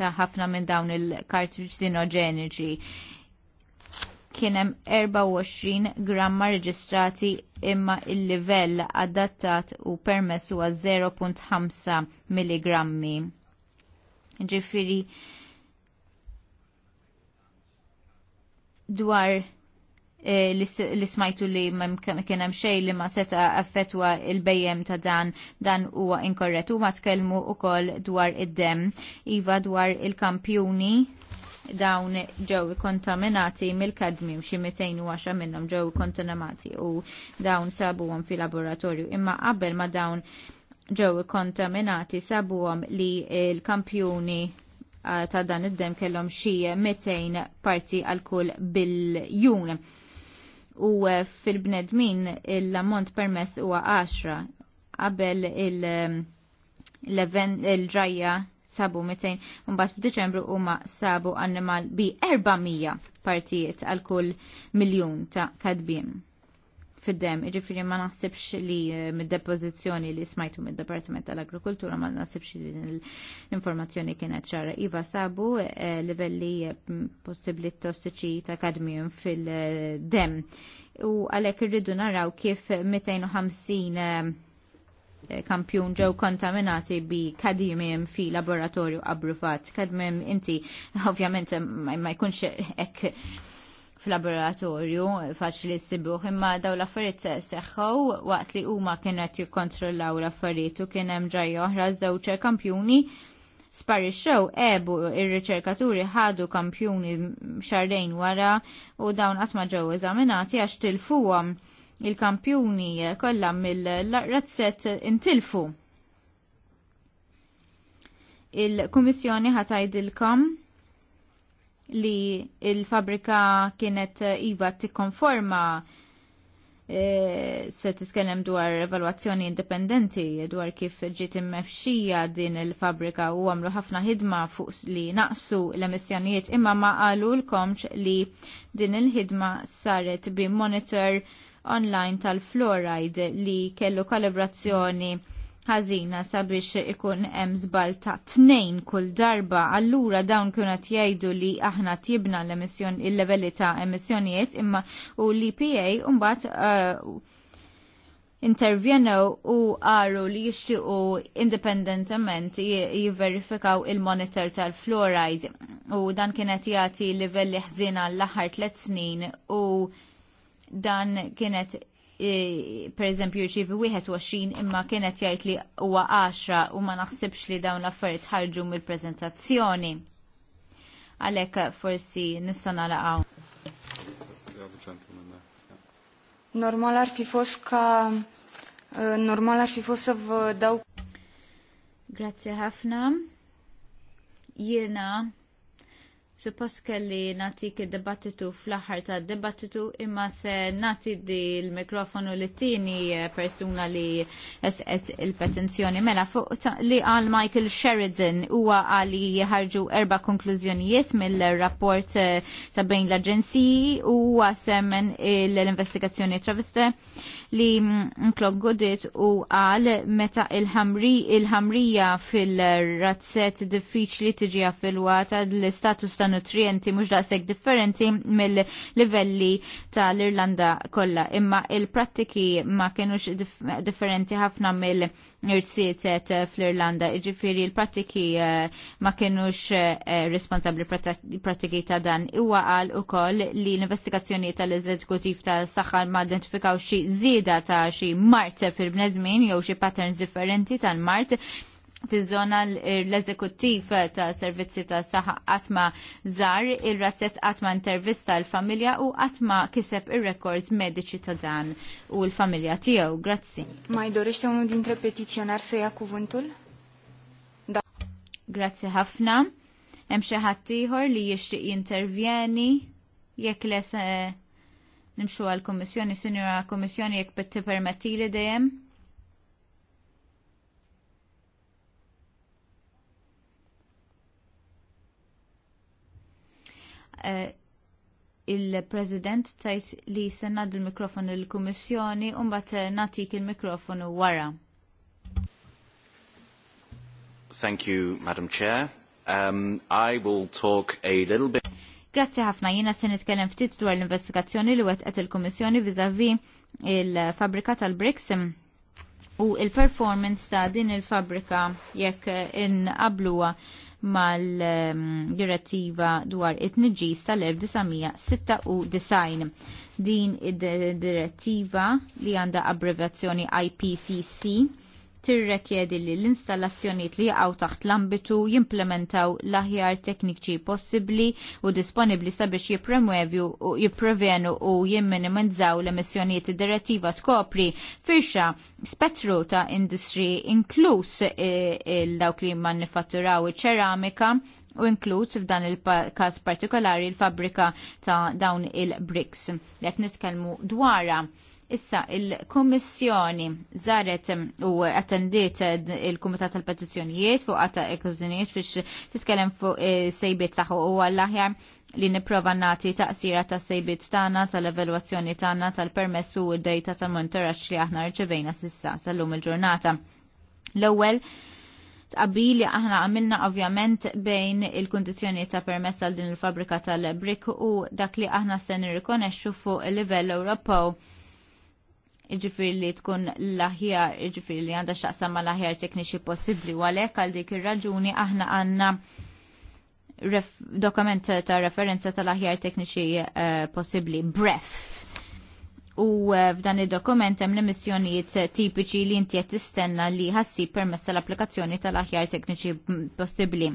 ta' ħafna minn dawn il kien Kienem 24 gramma reġistrati imma il-livell adattat u permess huwa 0.5 milligrammi. Ġifiri dwar Eh, li smajtu li kien hemm li ma seta affetwa il-bejjem ta' dan dan huwa inkorrett huma tkellmu wkoll dwar id-dem iva dwar il-kampjuni dawn ġew kontaminati mill-kadmium xi 210 minnhom ġew kontaminati u dawn sabuhom fil-laboratorju. Imma qabel ma dawn ġew kontaminati sabuhom li l-kampjuni eh, ta' dan id-dem kellhom xi 200 parti għal kull bil-jun u eh, fil-bnedmin l-ammont permess huwa 10 qabel ehm, il-ġajja sabu 200 mbagħad f'Diċembru huma sabu annimal bi 400 partijiet għal kull miljun ta' kadbiem fid-dem, iġifiri ma naħsibx li eh, mid-depozizjoni li smajtu mid-Departiment tal-Agrikultura ma naħsibx li l-informazzjoni kienet ċara. Iva sabu eh, livelli eh, possibli tossiċi ta' kadmium fil-dem. U għalek irridu naraw kif 250 kampjun ġew kontaminati bi kadmium fi laboratorju abrufat. Kadmium inti ovvjament ma jkunx ek fil-laboratorju faċli s-sibuħ imma daw l-affarijiet seħħaw waqt li huma kienet jikkontrollaw l-affarijiet u kien hemm ġajja oħra żewġ kampjuni sparixxew ebu ir-riċerkaturi ħadu kampjuni xarrejn wara u dawn qatt ma ġew eżaminati għax tilfuhom il-kampjuni kollha mill-razzett intilfu. Il-Kummissjoni ħatajdilkom li il-fabrika kienet eh, iva tikkonforma konforma eh, se titkellem dwar evalwazzjoni indipendenti dwar kif ġiet immexxija din il-fabrika u għamlu ħafna ħidma fuq li naqsu l-emissjonijiet imma ma għalu l li din il-ħidma saret bi monitor online tal-fluoride li kellu kalibrazzjoni ħażina sabiex ikun hemm żball ta' tnejn kull darba, allura dawn kienu qed jgħidu li aħna tibna l-emissjon il leveli ta' emissjonijiet imma u l-EPA mbagħad uh, intervjenu u għaru li jixtiequ independentament jiverifikaw il-monitor tal-fluoride u dan kienet jagħti livelli ħżina l-aħħar tliet snin u dan kienet per eżempju jirċivi 21 imma kienet jgħid li huwa 10 u ma naħsibx li dawn l-affarijiet ħarġu mill-preżentazzjoni. Għalhekk forsi nista' nalaqgħu. Normal fi foska normal fi fost e, sa daw. Grazie ħafna. Jiena Suppost kelli natik id-debattitu fl-aħħar ta' debattitu imma se nati di l-mikrofonu li tini eh, persuna li esqet il-petenzjoni mela fuq li għal Michael Sheridan huwa għali jħarġu erba konklużjonijiet mill-rapport eh, ta' bejn l-aġenziji u semmen l-investigazzjoni traviste li nklog mm, godit u għal meta il-ħamrija fil-razzet diffiċli tiġi affilwata l-status ta' nutrienti mhux daqshekk differenti mill-livelli tal-Irlanda kollha, imma il-prattiki ma kienux differenti ħafna mill-irsiet fl-Irlanda, jiġifieri l-prattiki eh, ma kienux eh, responsabbli prattiki ta' dan. Huwa qal ukoll li l-investigazzjoni tal-eżekutiv tal-saħħa ma identifikaw xi żieda ta' xi mart fil-bnedmin jew xi patterns differenti tal-mart fiż-żona l-eżekuttiv ta' servizzi ta' saħa għatma zar, il-razzet għatma intervista l-familja u għatma kiseb ir-rekords mediċi ta' dan u l-familja tiegħu. Grazzi. Ma jdorix unu dintre petizjonar se kuvuntul? Da. Grazzi ħafna. Hemm xi ħadd ieħor li jixtieq jintervjeni jekk les eh, nimxu għall kummissjoni Sinjura Kummissjoni jekk permettili dejjem. Eh, il-President tajt li se ngħaddu l-mikrofonu lill-Kummissjoni u mbagħad eh, nagħtik il-mikrofonu wara. Thank you, Madam Chair. Um, I will talk a little bit. Grazzi ħafna, jiena se nitkellem ftit dwar l-investigazzjoni li wetqet il-Kummissjoni vizavi il-fabrika tal-BRICS u il-performance ta' din il-fabrika jekk eh, inqabluha mal-direttiva dwar it-nġis tal-1996. Din id-direttiva li għanda abbreviazzjoni IPCC tirrekjedi li l-installazzjonijiet li jaqgħu taħt l-ambitu jimplementaw l-aħjar tekniċi possibbli u disponibbli sabiex jipremwevju u jipprevenu u jimminimizzaw l-emissjonijiet direttiva tkopri firxa spettru ta' industri inkluż eh, il-dawk li manifatturaw ċeramika u inkluż f'dan il-każ partikolari l-fabrika ta' dawn il-bricks. Qed nitkellmu dwarha Issa, il-Kommissjoni zaret u attendiet il komitat tal-Petizzjonijiet fuq għata ekkużinijiet biex titkellem fuq eh, sejbiet taħu u għall-aħjar li niprofa nati taqsira ta' sejbiet tagħna tal-evalwazzjoni tagħna tal-permess u d-dejta tal-monitoraċ li aħna rċevejna sissa sal-lum il-ġurnata. L-ewwel tqabili aħna għamilna ovvjament bejn il-kondizjoni ta' permess għal din il-fabrika tal-brik u dak li aħna se nirrikonexxu fuq il-livell Ewropew iġifiri li tkun l-aħjar, iġifiri li għanda xaqsam ma laħjar aħjar tekniċi possibli, u għalek għal dik ir-raġuni aħna għanna dokument ta' referenza tal-aħjar tekniċi eh, possibli, bref. U eh, f'dan id-dokument hemm l-emissjonijiet tipiċi li inti qed tistenna li ħassi permess tal-applikazzjoni tal-aħjar tekniċi possibbli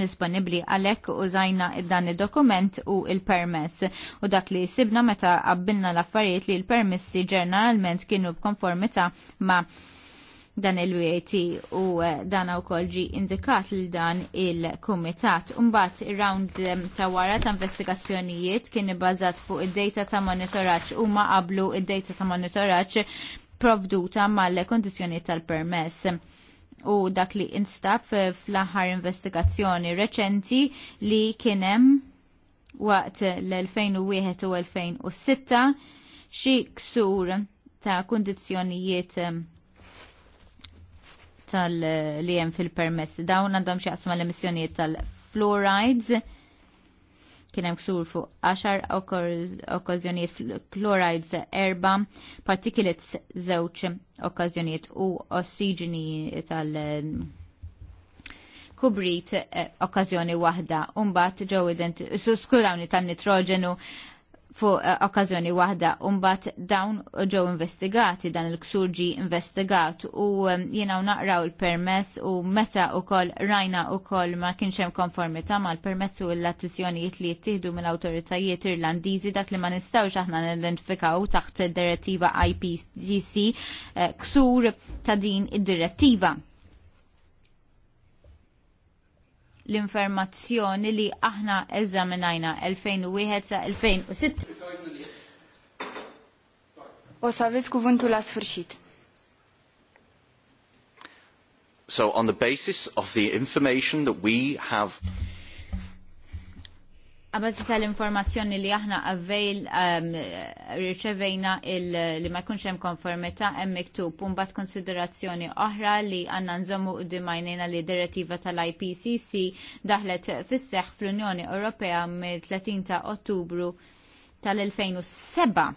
disponibli għalek użajna dan il-dokument u il-permess u dak li sibna meta għabbilna l-affarijiet li l-permessi ġeneralment kienu b'konformità ma dan il-WAT u eh, dan u kolġi indikat li dan il-komitat. Umbat il-round eh, ta' wara ta' investigazzjonijiet kien bazat fuq id-data ta' monitoraċ u ma' qablu id-data ta' monitoraċ provduta mal-kondizjoni tal-permess u dak li instab fl-aħħar investigazzjoni reċenti li kienem waqt l-2001 u 2006 xi ksur ta' kondizjonijiet tal-li jem fil-permess. Dawn għandhom xaqsma l-emissjonijiet tal-fluorides kien hemm ksur fuq 10 okkażjonijiet chlorides erba, particulates żewġ okkażjonijiet u ossiġeni tal- kubrit eh, okkażjoni waħda, umbat ġew ident, skużawni tan-nitrogenu fuq eh, okkażjoni waħda umbat dawn ġew investigati dan il-ksur investigat u jiena naqraw il-permess u meta kol rajna kol ma kienx hemm konformità mal-permess u l-attizjonijiet li jittieħdu mill-awtoritajiet Irlandiżi dak li ma nistgħux aħna nidentifikaw taħt id-direttiva IPCC eh, ksur ta' din id-direttiva. l-informazzjoni li aħna eżaminajna 2001 sa 2006. O să aveți la sfârșit. So on the basis of the information that we have għabazzi tal-informazzjoni li aħna għavvejl um, riċevejna li ma jkunx hemm konformità hemm miktub mbagħad konsiderazzjoni oħra li għandna nżommu dimajnejna li direttiva tal-IPCC daħlet fis-seħħ fl-Unjoni Ewropea mill-30 ta' Ottubru tal-2007.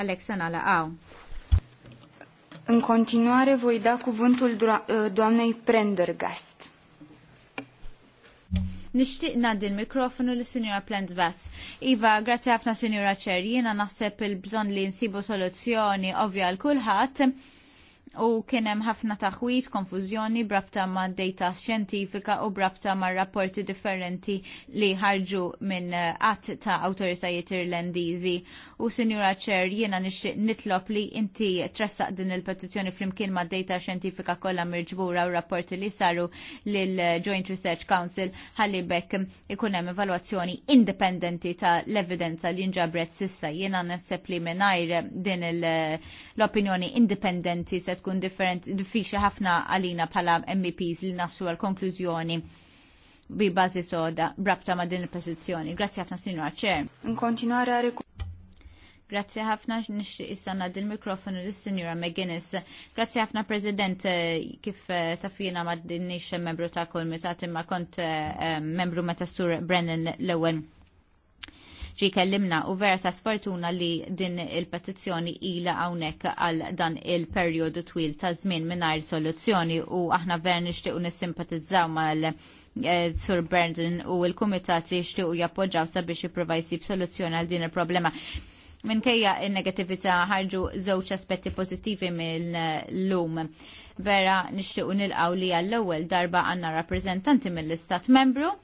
Alexa nalaqaw. În continuare voi da cuvântul doamnei Prendergast. Nixtieq ngħaddi l-mikrofonu li sinjora Plant Vass. Iva, grazie ħafna Sinjora Ċer, jiena naħseb il-bżonn li nsibu soluzzjoni ovvja l kulħadd u kienem ħafna taħwit, konfuzjoni brabta ma' data xjentifika u brabta ma' rapporti differenti li ħarġu minn qatt eh, ta' autoritajiet irlandiżi. U sinjura ċer jiena nixtieq nitlob li inti tressaq din il-petizzjoni flimkien ma' data xjentifika kollha mirġbura u rapporti li saru lil eh, Joint Research Council ħalli bekk ikun hemm evalwazzjoni indipendenti ta' l-evidenza li nġabret sissa jiena nessepp li mingħajr din eh, l-opinjoni indipendenti se tkun tkun different, diffiċli ħafna għalina pala MEPs li naslu għal konklużjoni bi bazi soda brabta ma' din il pozizjoni Grazzi ħafna Sinjor Chair. Nkontinwara Grazzi ħafna nixtieq issa din mikrofonu lis-Sinjura McGuinness. Grazzi ħafna President eh, kif eh, tafjina ma din dinniex membru ta' kumitat eh, ma kont membru meta' Sur Brennan l ġi kellimna u vera ta' sfortuna li din il-petizzjoni ila hawnhekk għal dan il-perjodu twil ta' żmien mingħajr soluzzjoni u aħna vera nixtiequ nissimpatizzaw mal eh, Sur Brandon u l komitati li u jappoġġaw sabiex jipprova jsib soluzzjoni għal din il-problema. Minkejja il-negativita ħarġu żewġ aspetti minn mill-lum vera nixtiequ nilqaw li għall-ewwel darba għandna rappreżentanti mill-Istat Membru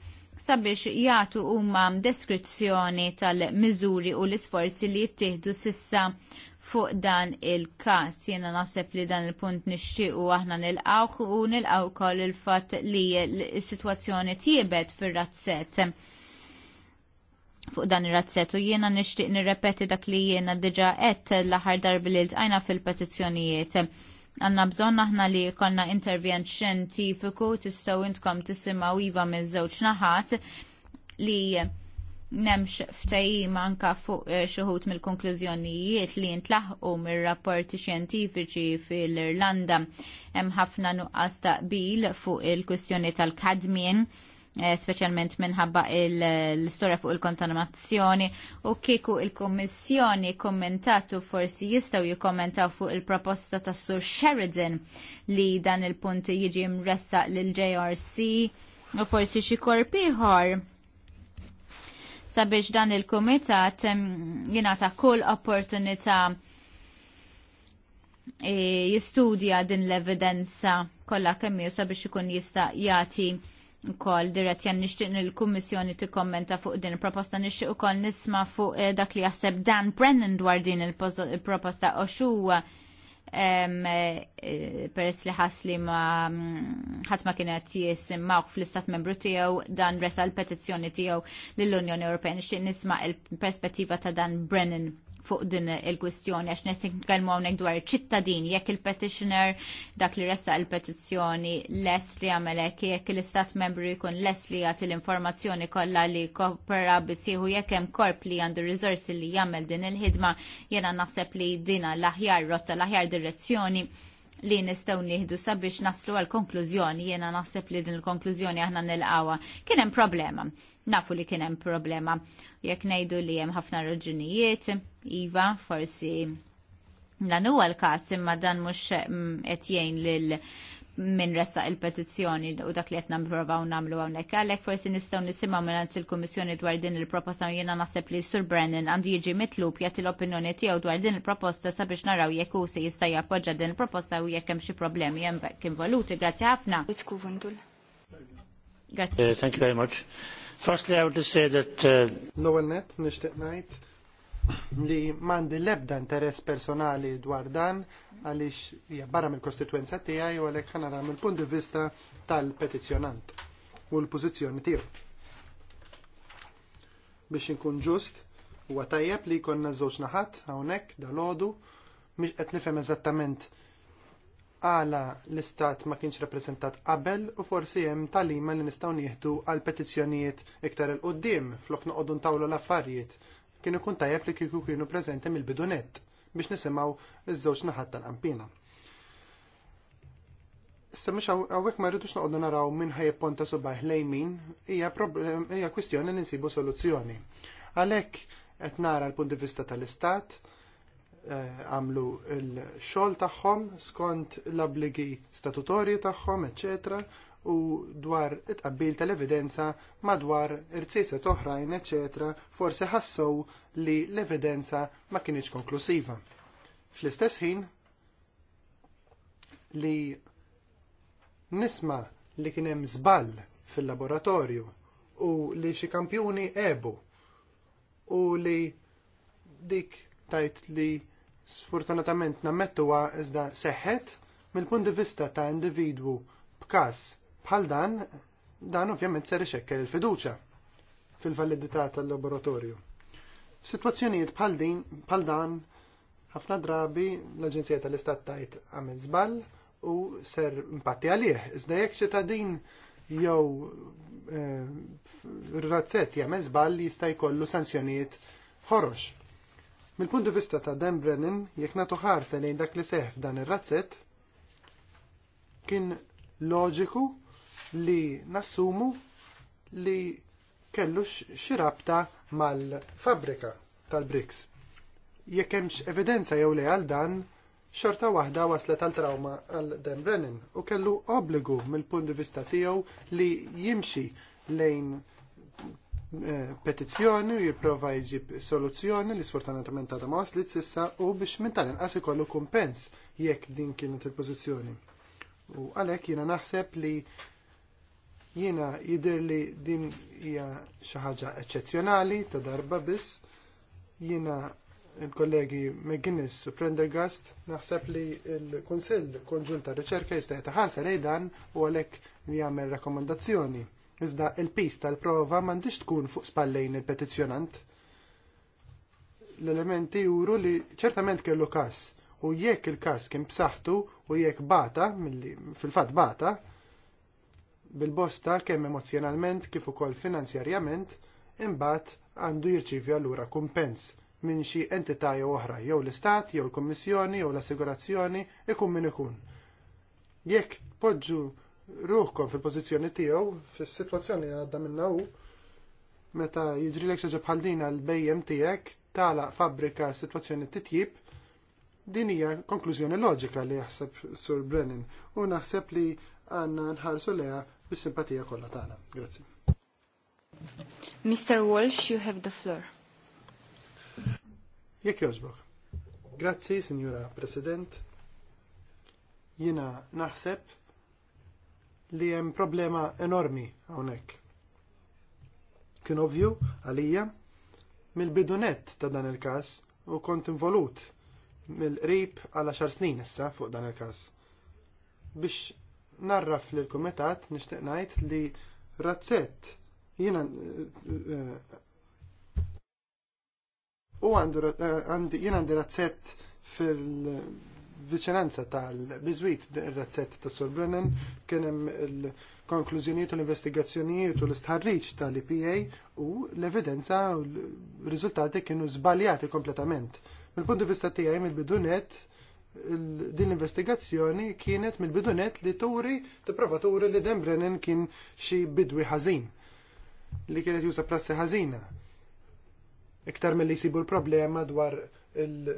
sabiex jagħtu huma deskrizzjoni tal-miżuri u l-isforzi li jittieħdu sissa fuq dan il-każ. Jiena naħseb li dan il-punt nixtiequ aħna nilqawh u nilqaw kol il-fatt li s-sitwazzjoni tiebet fir-razzett fuq dan ir razzet u jiena nixtieq nirrepeti dak li jiena diġà qed l-aħħar darbi li ltqajna fil-petizzjonijiet Għanna bżon aħna li konna intervjent xentifiku tistaw intkom tisimaw iva miż-żewġ naħat li nemx ftajim anka fuq eh, xuħut mill-konklużjonijiet li jintlaħqu mir-rapporti xjentifiċi fil-Irlanda hemm ħafna nuqqas taqbil fuq il-kwistjoni tal-kadmien Eh, specialment minħabba l-istoria fuq il kontanimazzjoni u kieku il-Kommissjoni kommentatu forsi jistaw jikommentaw fuq il-proposta ta' Sur Sheridan li dan il-punt jiġi mressa l-JRC u forsi xi korpiħor sabiex dan il-komitat jina ta' kull opportunita' eh, jistudja din l-evidenza kollha kemm jusa biex ikun jista' jagħti ukoll direttjan nixtieq il-Kummissjoni tikkommenta fuq din il-proposta u ukoll nisma fuq eh, dak li jaħseb Dan Brennan dwar din il-proposta u xuwa eh, peress li ħas li ma mm, ħadd ma kienet jisimgħu fl-istat membru tiegħu dan resa l-petizzjoni tiegħu lill-Unjoni Ewropea nixtieq nisma' il-perspettiva ta' Dan Brennan fuq din il-kwistjoni għax nett nitkellmu hawnhekk dwar ċittadin jekk il-petitioner dak li ressa il-petizzjoni les li għamelek jekk l-istat membru jkun les li jagħti l-informazzjoni kollha li kopera bisieħu jekk hemm korp li għandu rizorsi li jagħmel din il-ħidma jiena naħseb li dina l-aħjar rotta l-aħjar direzzjoni li nistgħu nieħdu sabiex naslu għal konklużjoni jiena naħseb li din il-konklużjoni aħna nilqawha. Kien hemm problema. Nafu li kien hemm problema jekk ngħidu li hemm ħafna raġunijiet, iva, forsi dan huwa l-każ imma dan mhux qed jgħin lil minn ressa il-petizzjoni u dak li qed nipprovaw nagħmlu hawnhekk għalhekk forsi nistgħu nisimgħu minn il-Kummissjoni dwar din il-proposta jiena naħseb li Sur Brennan għandu jiġi mitlub jagħti l-opinjoni tiegħu dwar din il-proposta sabiex naraw jekk hu se jista' jappoġġa din il-proposta u jekk hemm xi problemi hemm involuti. Grazzi ħafna. Grazie. Eh, thank you very much. Firstly, I would say that... Uh, L-ewwel net nixtieq ngħid li m'għandi l-ebda interess personali dwar dan għaliex hija barra mill-kostituenza tiegħi u għalhekk ħanara mill-punt di vista tal-petizzjonant u l-pożizzjoni tiegħu. Biex inkun ġust, huwa tajjeb li jkollna żewġ naħat hawnhekk dalodu mhix qed nifhem eżattament għala l-istat ma kienx rappresentat qabel u forsi hemm talima li nistgħu nieħdu għal petizzjonijiet iktar il qudiem flok noqogħdu ntawlu l-affarijiet. Kien ikun tajjeb li kieku kienu preżenti mill-bidunet biex nisimgħu iż-żewġ naħat tal-qampina. Issa mhux hawnhekk ma rridux noqogħdu naraw minn ponta subaħ lejmin hija hija kwistjoni li nsibu soluzzjoni. Għalhekk qed nara l-punt di vista tal-Istat Eh, għamlu l-xol tagħhom skont l-obligi statutorju tagħhom, eċetera, u dwar it-qabbil tal-evidenza madwar irtsiset oħrajn, eċetera, forsi ħassow li l-evidenza ma kienx konklusiva. Fl-istess ħin li nisma li kien hemm żball fil-laboratorju u li xi kampjuni ebu u li dik tajt li sfortunatament nammettuha iżda seħħet mill-punt di vista ta' individwu b'każ bħal dan, dan ovvjament ser ixekkel il-fiduċa fil-validità tal-laboratorju. F'sitwazzjonijiet bħal din bħal dan ħafna drabi l-Aġenzija tal-Istat tajt għamel żball u ser impatti għalih. Iżda jekk ċittadin jew eh, razzett jagħmel żball jista' jkollu sanzjonijiet ħorox Mill-punt vista ta' Dan Brennan, jekk natu ħarsa lejn dak li seħ dan ir-razzett, kien loġiku li nassumu li kellux xi rabta mal-fabrika tal-Briks. Jekk hemmx evidenza jew le għal dan, xorta waħda waslet għal trauma għal Dan Brennan u kellu obbligu mill-punt vista tiegħu li jimxi lejn petizzjoni u jipprova jġib soluzzjoni li sfortunatament għadha ma waslit sissa u biex minn tal-inqas ikollu kumpens jekk din kienet il-pożizzjoni. U għalhekk jiena naħseb li jiena jidher li din hija xi ħaġa eċċezzjonali ta' darba biss jiena il-kollegi McGuinness u Prendergast naħseb li l-Kunsill Konġunta Riċerka jista' jitaħasar dan u għalhekk jagħmel rakkomandazzjoni Iżda il-pis tal-prova m'għandix tkun fuq spallejn il-petizzjonant. L-elementi juru li ċertament kellu każ u jekk il-każ kien b'saħħtu u jekk bata, fil-fatt bata, bil-bosta kemm emozjonalment kif ukoll finanzjarjament, imbagħad għandu jirċivja allura kumpens minn xi entità jew oħra, jew l-Istat, jew l-Kummissjoni, jew l-Assigurazzjoni, ikun min ikun. Jekk poġġu ruħkom fil-pozizjoni tiegħu fis-sitwazzjoni għadda minna hu meta jidri l xaġa ġabħaldina l bejjem tiegħek tagħlaq fabbrika sitwazzjoni titjib din hija konklużjoni loġika li jaħseb Sur Brennan u naħseb li għandna nħarsu leha bis-simpatija kollha tagħna. Grazzi. Mr. Walsh, you have the floor. Jekk jogħġbok. Grazzi, signora President. Jiena naħseb li hemm problema enormi hawnhekk. Kien ovvju għalija mill-bidunet ta' dan il-każ u kont involut mill-qrib għal xar snin issa fuq dan il-każ. Biex narraf lil kumitat nixtieq ngħid li razzett jiena eh, eh, u għandu eh, jiena għandi razzett fil viċinanza tal-bizwit ir-razzett ta' Sur Brennan kien hemm il-konklużjonijiet u l-investigazzjonijiet u l-istħarriġ tal-IPA u l-evidenza u l-riżultati kienu żbaljati kompletament. mil punt di vista tiegħi mill-bidunet din l-investigazzjoni kienet mill-bidunet li turi tipprova turi li Dan Brennan kien xi bidwi ħażin li kienet juża prassi ħażina. Iktar mill-li jsibu l-problema dwar il-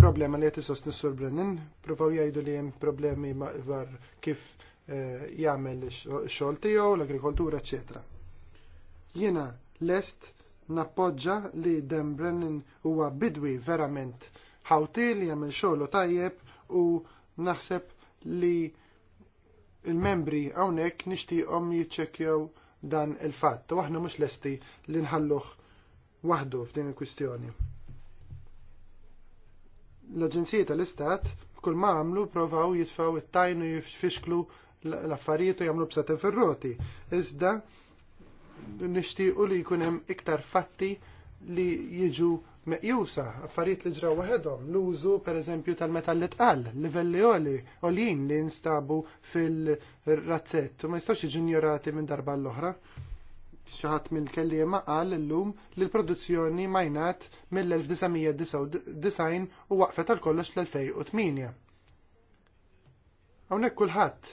problema li qed nissur Brennan, provaw jgħidu li hemm problemi dwar kif eh, jagħmel x-xogħol tiegħu, l-agrikoltura, eċetera. Jiena lest nappoġġa li Dan Brennan huwa bidwi verament ħawti li jagħmel xogħlu tajjeb u naħseb li il-membri hawnhekk nixtieqhom jiċċekkjaw dan il-fatt. U aħna mhux lesti li nħalluh waħdu f'din il-kwistjoni l aġenzija tal-Istat kull ma għamlu provaw jitfaw it-tajnu jifxklu l-affarijiet u jagħmlu b'satan fir-roti. Iżda nixtiequ li jkun hemm iktar fatti li jiġu meqjusa affarijiet li ġraw waħedhom. L-użu pereżempju tal-metalli tqal, livelli oli, olin li nstabu fil-razzett u ma jistax jiġu ignorati minn darba l-oħra xaħat mill kelliema qal illum li l-produzzjoni majnat mill-1999 u waqfet għal kollox l-2008. Hawnhekk kulħadd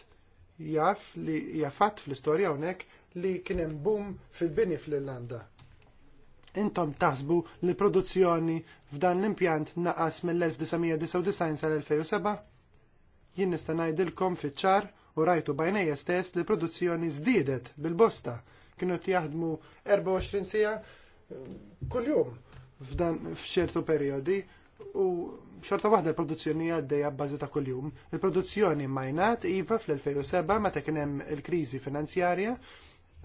jaf li jafat fl-istorja hawnhekk li kien hemm boom fil-bini fl-Irlanda. Intom taħsbu li l-produzzjoni f'dan l-impjant naqas mill-1999 sal-2007? Jien nista' ngħidilkom fiċ-ċar u rajtu bajnejja stess li l-produzzjoni żdiedet bil-bosta kienu jaħdmu 24 sija kull-jum f'dan f'ċertu periodi u xorta waħda l-produzzjoni għaddeja b'bażi ta' kuljum. Il-produzzjoni majnat iva fl-2007 meta kien hemm il-kriżi finanzjarja,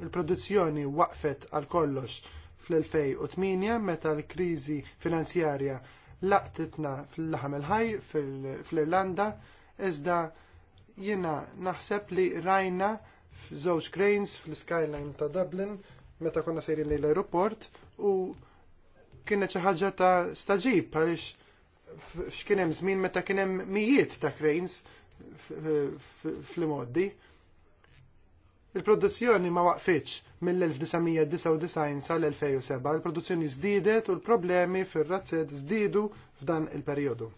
il-produzzjoni waqfet għal kollox fl-2008 meta l-kriżi finanzjarja laqtitna fl-laħam il-ħaj fl-Irlanda, iżda jiena naħseb li rajna f'żewġ cranes fl-skyline ta' Dublin meta konna sejrin lejn l-aeroport u kienet xi ħaġa ta' staġib għaliex x'kien hemm żmien meta kien hemm mijiet ta' cranes fl-imoddi. Il-produzzjoni ma waqfitx mill-1999 sal-2007, il-produzzjoni żdiedet u l-problemi fir-razzet żdiedu f'dan il-perjodu.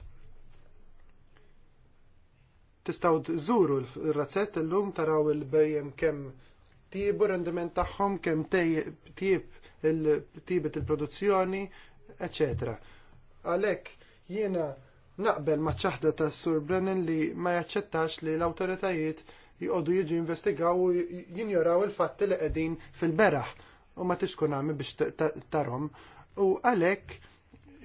Tistaw żuru l-razzett illum taraw il-bejjem kemm r rendiment tagħhom kemm tib il-tibet il-produzzjoni, eċetera. Għalhekk jiena naqbel maċ-ċaħda ta' Sur Brennan li ma jaċċettax li l-awtoritajiet jqogħdu jiġu investigaw u jinjoraw il-fatti li qegħdin fil-beraħ u ma tixkun għami biex tarom. U għalhekk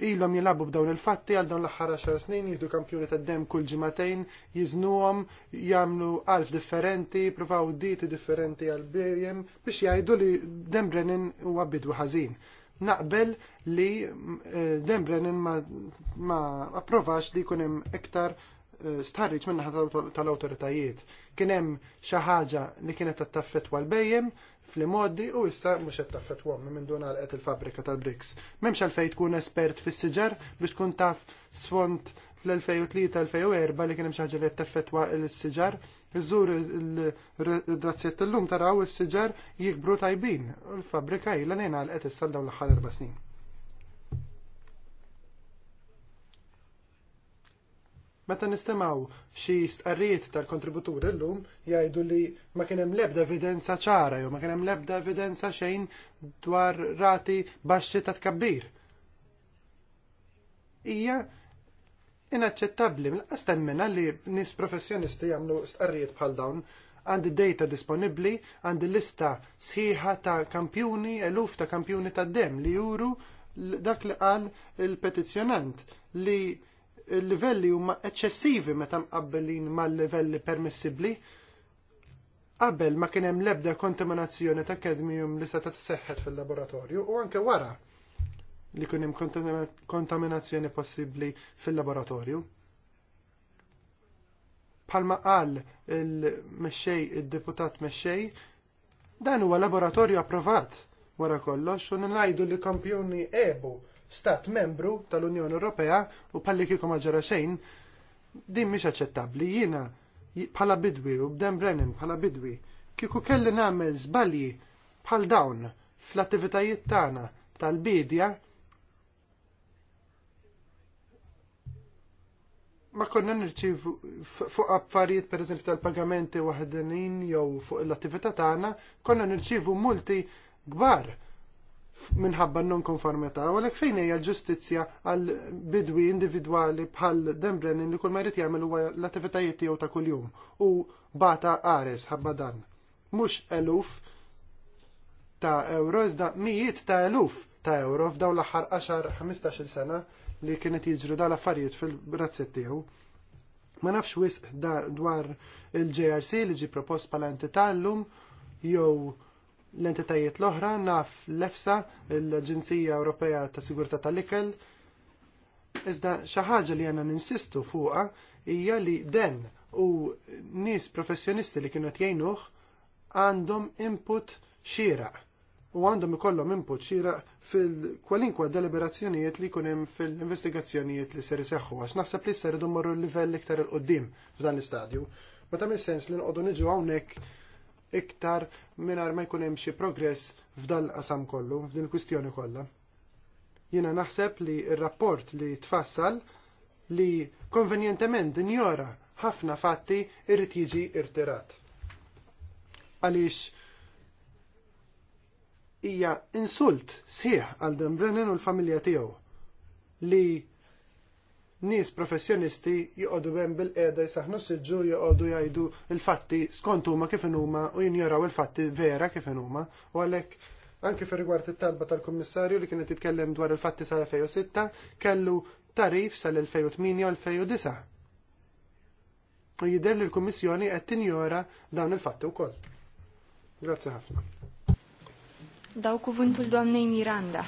ilhom jilabu b'dawn il-fatti għal dawn l-aħħar 10 snin jieħdu kampjuni ta' dem kull ġimatejn, jiżnuhom, jagħmlu alf differenti, provaw diti differenti għal bejjem biex jgħidu li dem Brennan huwa bidwi ħażin. Naqbel li eh, dem Brennan ma, ma approvax li jkun hemm iktar eh, starriċ minna tal-autoritajiet. Kien hemm xi ħaġa li kienet tattaffetwa għal bejjem fl-modi u issa mhux qed taffet minn dun għalqet il-fabrika tal-Bricks. M'hemmx għalfej tkun espert fis-siġar biex tkun taf sfond fl-2003-2004 li kien hemm xi ħaġa li qed taffetwa l-siġar. Iżżur il-razzjet tal-lum taraw is-siġar jikbru tajbin u l-fabrika ilha ngħin għalqet issa dawn l-aħħar erba' snin. Meta nistemaw xi stqarrijiet tal-kontributuri llum jgħidu li ma kien hemm l-ebda evidenza ċara jew ma kien hemm l-ebda evidenza xejn dwar rati baxxi ta' tkabbir. Hija inaċċettabbli mlaqas temmenha li nies professjonisti jagħmlu stqarrijiet bħal dawn għandi data disponibbli, għandi lista sħiħa ta' kampjuni, eluf ta' kampjuni ta' dem li juru dak li qal il-petizzjonant li il-livelli huma eċċessivi meta mqabbelin mal-livelli permissibbli. Qabel ma kien hemm l-ebda kontaminazzjoni ta' kedmium li seta' tseħħet fil-laboratorju u anke wara li kien hemm kontaminazzjoni possibbli fil-laboratorju. Palma qal il-mexxej id-deputat mexxej, dan huwa laboratorju approvat wara kollox u ngħidu li kampjuni ebu stat membru tal-Unjoni Ewropea u palli kieku ġara xejn din mhix aċċettabbli jiena bħala bidwi u b'den Brennan bħala bidwi kieku kelli nagħmel żbalji bħal dawn fl-attivitajiet tagħna tal-bidja ma konna nirċivu fuq affarijiet per eżempju tal-pagamenti waħdenin jew fuq l-attività tagħna, konna nirċivu multi kbar minħabba non-konformità, u għalek fejn hija l-ġustizzja għal bidwi individwali bħal Dembrenin li kull marit jagħmel huwa l-attivitajiet tiegħu ta' kuljum u bata ares ħabba dan. Mhux eluf ta' euro iżda mijiet ta' eluf ta' euro f'dawn l-aħħar 10-15 sena li kienet jiġru dal affarijiet fil-razzett tiegħu. Ma nafx wisq dwar il-JRC li ġi propost bħala entità llum jew l-entitajiet l-oħra naf l-EFSA, l-Aġenzija Ewropea ta' Sigurtà tal-Ikel. Iżda xi ħaġa li għandna ninsistu fuqha hija li den u nies professjonisti li kienu qed jgħinuh għandhom input xieraq u għandhom ikollhom input xieraq fil-kwalinkwa deliberazzjonijiet li jkun hemm fil-investigazzjonijiet li ser iseħħu għax naħseb li ser idu morru l-livell iktar il-qoddim f'dan l-istadju. Ma ta' sens li nqogħdu niġu hawnhekk iktar mingħajr ma jkun hemm xi progress f'dan l-qasam kollu, f'din il-kwistjoni kollha. Jiena naħseb li r rapport li tfassal li konvenjentement injora ħafna fatti irrid jiġi irtirat. Għaliex hija insult sħiħ għal Dan Brennan u l-familja tiegħu li nies professjonisti joqogħdu hemm bil-qiegħda jsaħnu sġu joqogħdu jgħidu l-fatti skont huma kif huma u jinjoraw il-fatti vera kif huma u għalhekk anke fir rigward it-talba tal-Kummissarju li kienet titkellem dwar il-fatti sal-2006 kellu tarif sal-2008 u 2009. U jidher li l-Kummissjoni qed tinjora dawn il-fatti wkoll. Grazzi ħafna. Daw kuvuntu l-domnej Miranda.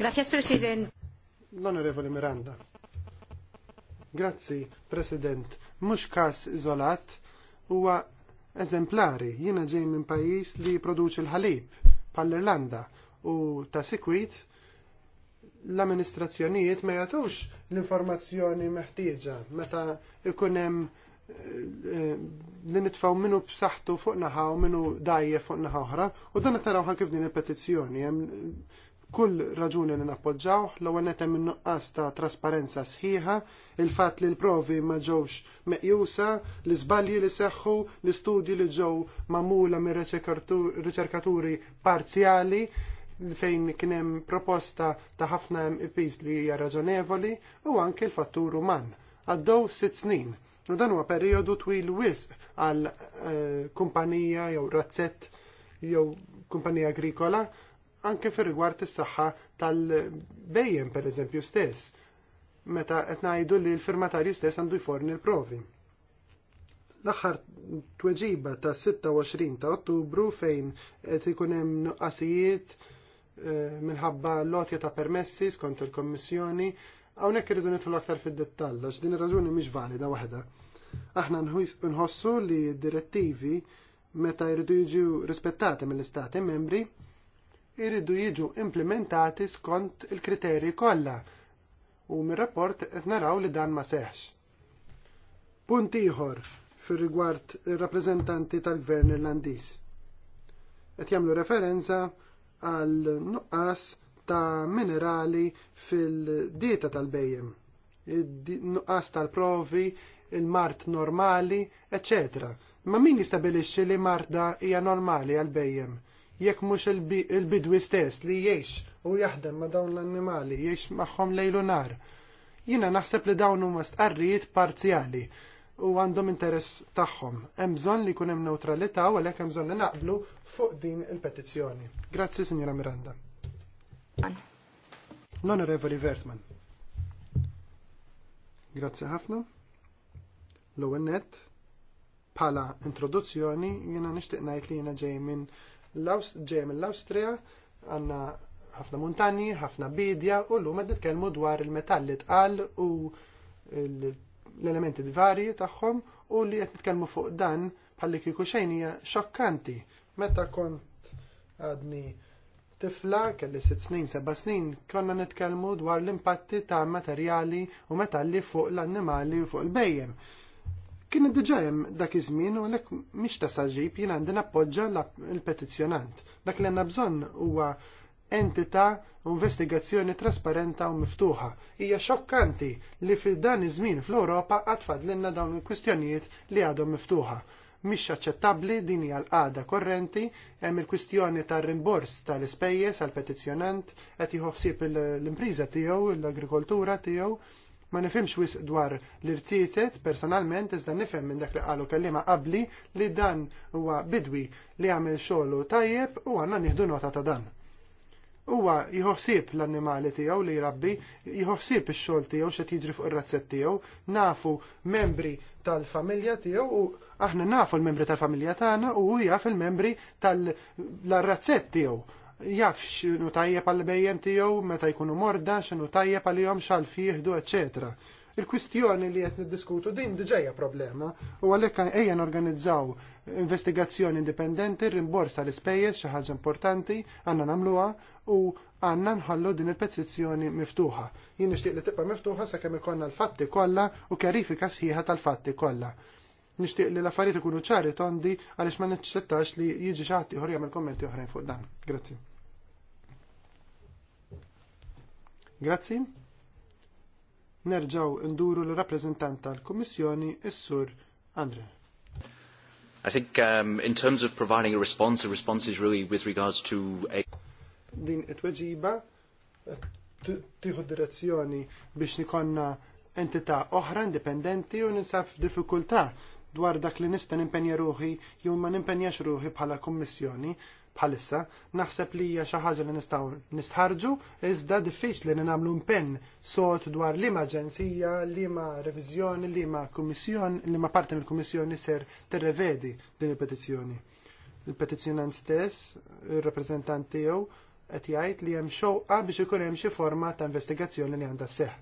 Grazie President l-Onorevoli Miranda. Grazzi, President. Mhux każ iżolat huwa eżemplari. Jiena ġej minn pajjiż li produċi l-ħalib bħall-Irlanda u ta' sikwit l-amministrazzjonijiet ma jagħtux l-informazzjoni meħtieġa meta ikun hemm eh, li nitfaw minnu b'saħħtu fuq naħa u minnu dajje fuq naħa oħra u dan qed narawha kif din il-petizzjoni hemm kull raġuni li nappoġġaw, l-ewwel netem in-nuqqas ta' trasparenza sħiħa, il-fatt li l-provi ma ġewx meqjusa, l-iżbalji li seħħu, l-istudji li ġew magħmula minn riċerkaturi parzjali fejn kien hemm proposta ta' ħafna MPs li hija raġonevoli u anke l-fattur uman. Għaddew sitt snin. U dan huwa perjodu twil wisq għal eh, kumpanija jew razzett jew kumpanija agrikola anke fir rigward is-saħħa tal-bejjem pereżempju stess, meta qed ngħidu li l-firmatarju stess għandu jforni l-provi. L-aħħar tweġiba ta' 26 ta' Ottubru fejn qed ikun hemm nuqqasijiet eh, minħabba l lotja ta' permessi skont il-Kommissjoni, hawnhekk irridu nidħlu aktar fid-dettall għax din ir-raġuni mhix valida waħda. Aħna nħossu li d-direttivi meta jridu jiġu rispettati mill-istati membri iridu jiġu implementati skont il-kriterji kollha u mir-rapport qed naraw li dan ma seħħx. Punt ieħor fir-rigward ir-rappreżentanti tal-Gvern Irlandiż. Qed jagħmlu referenza għal nuqqas ta' minerali fil-dieta tal-bejjem, nuqqas tal-provi, il-mart normali, eccetera. Ma min jistabilixxi li marda hija normali għal bejjem? jekk mhux il-bidwi stess li jgħix u jaħdem ma' dawn l-annimali, jgħix magħhom lejlu nar. Jiena naħseb li dawn huma stqarrijiet parzjali u għandhom interess tagħhom. Hemm bżonn li jkun hemm neutralità u għalhekk hemm bżonn li naqblu fuq din il-petizzjoni. Grazzi, Sinjora Miranda. L-Onorevoli Vertman. Grazzi ħafna. L-ewwel net bħala introduzzjoni jiena nixtieq ngħid li jiena ġej minn ġeja mill-Awstrija, għandna ħafna muntanji, ħafna bidja, u llum qed nitkellmu dwar il-metalli tqal u l-elementi varji tagħhom u li qed nitkellmu fuq dan bħalli kieku xejn hija xokkanti. Meta kont għadni tifla, kelli sitt snin, seba' snin, konna nitkellmu dwar l-impatti ta' materjali u metalli fuq l-annimali u fuq il-bejjem. Kien diġa hemm dak iż-żmien u lek mhix ta' saġib jien għandi nappoġġa l-petizzjonant. Dak li għandna bżonn huwa entità investigazzjoni trasparenta u miftuħa. Hija xokkanti li fil dan iż-żmien fl-Ewropa qatt fadlilna dawn il-kwistjonijiet li għadhom miftuħa. Mhix aċċettabbli din hija l-qagħda korrenti hemm il-kwistjoni tar-rimbors tal-ispejjeż għall petizzjonant qed jieħu ħsieb l-impriża tiegħu, l-agrikoltura tiegħu Ma nifhimx wis dwar l-irtizet personalment iżda nifhem minn dak li qalu kellima qabli li dan huwa bidwi li għamel xogħlu tajjeb u għanna nieħdu nota ta' dan. Huwa jħossib l-annimali tiegħu li jrabbi, jħossib ix-xogħol tiegħu x'qed jiġri fuq ir-razzett tiegħu, nafu membri tal-familja tiegħu u aħna nafu l-membri tal-familja tagħna u jaf il membri tal-razzett tiegħu jaf xinu tajjeb għal bejjem tiegħu meta jkunu morda, x'inhu tajjeb għalihom xal fiħdu, etc. Il-kwistjoni li qed niddiskutu din diġejja problema u għalhekk ejja norganizzaw investigazzjoni indipendenti, rimborsa l-ispejjeż xi ħaġa importanti, għandna nagħmluha u għandna nħallu din il-petizzjoni miftuħa. Jien nixtieq li tibqa' miftuħa sakemm ikonna l-fatti kollha u kjarifika sħiħa tal-fatti kollha nishtiq li l-affarijiet ikunu ċari tondi għaliex ma niċċettax li jiġi xi ħadd ieħor jagħmel kommenti oħrajn fuq dan. Grazzi. Grazzi. Nerġaw nduru l-rappresentant tal-Kummissjoni, is-Sur Andre. I think um, in terms of providing a response, the response is really with regards to a... Din it-weġiba tiħu direzzjoni biex nikonna entità oħra indipendenti u ninsab f'diffikultà dwar dak li nista nimpenja ruħi jew ma nimpenjax ruħi bħala kummissjoni bħalissa, naħseb li hija xi ħaġa li nistgħu nistħarġu, iżda diffiċli li nagħmlu impenn sod dwar liema aġenzija, liema reviżjoni, liema kummissjon, liema parti mill-kummissjoni ser tirrevedi din il-petizzjoni. Il-petizzjonant stess, ir-rappreżentant tiegħu, qed jgħid li hemm xewqa biex ikun hemm xi forma ta' investigazzjoni li għandha seħħ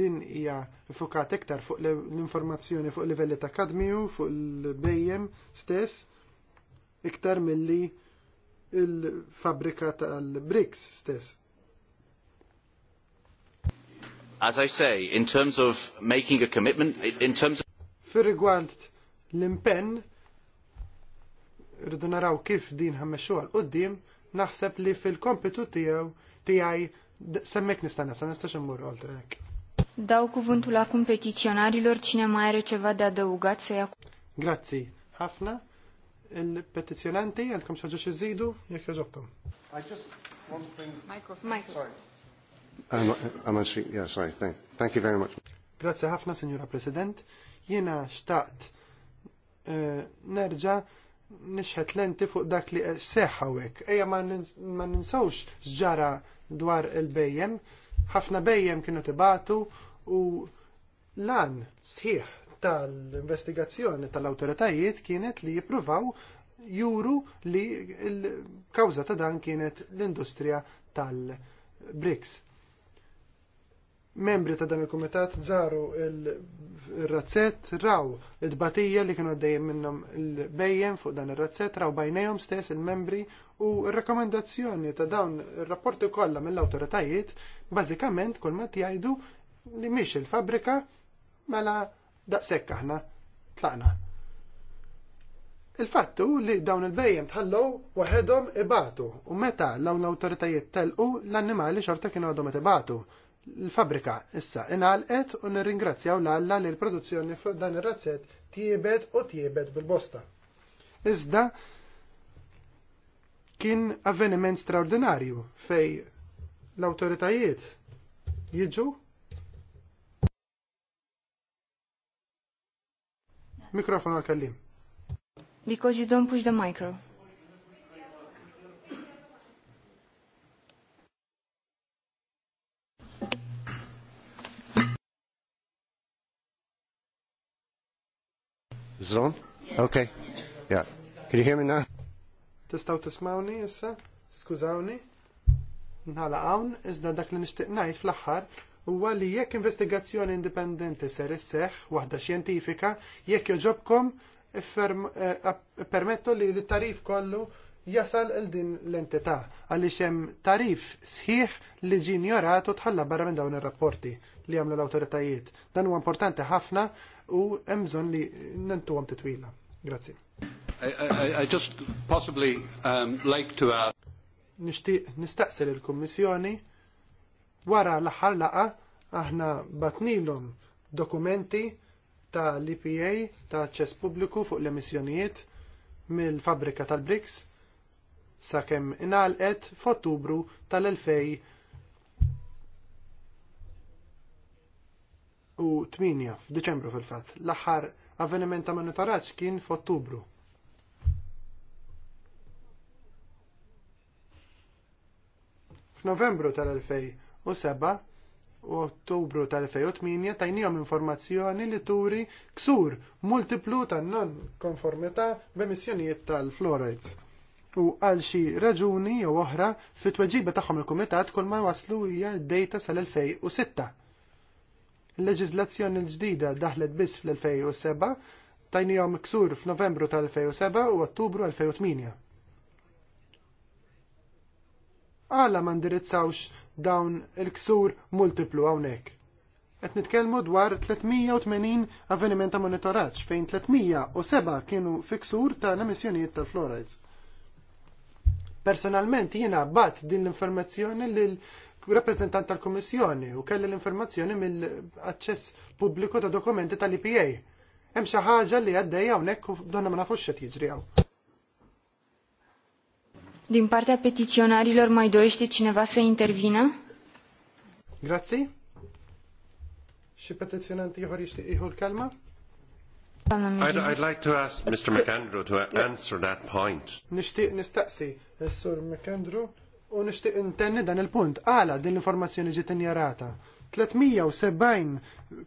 din hija fukat iktar fuq l-informazzjoni fuq livelli ta' kadmiju, fuq l-bejjem stess, iktar milli il-fabrika tal-bricks stess. As I say, in terms of making a commitment, in terms of... Fir rigward l-impenn, rridu naraw kif din ħammexu għal qoddim, naħseb li fil-kompitu tijaw tijaj semmek nistana, sa nistax immur oltre hekk. Daw cuvântul acum petiționarilor, cine mai are ceva da adăugat se ia... Grazie, ħafna il-petizjonanti għandkom xaġa xizidu jekk jogħġobkom. I just want to bring... Microphone. Sorry. I'm, I'm yeah, sorry, thank, thank you very much. Grazie ħafna, Signora President. Jiena xtaqt eh, nerġa nixħet lenti fuq dak li seħawek. Eja ma ninsawx xġara dwar il-bejjem. ħafna bejjem kienu tibatu u lan sħiħ tal-investigazzjoni tal-awtoritajiet kienet li jippruvaw juru li l-kawża ta' dan kienet l-industrija tal-BRICS. Membri ta' dan il-komitat żaru il-razzett raw id-batija li kienu għaddejjem minnhom il-bejjem fuq dan ir-razzett raw bajnejhom stess il-membri u r-rakkomandazzjoni ta' dawn ir-rapporti kollha mill-awtoritajiet bażikament kull jgħidu li mhix il-fabrika mela daqshekk aħna tlaqna. Il-fattu li dawn il-bejjem tħallu waħedhom ibatu u meta lawn l-awtoritajiet telqu l-annimali xorta kienu għadhom qed ibatu. L-fabrika issa inalqet u nirringrazzjaw l-alla li l-produzzjoni fuq dan ir-razzett tiebed u tiebed bil-bosta. Iżda kien avveniment straordinarju fej l-awtoritajiet jiġu Mikrofon għal-kallim. Because you don't push the micro. Is on? Okay. Yeah. Can you hear me now? Tistaw tismawni issa? Skużawni? Nħala hawn iżda dak li nixtieq ngħid fl-aħħar huwa li jekk investigazzjoni indipendenti ser isseħ, waħda xjentifika, jekk joġobkom eh, permettu li l-tarif kollu jasal il din l-entità għaliex hemm tarif sħiħ li ġie ignorat u tħalla barra minn dawn ir-rapporti li għamlu l-awtoritajiet. Dan huwa importanti ħafna u hemm bżonn li nentuhom titwila. Grazzi. I, just possibly um, like to ask Nixtieq nistaqsel il-Kummissjoni Wara l-aħħar laqa aħna batnilhom dokumenti ta' l-EPA ta' ċess pubbliku fuq l-emissjonijiet mill-fabrika tal-Bricks sakemm inalqet f'Ottubru tal-2000 u 8 f'Diċembru fil-fatt. L-aħħar avveniment ta' monitoraġġ kien f'Ottubru. F'Novembru tal-2000 u 7 u ottubru tal-2008 tajnijom informazzjoni li turi ksur multiplu ta' non konformità b'emissjonijiet tal-fluorides. U għal xi raġuni jew oħra fit-tweġiba tagħhom il-kumitat kull ma waslu hija d-dejta sal-2006. Il-leġiżlazzjoni l-ġdida daħlet biss fl-2007 tajnijom ksur f'Novembru tal-2007 u Ottubru 2008. Għala ma ndirizzawx dawn il-ksur multiplu hawnhekk. Qed nitkellmu dwar 380 avvenimenta ta' fejn 307 kienu fi ksur ta' emissjonijiet tal-fluorides. Personalment jiena bat din l-informazzjoni lil rappresentant tal-Kummissjoni u kelli l-informazzjoni mill-aċċess pubbliku ta' dokumenti tal-IPA. Hemm xi ħaġa li għaddejja hawnhekk u donna ma nafux x'qed jiġri hawn. Din partea petiționarilor mai dorește cineva să intervină? Grazie. Și petiționant Ihor este Ihor Kalma? I'd, I'd like to ask Mr. McAndrew to answer that point. Nishtiq nistaqsi, eh, Sur McAndrew, u nishtiq intenni dan il-punt. Għala din l-informazzjoni ġiet injarata. 370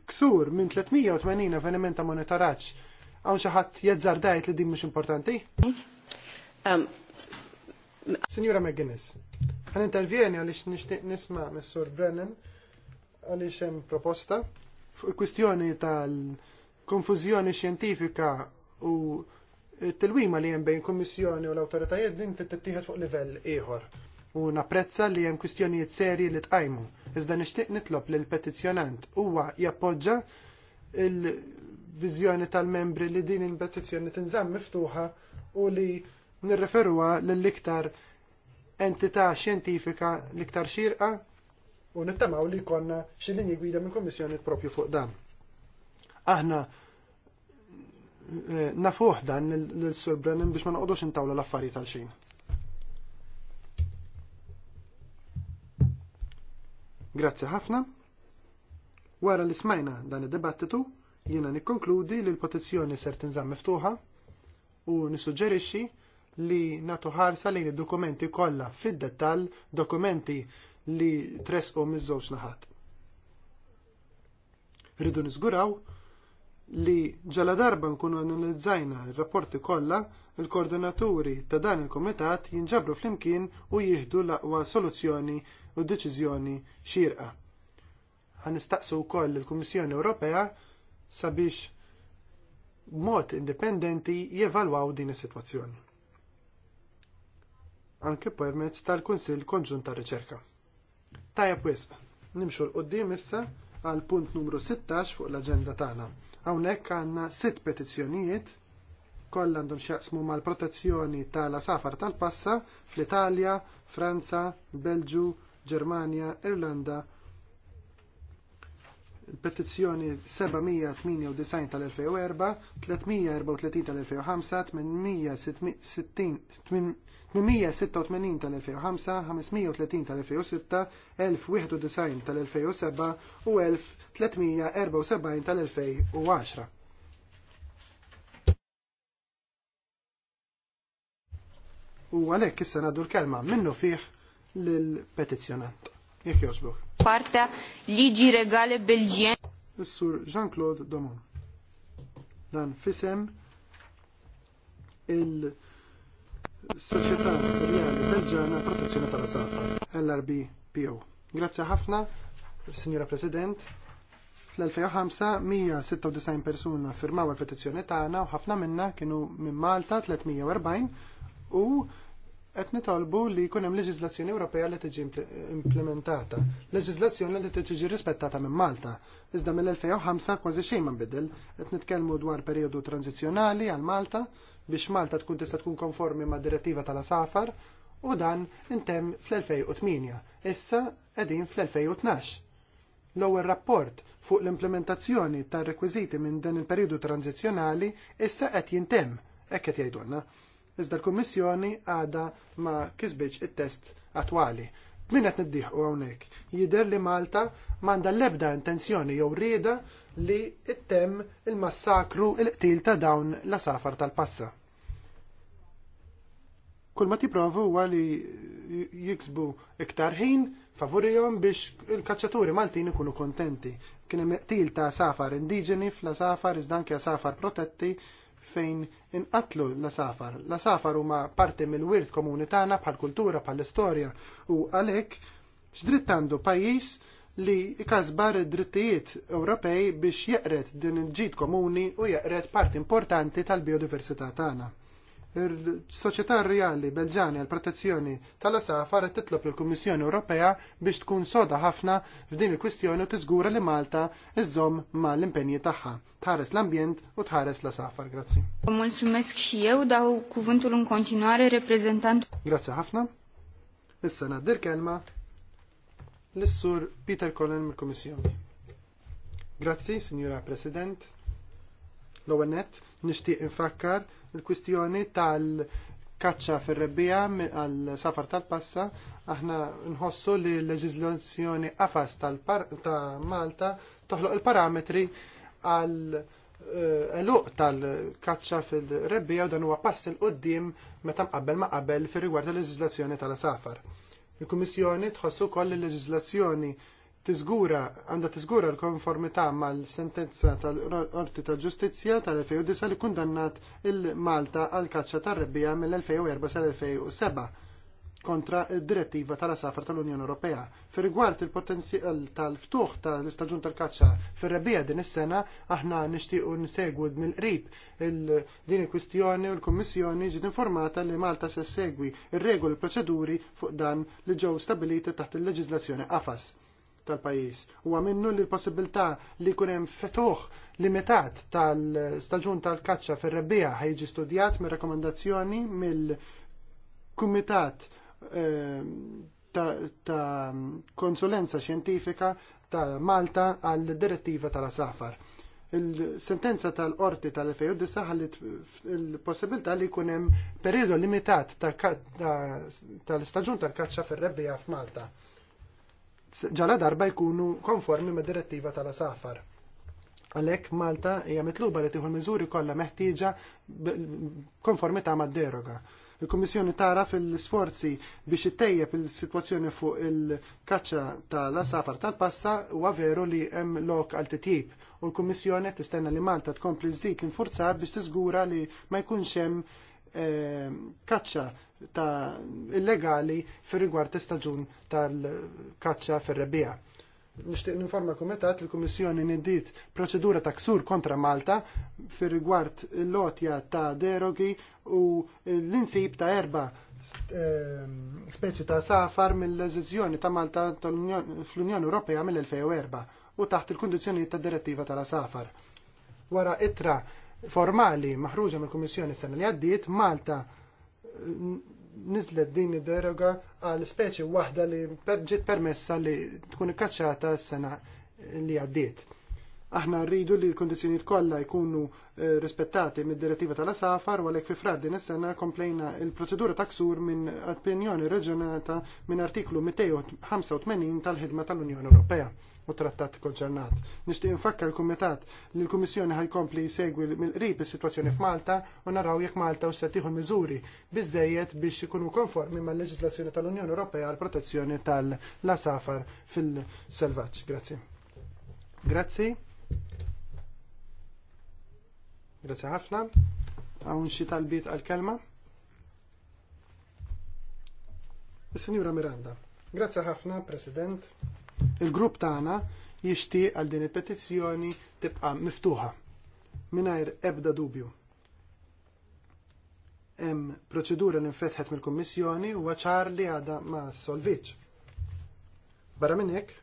ksur minn 380 avveniment ta' monitoraġġ. Hawn xi ħadd jeżżar dajt li din mhux importanti? Um, Signora McGuinness, għan intervjeni għalix nishtiq nisma Messur Brennan għalix hemm proposta fuq il-kwistjoni tal-konfużjoni xjentifika u t-tilwima li hemm bejn kummissjoni u l-awtoritajiet din tittieħed fuq livell ieħor. U napprezza li hemm kwistjonijiet serji li tqajmu. Iżda nixtieq nitlob l petizzjonant huwa jappoġġa il-viżjoni tal-membri li din il-petizzjoni tinżamm miftuħa u li nirreferwa lill-iktar entità xjentifika l-iktar xirqa u nittamaw li jkollna xi linji gwida mill kommissjoni propju fuq dan. Aħna eh, nafuħ dan l-Sur Brennan biex ma noqogħdux intawla l-affarijiet għal xejn. Grazzi ħafna. Wara li smajna dan id-dibattitu, jiena nikkonkludi li l potizzjoni ser tinżamm miftuħa u nissuġġerixxi li natu ħarsa lejn id-dokumenti kollha fid-dettall, dokumenti li tresqu miż-żewġ naħat. Rridu niżguraw li ġala darba nkunu analizzajna r-rapporti kollha, il-koordinaturi ta' dan il-kumitat jinġabru flimkien u jieħdu l-aqwa soluzzjoni u deċiżjoni xirqa. Ħanistaqsu wkoll il-Kummissjoni Ewropea sabiex b'mod indipendenti jevalwaw din is-sitwazzjoni anke permezz tal-Kunsill Konġunt ta' Riċerka. Tajab wisq, nimxu l-qoddim issa għal punt numru 16 fuq l-agenda tagħna. Hawnhekk għandna sitt petizzjonijiet kollha għandhom x'jaqsmu mal-protezzjoni tal-asafar tal-passa fl-Italja, Franza, Belġu, Ġermanja, Irlanda il petizzjoni 798 tal-2004, 334 tal-2005, 886 tal-2005, 530 tal-2006, 1091 tal-2007 u 1374 tal-2010. U għalhekk issa ngħaddu l-kelma minnu fih lill petizjonant Jek jogħġbok partea liġi regali belgiene. Missur Jean-Claude Domon. Dan fisem il Soċjetà Reali Belġana Protezzjoni tal-Asafar, LRBPO. Grazzi ħafna, Signora President. Fl-2005 196 persuna firmaw il-petizzjoni tagħna u ħafna minna kienu minn Malta 340 u qed nitolbu li jkun hemm leġiżlazzjoni Ewropea li tiġi implementata, leġiżlazzjoni li tiġi rispettata minn Malta. Iżda mill-2005 kważi xejn ma nbidel, qed nitkellmu dwar perjodu tranzizzjonali għal Malta biex Malta tkun tista' tkun konformi mad direttiva tal-asafar u dan intemm fl-2008. Issa qegħdin fl-2012. L-ewwel rapport fuq l-implementazzjoni tar-rekwiżiti minn dan il-perjodu tranzizzjonali issa qed jintemm, hekk qed jgħidulna iżda l-Kummissjoni għadha ma kisbitx it-test attwali. Min qed niddieħu hawnhekk. Jidher li Malta m'għandha l-ebda intenzjoni jew rieda li ttemm il-massakru il-qtil ta' dawn l-asafar tal-passa. Kull ma tipprovu huwa li jiksbu iktar ħin favorihom biex il-kaċċaturi Maltin ikunu kontenti. Kien hemm qtil ta' safar indiġeni fl-safar iżda anke safar protetti fejn inqatlu l-asafar. L-asafar huma parti mill-wirt komuni tagħna bħal kultura, bħal istorja u għalhekk x'dritt għandu pajjiż li ikasbar id-drittijiet Ewropej biex jeqret din il-ġid komuni u jaqret parti importanti tal-biodiversità tagħna. Il-Soċjetà Reali Belġani għal Protezzjoni tal-Asa faret titlob lill-Kummissjoni Ewropea biex tkun soda ħafna f'din il-kwistjoni u tiżgura li Malta iżżomm mal impenji tagħha. Tħares l-ambjent u tħares l-asafar, grazzi. reprezentant. Grazzi ħafna. Issa naddir kelma l-Sur Peter Cullen mill-Kummissjoni. Grazzi, Signora President. L-ewwel nett nixtieq infakkar il-kwistjoni tal-kaċċa fir-rebbija għal safar tal-passa, aħna nħossu li l-leġizlazzjoni qafas ta' Malta toħloq il-parametri għal eh, eluq tal-kaċċa fil-rebbija u dan huwa pass il qoddim meta mqabbel ma qabel fir rigward il-leġiżlazzjoni tal-safar. Il-Kummissjoni tħossu koll il-leġiżlazzjoni tiżgura għandha tiżgura l-konformità mal-sentenza tal-Qorti tal-Ġustizzja tal-2009 li kundannat il-Malta għal kaċċa tar-rebbija mill-2004 sal-2007 kontra id-direttiva tal-asafar tal-Unjoni Ewropea. Fir-rigward il-potenzjal tal-ftuħ tal-istaġun tal-kaċċa fir-rebbija din is-sena, aħna nixtiequ nsegwu mill-qrib din il-kwistjoni u l-Kummissjoni ġiet informata li Malta se segwi ir-regoli proċeduri fuq dan li ġew stabiliti taħt il-leġiżlazzjoni qafas tal-pajis. Huwa minnu li l possibilta li jkun hemm fetuħ limitat tal-staġun tal-kaċċa fir-rebbija ħajġi studijat mir rekomendazzjoni mill-Kumitat ehm, ta' konsulenza xjentifika ta' Malta għal direttiva tal-Asafar. Il-sentenza tal-qorti tal-2009 ħallit il-possibilità li jkun hemm perjodu limitat tal-staġun tal-kaċċa fir-rebbija f'Malta ġala darba jkunu konformi mad direttiva tal-asafar. Għalhekk Malta hija mitluba li tieħu l-miżuri kollha meħtieġa konformi ta' mad-deroga. Il-Kummissjoni tara fil-sforzi biex ittejjeb il-sitwazzjoni fuq il-kaċċa tal-asafar tal-passa huwa veru li hemm lok għal titjib u l-Kummissjoni tistenna li Malta tkompli żid l-infurzar biex tiżgura li ma jkunx hemm eh, kaċċa ta' illegali fir rigward istaġun tal-kaċċa fir-rebbija. Nixtieq ninforma l-Kumitat li l-Kummissjoni nidiet proċedura ta' ksur kontra Malta fir rigward l-lotja ta' derogi u l-insib ta' erba ehm, speċi ta' safar mill-eżizjoni ta' Malta fl-Unjoni Ewropea mill-2004 u taħt il-kondizjoni ta' direttiva tal-safar. Wara itra formali maħruġa mill-Kummissjoni sena li għaddiet, Malta nizlet din id-deroga għal speċi waħda li ġiet permessa li tkun ikkaċċata s-sena li għaddiet. Aħna rridu li l kondizjoni kollha jkunu eh, rispettati mid-direttiva tal-asafar u għalhekk fi frar din is-sena komplejna il-proċedura ta' ksur minn opinjoni reġjonata minn artiklu 285 tal-ħidma tal-Unjoni Ewropea u trattat konċernat. Nixtieq infakkar il-Kumitat li l-Kummissjoni ħajkompli jsegwi mill-qrib is-sitwazzjoni f'Malta u naraw jekk Malta u tieħu miżuri biżejjed biex ikunu konformi mal-leġislazzjoni tal-Unjoni Ewropea għal protezzjoni tal-asafar fil-selvaġġ. Grazzi. Grazzi. Grazie ħafna. Għawn xi talbiet għal-kelma. Is-Sinjura Miranda. Grazie ħafna, President. Il-grupp tagħna jixtieq għal din il-petizzjoni tibqa' miftuħa mingħajr ebda dubju hemm proċedura li nfetħet mill-Kummissjoni huwa ċar li għadha ma solvitx. Barra minn hekk,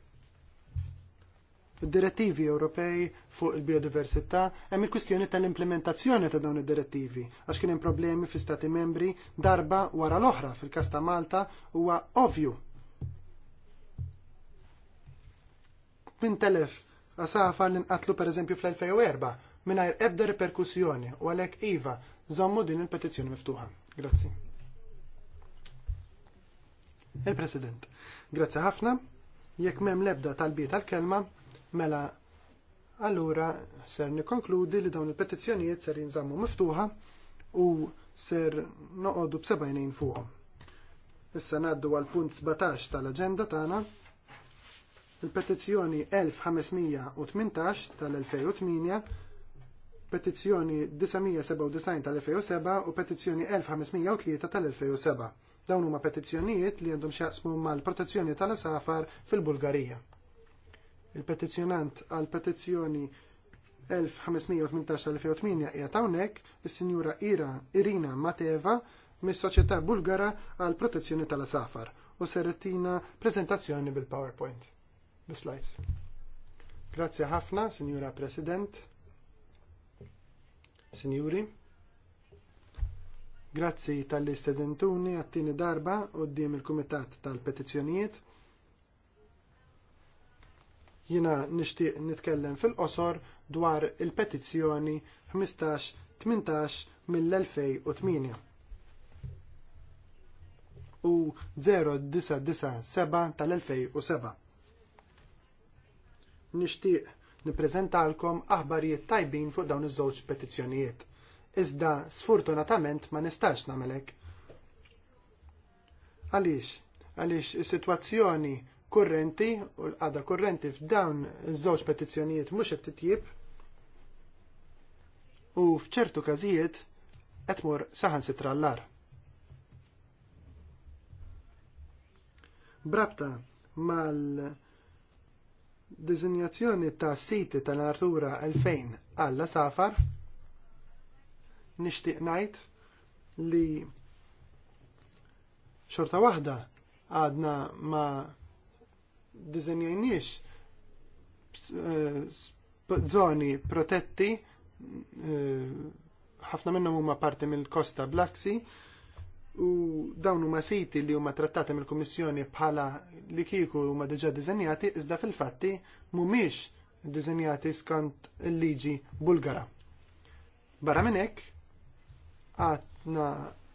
direttivi Ewropej fuq il-biodiversità hemm il-kwistjoni tal-implementazzjoni ta' dawn id-direttivi għax kien hemm problemi fi stati membri darba wara l-oħra fil-każ ta' Malta huwa ovvju. Min telef għasafa li nqatlu pereżempju fl-2004 mingħajr ebda reperkussjoni u għalhekk iva żommu din il-petizzjoni miftuħa. Grazzi. Il-President, grazzi ħafna. Jekk m'hemm l-ebda talbiet tal-kelma, Mela, allura ser nikkonkludi li dawn il-petizzjonijiet ser jinżammu miftuħa u ser noqogħdu b'sebajnejn fuqhom. Issa naddu għal punt 17 tal-aġenda tagħna. Il-petizzjoni 1518 tal-2008 petizzjoni 997 tal-2007 u petizzjoni 1503 tal-2007. Dawn huma petizzjonijiet li għandhom xjaqsmu mal-protezzjoni tal-asafar fil-Bulgarija. Il-petizjonant għal petizzjoni 1518-2008 qiegħed hawnhekk is-Sinjura Ira Irina Mateva mis-Soċjetà Bulgara għal Protezzjoni tal-Asafar u serettina prezentazzjoni bil-PowerPoint. Bis-slides. Grazzi ħafna, Sinjura President. Sinjuri. Grazzi tal-istedentuni għattini darba u d-dim il-Kumitat tal-Petizzjonijiet Jiena nixtieq nitkellem fil-qosor dwar il-petizzjoni 15-18 mill-2008 u 0997 tal-2007. Nixtieq nippreżentalkom aħbarijiet tajbin fuq dawn iż-żewġ petizzjonijiet. Iżda sfortunatament ma nistax hekk. Għaliex? Għaliex is-sitwazzjoni kurrenti u l-qada kurrenti f'dawn iż-żewġ petizzjonijiet mhux qed titjib u f'ċertu każijiet qed mur saħansitra l-lar. Brabta mal dizinjazzjoni ta' siti tal-Artura 2000 għalla safar, nixtieq ngħid li xorta waħda għadna ma' dizenjajniex eh, zoni protetti eh, ħafna minnhom huma parti mill-Kosta blaxi, u dawn huma siti li huma trattati mill-Kummissjoni bħala li kieku huma diġà diżenjati iżda fil-fatti mhumiex diżenjati skont il-liġi Bulgara. Barra minn hekk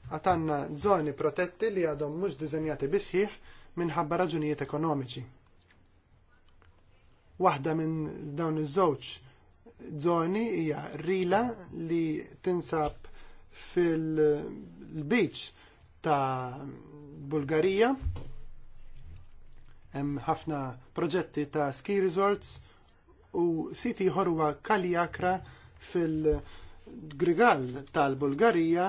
għatanna żoni protetti li għadhom mhux diżenjati bisħiħ minħabba raġunijiet ekonomiċi. Waħda minn dawn iż-żewġ żoni hija rila li tinsab fil-beach ta' Bulgarija. Hemm ħafna proġetti ta' ski resorts u siti ħorwa Kaliakra fil-Grigal tal-Bulgarija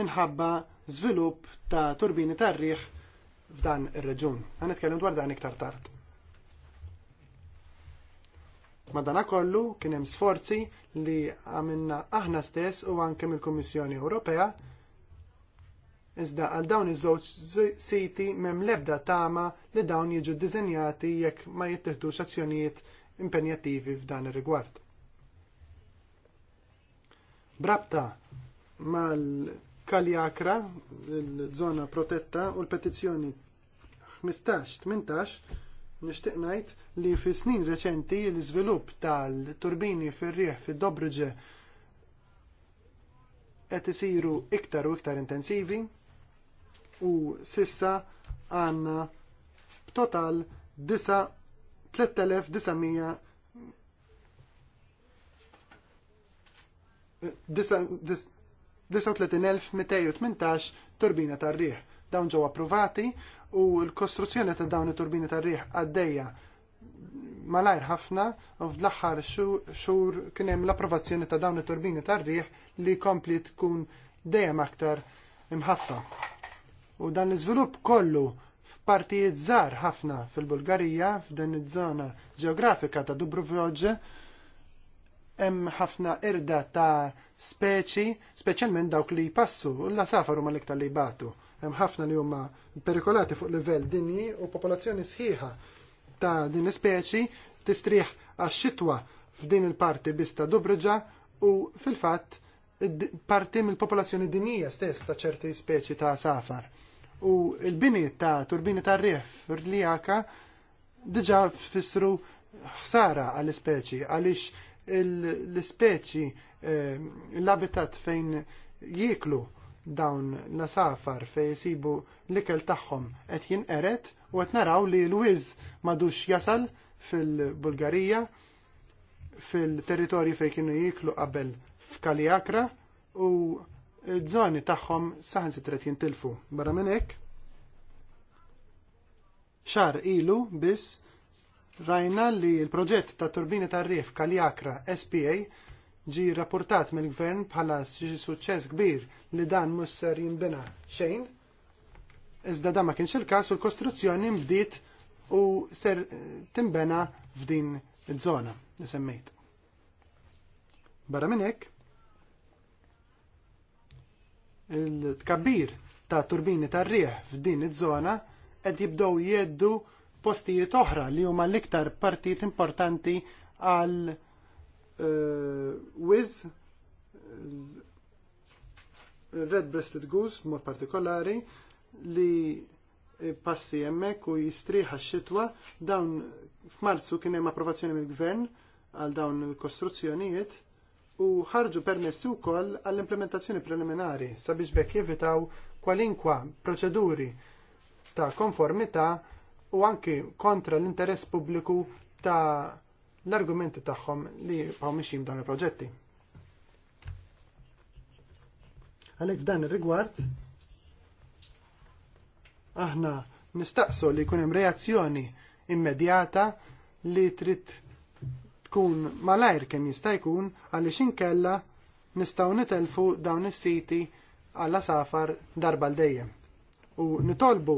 minħabba żvilupp ta' turbini tar-riħ f'dan ir-reġun. Għan dwar dan iktar tard. Madanakollu kien hemm sforzi li għamilna aħna stess u anke mill-Kummissjoni Ewropea Iżda għal dawn iż-żewġ siti m'hemm lebda ebda tama li dawn jiġu ddiżenjati jekk ma jittieħdux azzjonijiet impenjattivi f'dan ir-rigward. Brabta mal-Kaljakra, l-żona protetta u l-petizzjoni 15-18 nixtieq ngħid li fi snin reċenti l-iżvilupp tal-turbini fir-rieħ fid-Dobruġe qed isiru iktar u iktar intensivi u sissa għandna b'total 3900 39.218 turbina tar-riħ. Dawn ġew approvati u l-kostruzzjoni ta' dawn it-turbini tar-riħ għaddejja malajr ħafna u fl-aħħar xhur kien hemm l-approvazzjoni ta' dawn it-turbini tar-riħ li kompli tkun dejjem aktar imħaffa. U dan l-iżvilupp kollu f'partijiet żgħar ħafna fil-Bulgarija f'dan iż-żona ġeografika ta' Dubrovroġe hemm ħafna irda ta' speċi, speċjalment dawk li jpassu u la safar huma l-iktar li jbatu. Hemm ħafna li huma perikolati fuq livell dinji u popolazzjoni sħiħa ta' din ispeċi tistrieħ għax-xitwa f'din il-parti ta' Dubreġa u fil-fatt parti mill-popolazzjoni dinija stess ta' ċerti speċi ta' safar. U il-bini ta' turbini ta' rieħ fil-lijaka diġa fissru ħsara għall-speċi għalix l-speċi eh, l abitat fejn jieklu dawn l-safar fej jisibu l-ikel tagħhom qed jinqeret u qed naraw li l-wiz madux jasal fil-Bulgarija fil-territorju fej kienu jiklu qabel f'Kaliakra u żoni tagħhom saħan sitret jintilfu. Barra minn hekk xar ilu biss rajna li l-proġett ta' turbini tar rif Kaliakra SPA ġi rapportat mill-gvern bħala suċċess kbir li dan musser jinbina xejn Iżda da ma kienx il-każ u l-kostruzzjoni mbdiet u ser eh, timbena f'din il żona li semmejt. Barra minn hekk, il-tkabbir ta' turbini tar rieħ f'din il żona qed jibdew jeddu postijiet oħra li huma l-iktar partijiet importanti għal uh, wiz red breasted goose mod partikolari li passi hemmhekk u jistriħa x-xitwa dawn f'Marzu kien hemm approvazzjoni mill-Gvern għal dawn il-kostruzzjonijiet u ħarġu permessi wkoll għall-implementazzjoni preliminari sabiex bekk jevitaw kwalinkwa proċeduri ta' konformità u anki kontra l-interess pubbliku ta' l-argumenti tagħhom li għaw mixim dawn il-proġetti. Għalhekk dan ir-rigward Aħna nistaqsu li jkun hemm reazzjoni immedjata li trid tkun malajr kemm jista' jkun għaliex inkella nistgħu nitelfu dawn is-siti għalla safar darba l dejjem U nitolbu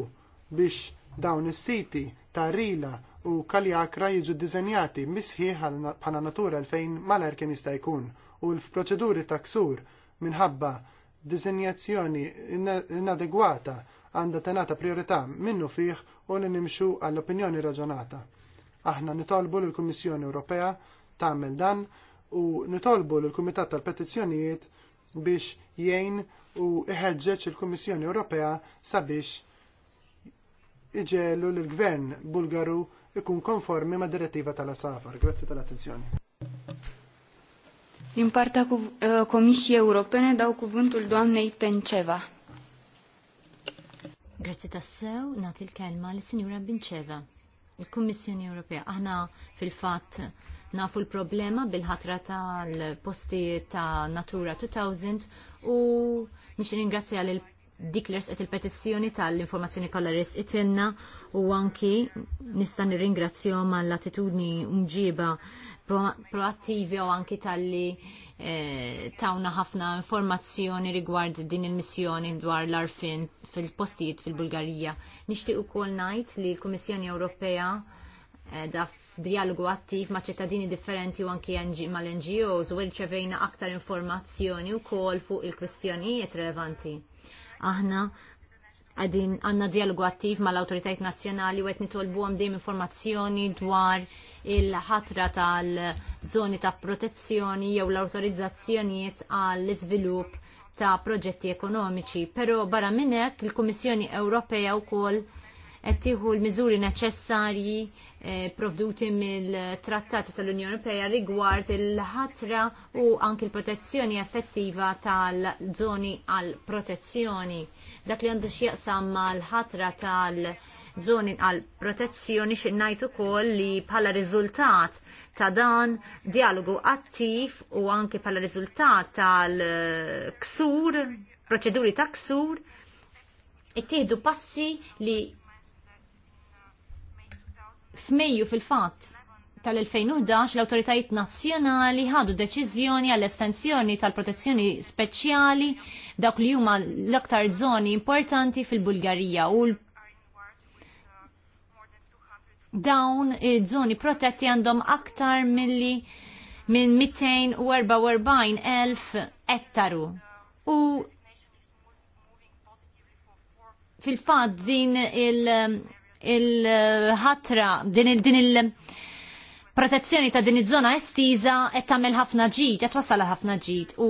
biex dawn is-siti ta' rila u kaljakra jiġu dizenjati misħiħ bħala natura l-fejn malajr kemm jista' jkun u l-proċeduri ta' ksur minħabba dizenjazzjoni inadegwata għandha tenata priorità minnu fih u li nimxu għall-opinjoni raġonata. Aħna nitolbu l-Kummissjoni Ewropea tagħmel dan u nitolbu l-Kumitat tal-Petizzjonijiet biex jgħin u iħeġġeġ il-Kummissjoni Ewropea sabiex iġelu l-Gvern Bulgaru ikun konformi ma' direttiva tal-Asafar. Grazzi tal-attenzjoni. Din partea eh, Comisiei Europene dau cuvântul doamnei Penceva. Grazzi tassew, nagħti l kelma lis sinjura Binċeva, il-Kummissjoni Ewropea. Aħna fil-fatt nafu l-problema bil-ħatra tal-postijiet ta' Natura 2000 u nixin ringrazzja l dik li resqet il-petizzjoni tal-informazzjoni kollha resqitilna u anki nista' nirringrazzjahom għall-attitudni mġiba proattivi u anki tal-li Eh, tawna ħafna informazzjoni rigward din il-missjoni dwar l-arfin fil-postijiet fil-Bulgarija. Nixtieq ukoll ngħid li l-Kummissjoni Ewropea eh, da dialogu attiv ma' ċittadini differenti u anki mal-NGOs u rċevejna aktar informazzjoni u kol fuq il-kwistjonijiet relevanti. Aħna għadin għanna dialogu attiv ma l-autoritajt nazjonali u għetni tolbu għam dejjem informazzjoni dwar il-ħatra tal-zoni ta' protezzjoni jew l autorizzazzjoniet għall-izvilup ta' proġetti ekonomiċi. Pero barra minnek il-Komissjoni Ewropea u kol għettiħu l-mizuri neċessarji eh, provduti mill-trattati tal-Unjoni Ewropea rigward il-ħatra u anki l-protezzjoni effettiva tal-zoni għal-protezzjoni dak li għandu x'jaqsam mal-ħatra tal- zoni għal protezzjoni xinnajt ukoll li bħala riżultat ta' dan dialogu attiv u anke bħala riżultat tal-ksur, proċeduri ta' ksur, ittieħdu passi li f'Mejju fil-fatt tal-2011 l-autoritajiet nazzjonali ħadu deċiżjoni għall-estensjoni tal-protezzjoni speċjali dawk li huma l-aktar zoni importanti fil-Bulgarija u dawn iż-żoni protetti għandhom aktar milli minn 244,000 ettaru. U fil fad din il- il-ħatra, din il-din il-, din il protezzjoni ta' din iż-żona estiża qed tagħmel ħafna ġid, qed wasal ħafna ġid u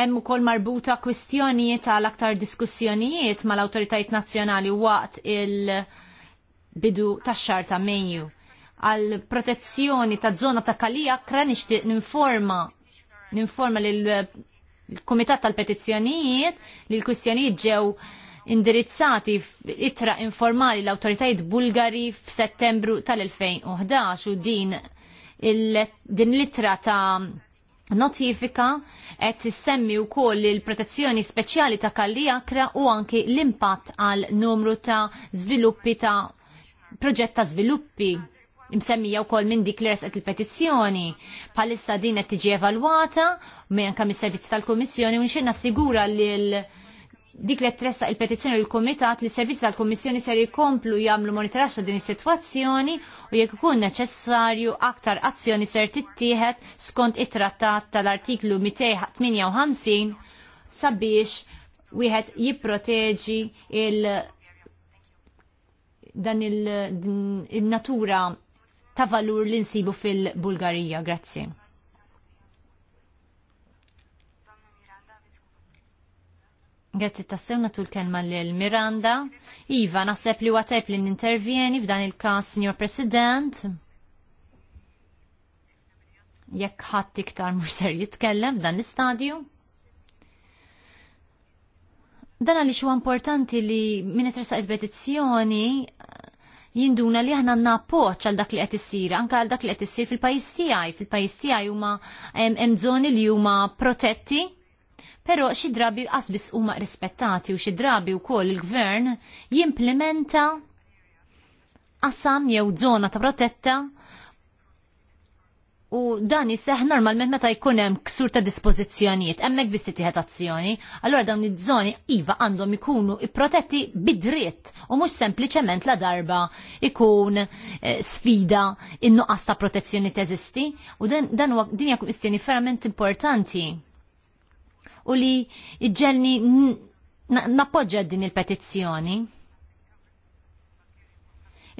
hemm ukoll marbuta kwistjonijiet tal aktar diskussjonijiet mal-awtoritajiet nazzjonali waqt il-bidu tax-xar ta' Mejju għal protezzjoni ta' żona ta' Kalija kra nixtieq ninforma ninforma lil kumitat tal-petizzjonijiet li l-kwistjonijiet ġew indirizzati itra informali l autoritajt bulgari f'Settembru tal-2011 u din din l-itra ta' notifika qed u wkoll il-protezzjoni speċjali ta' Kalliakra u anki l-impatt għal numru ta' żviluppi ta' proġett ta' żviluppi imsemmija wkoll minn dik li resqet il-petizzjoni. Palissa din qed tiġi evalwata minn kemm is-servizz tal-Kummissjoni u nixir l- lil dik li tressa il-petizzjoni l komitat li servizzi tal-Kommissjoni ser jkomplu jagħmlu monitoraġġ din is-sitwazzjoni u jekk ikun neċessarju aktar azzjoni ser tittieħed skont it-trattat tal-artiklu 258 sabiex wieħed jipproteġi il dan il-natura ta' valur li nsibu fil-Bulgarija. Grazzi. Grazzi tassewna tul kelma l-Miranda. Iva, naħseb li għatajp li n-intervjeni f'dan il-kas, Signor President. Jekk ħadd iktar mhux ser jitkellem f'dan l-istadju. Dan għaliex huwa importanti li min qed il petizzjoni eh, jinduna li aħna nappoġġ għal dak li qed issir, anke għal dak li qed issir fil-pajjiż tiegħi. Fil-pajjiż tiegħi huma hemm bżonn li huma protetti Pero xi drabi qasbis huma rispettati u xi drabi wkoll il-gvern jimplementa qasam jew żona ta' protetta u dan jisseħ normalment meta jkun hemm ksur ta' dispożizzjonijiet, hemmhekk biss tieħed azzjoni, allura dawn iż-żoni iva għandhom ikunu protetti bidritt u mhux sempliċement la darba ikun eh, sfida in-nuqqas ta' protezzjoni teżisti u dan din hija kwistjoni verament importanti u li iġġelni nappoġġa din il-petizzjoni.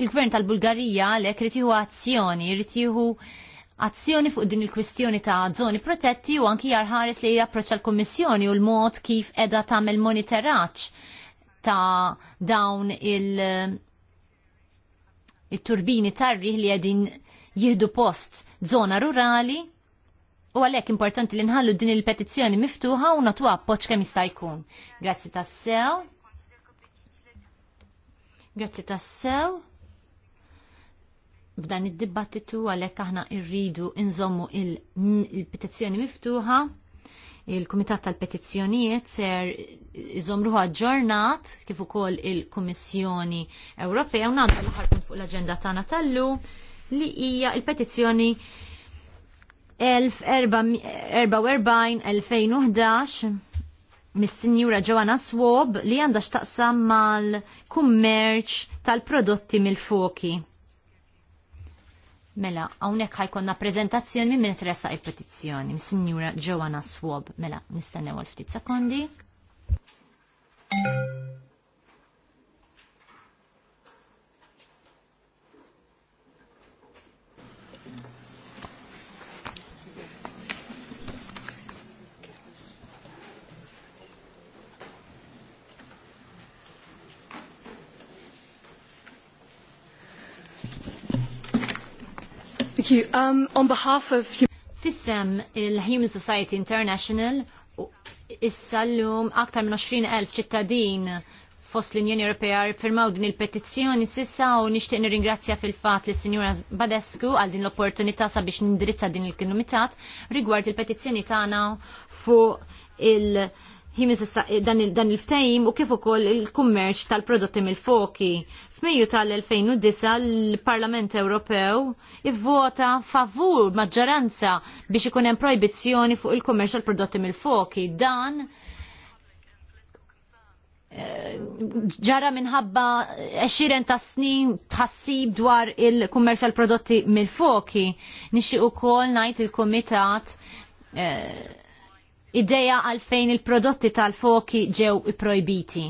Il-gvern tal-Bulgarija għalhekk irid jieħu azzjoni, rritiħu jieħu azzjoni fuq din il-kwistjoni ta' żoni protetti u anki jarħares li japproċċa l-Kummissjoni u l-mod kif qiegħda tagħmel monitoraċ ta' dawn il- il-turbini tarri li għedin jihdu post zona rurali U għalhekk importanti li nħallu din il-petizzjoni miftuħa u natu appoġġ kemm jista' jkun. Grazzi tassew. Grazzi tassew. F'dan id-dibattitu għalhekk aħna rridu nżommu il-petizzjoni miftuħa. Il-Kumitat tal-Petizzjonijiet ser iżomruha ġornat kif ukoll il-Kummissjoni Ewropea u nagħmlu l-aħħar punt fuq l-aġenda tagħna tal-lum li hija il-petizzjoni l il petizzjoni 1444-2011 mis-Sinjura Joanna Swob li għandha x'taqsam mal-kummerċ tal-prodotti mil foki Mela, hawnhekk ħajkonna preżentazzjoni minn interessa il-petizzjoni, mis-Sinjura Joanna Swob. Mela, nistennew għal ftit sekondi. you. Um, on behalf of... Fissem il-Human Society International issa l-lum aktar minn 20.000 ċittadin fost l-Unjoni Ewropea firmaw din il-petizzjoni sissa u nixtieq nirringrazzja fil-fatt li signora Badescu għal din l-opportunità sabiex nindirizza din il-kinumitat rigward il-petizzjoni tagħna fuq il- dan il ftajim u kif ukoll il-kummerċ tal-prodotti mill-foki F'Mejju tal-2009 l-Parlament Ewropew ivvota favur maġġoranza biex ikun hemm projbizzjoni fuq il-kummerċ tal-prodotti mill-foki. Dan eh, ġara minħabba 20 ta' snin tħassib dwar il-kummerċ tal-prodotti mill-foki. Nixi u kol najt il-komitat eh, ideja għalfejn il-prodotti tal-foki ġew i projbiti.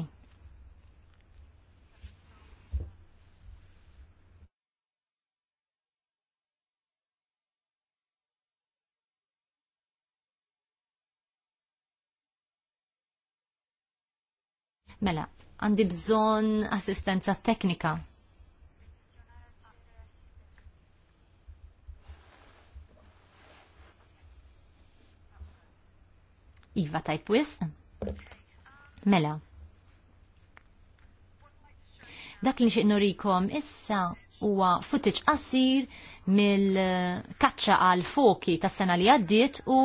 Mela, għandi bżon assistenza teknika. Iva tajb wis? Mela. Dak li xiqnu norikom issa huwa futiċ qasir mill-kaċċa għal foki tas sena li għaddiet u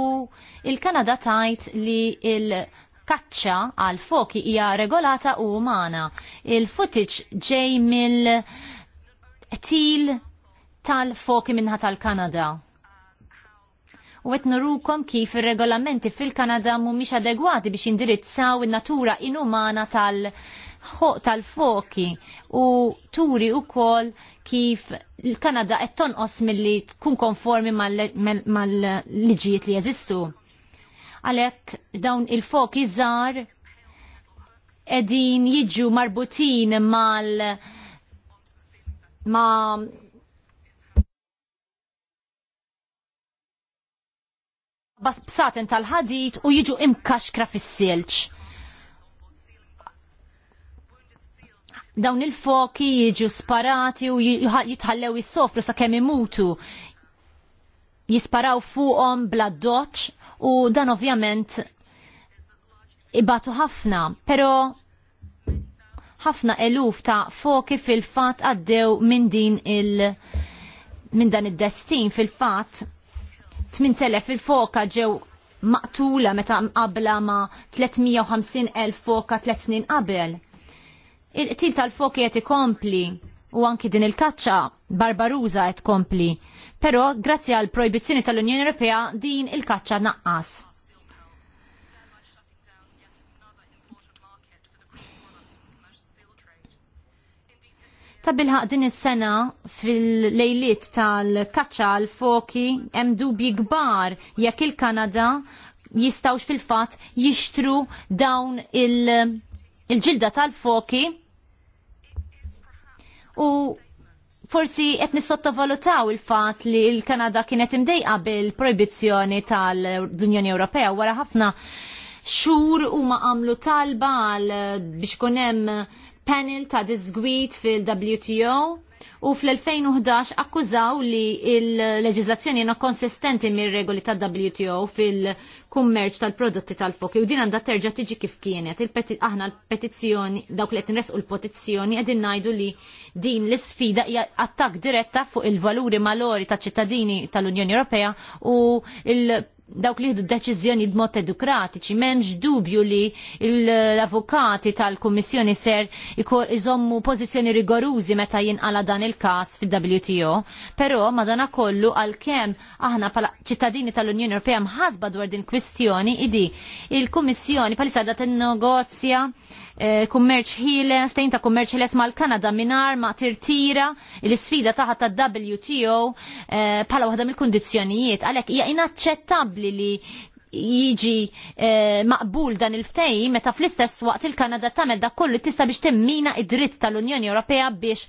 il-Kanada tajt li il- kaċċa għal foki hija regolata u umana. Il-footage ġej mill-til tal-foki minħa tal-Kanada. U qed nurukom kif ir-regolamenti fil-Kanada mhumiex adegwati biex indirizzaw in-natura inumana tal- tal-foki u turi u kol kif il-Kanada qed tonqos milli tkun konformi mal-liġijiet li jeżistu għalhekk dawn il-foki żgħar qegħdin jiġu marbutin mal ma bas bsaten tal-ħadit u jiġu imkaxkra fis-silġ. Dawn il-foki jiġu sparati u jitħallew is-sofru sa kemm imutu jisparaw fuqhom bla doċ u dan ovvjament ibatu ħafna, pero ħafna eluf ta' foki fil-fat għaddew minn din il- minn dan id-destin fil-fat 8000 il-foka ġew maqtula meta qabla ma 350.000 foka 3 snin qabel. Il-qtil tal-foki qed ikompli u anki din il-kaċċa barbaruża qed kompli però grazzi għal proibizzjoni tal-Unjoni Ewropea din il-kaċċa naqqas. Ta' din is-sena fil-lejliet tal-kaċċa l foki hemm dubji kbar jekk il-Kanada jistawx fil-fatt jixtru dawn il-ġilda il tal-foki u forsi qed nissottovalutaw il-fatt li l-Kanada kienet imdejqa bil-proibizzjoni tal-Unjoni Ewropea wara ħafna xhur huma għamlu talba għal biex kun hemm panel ta' disgwit fil-WTO u fl-2011 akkużaw li il-leġizlazzjoni jena konsistenti mir regoli ta' WTO fil-kummerċ tal-prodotti tal-foki u din għandha terġa' tiġi kif kienet. Aħna l petizjoni dawk li għetin u l-petizzjoni qegħdin ngħidu li din l-isfida hija attakk diretta fuq il-valuri malori ta' ċittadini tal-Unjoni Ewropea u il- dawk li d deċizjoni d-mod edukratiċi, memx dubju li l-avukati tal-Kommissjoni ser iżommu pozizjoni rigorużi meta jinqala dan il-kas fil-WTO, pero madana kollu għal-kem aħna pala ċittadini tal-Unjoni Ewropea mħasba dwar din kwistjoni idi il-Kommissjoni palissa il negozja Eh, kummerċ ħiles, stejn ta' kummerċ ħiles mal-Kanada minar ma' tirtira l-sfida taħat ta' WTO eh, pala waħda mill-kondizjonijiet. Għalek, hija inaċċettabli li jiġi eh, maqbul dan il-ftej meta fl-istess waqt il-Kanada tagħmel dak kollu tista' biex timmina id-dritt tal-Unjoni Ewropea biex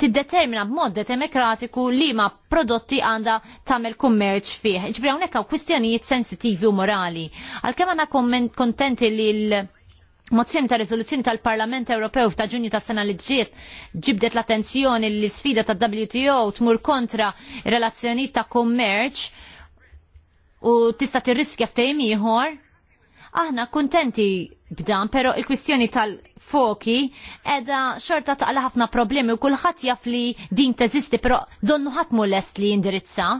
tiddetermina b'mod demokratiku li ma prodotti għandha tagħmel kummerċ fih. Ġbri hawnhekk hawn kwistjonijiet sensitivi u morali. Għalkemm għandna kontenti li l- Mozzjoni ta' rezoluzzjoni tal-Parlament Ewropew ta' ġunju ta' sena li ġiet ġibdet l-attenzjoni li sfida ta' WTO tmur kontra relazzjoni ta' kummerċ u tista' tirriskja f'tejm ieħor. Aħna kuntenti b'dan, però il-kwistjoni tal-foki edha xorta taqla ħafna problemi u kulħadd jaf li din teżisti, però donnu ħadd lest li jindirizza.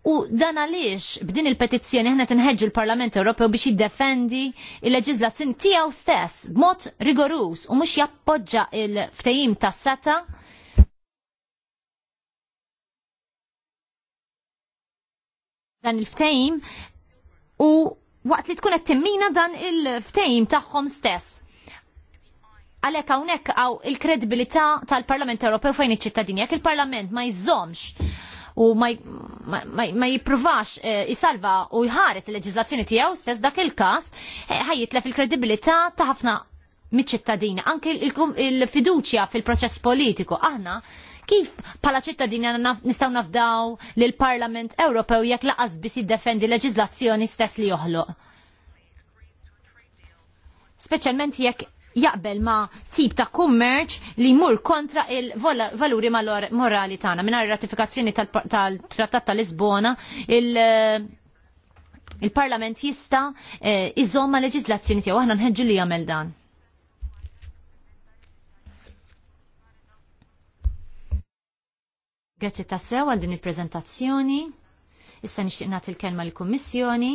U dan għaliex b'din il-petizzjoni ħna tinħeġġi l-Parlament Ewropew biex jiddefendi il leġislazzjoni tiegħu stess b'mod rigorus u mhux jappoġġa il-ftehim tas-seta dan il-ftehim u waqt li tkun qed timmina dan il-ftehim tagħhom stess għalek hawnhekk għaw il-kredibilità tal-Parlament Ewropew fejn iċ-ċittadini. Jekk il-Parlament ma jżomx u ma jippruvax eh, jisalva u jħares il-leġizlazzjoni tiegħu stess dak il-każ eh, ħajitlef il-kredibilità ta' ħafna miċ-ċittadini, anke il-fiduċja fil-proċess politiku. Aħna kif pala ċittadini nistaw nafdaw li l-Parlament Ewropew jekk laqas biss jiddefendi leġizlazzjoni stess li joħloq. Speċjalment jekk jaqbel ma tip ta' kummerċ li jmur kontra il-valuri morali tagħna mingħajr ratifikazzjoni tal-Trattat tal-Lisbona il- il-Parlament jista' eh, iżomma leġislazzjoni tiegħu aħna nħeġġu li jagħmel dan. Grazzi tassew għal din il-preżentazzjoni. Issa nixtieq nagħti l-kelma l-Kummissjoni.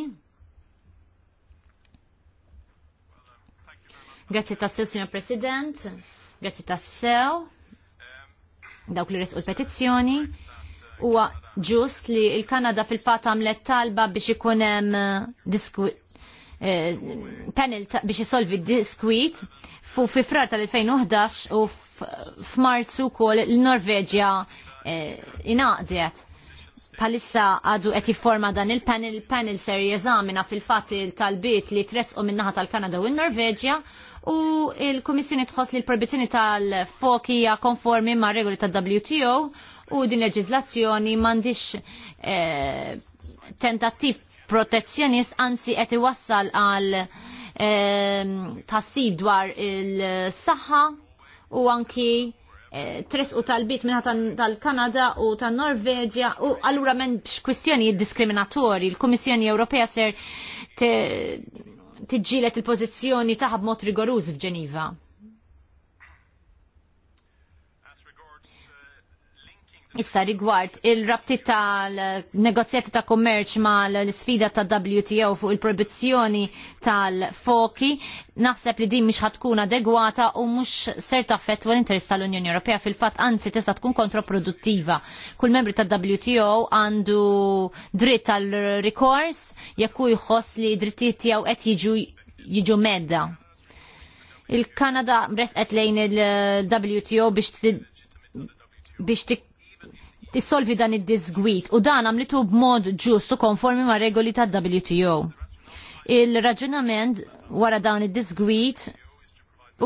Grazzi tassew, Signor President, Grazie tassew, dawk li resqu l-petizzjoni. Huwa ġust li il-Kanada fil-fat għamlet talba biex ikunem hemm eh, eh, panel biex jisolvi diskwit fu fi frar tal-2011 u f'Marzu kol l-Norveġja eh, inaqdet palissa għadu għet jifforma dan il-panel, il-panel ser jeżamina fil-fat il bit li tresqu minnaħa tal-Kanada u n-Norveġja u il-Komissjoni tħoss li l-proibizzjoni tal-foki hija konformi ma' regoli tal-WTO u din leġizlazzjoni m'għandix eh, tentattiv protezzjonist anzi qed iwassal għal eh, tassib dwar il-saħħa u anki eh, tresqu tal-bit minna tal-Kanada u tal-Norveġja u allura men kwistjoni diskriminatori. Il-Komissjoni Ewropea ser tiġġielet il-pożizzjoni taħab mod rigorużi f'Ġeniva. Issa rigward il-rabti tal-negozjati ta' kommerċ ma' l-sfida ta' WTO fuq il proibizjoni tal-foki, naħseb li din mhix ħatkun adegwata u mhux ser taffettwa l-interess tal-Unjoni Ewropea fil-fatt anzi tista' tkun kontraproduttiva. Kull membri ta' WTO għandu dritt tal-rikors jekk hu jħoss li drittijiet tiegħu qed jiġu jiġu medda. Il-Kanada resqet lejn il-WTO biex biex tissolvi dan id-disgwit u dan għamlitu b'mod ġustu konformi ma' regoli ta' WTO. Il-raġunament wara dawn id-disgwit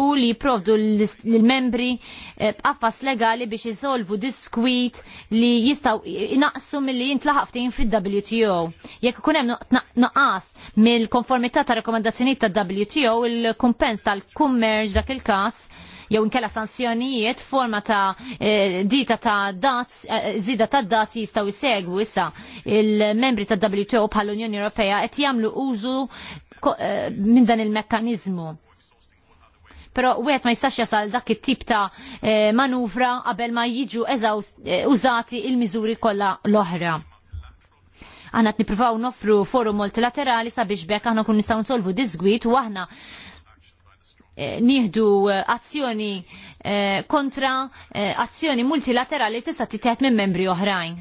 u li provdu l-membri eh, b'affas legali biex jizolvu diskwit li jistaw naqsu mill-li jintlaħaftin fil-WTO. Jekk ikun hemm naqas mill-konformità ta' rekomendazzjoni ta' WTO, il-kumpens tal-kummerġ dak il-każ jew inkella sanzjonijiet forma ta' eh, dita ta' dazz, eh, zida ta' dazz jistaw jisegwu issa il-membri ta' WTO bħall unjoni Ewropea qed jagħmlu użu eh, minn dan il-mekkanizmu. Pero wieħed ma jistax jasal dak it-tip ta' manuvra qabel ma jiġu użati il-miżuri kollha l-oħra Għanat niprofaw nofru forum multilaterali sabiex bekk aħna kun nistaw nsolvu disgwit u għahna Eh, nieħdu eh, azzjoni eh, kontra azzjoni multilaterali tista' titgħet minn membri oħrajn.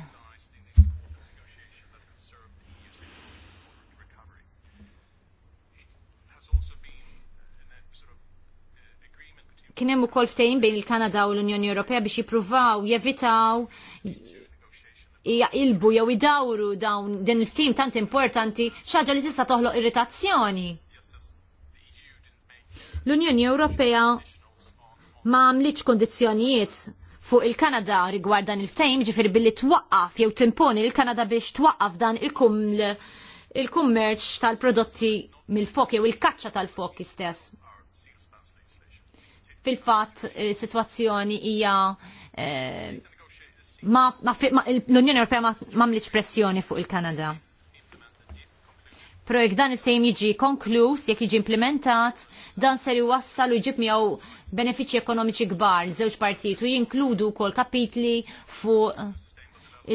Kien hemm ukoll ftehim bejn il-Kanada u l-Unjoni Ewropea biex jippruvaw jevitaw jaqilbu jew idawru dawn din il-ftim tant importanti xaġa li tista' toħloq irritazzjoni. L-Unjoni Ewropea ma għamliċ kondizjonijiet fuq il-Kanada rigward dan il ftajm ġifir billi twaqqaf jew timponi il-Kanada biex twaqqaf dan il-kummerċ tal-prodotti mill-fok jew il-kaċċa tal-fok istess. Fil-fatt eh, situazzjoni hija eh, ma, ma, ma l-Unjoni Ewropea ma, ma pressjoni fuq il-Kanada projekt dan il-ftejm jiġi konkluż, jekk jiġi implementat, dan ser jwassal u jġib miegħu benefiċċji ekonomiċi kbar żewġ partijiet u jinkludu wkoll kapitli fuq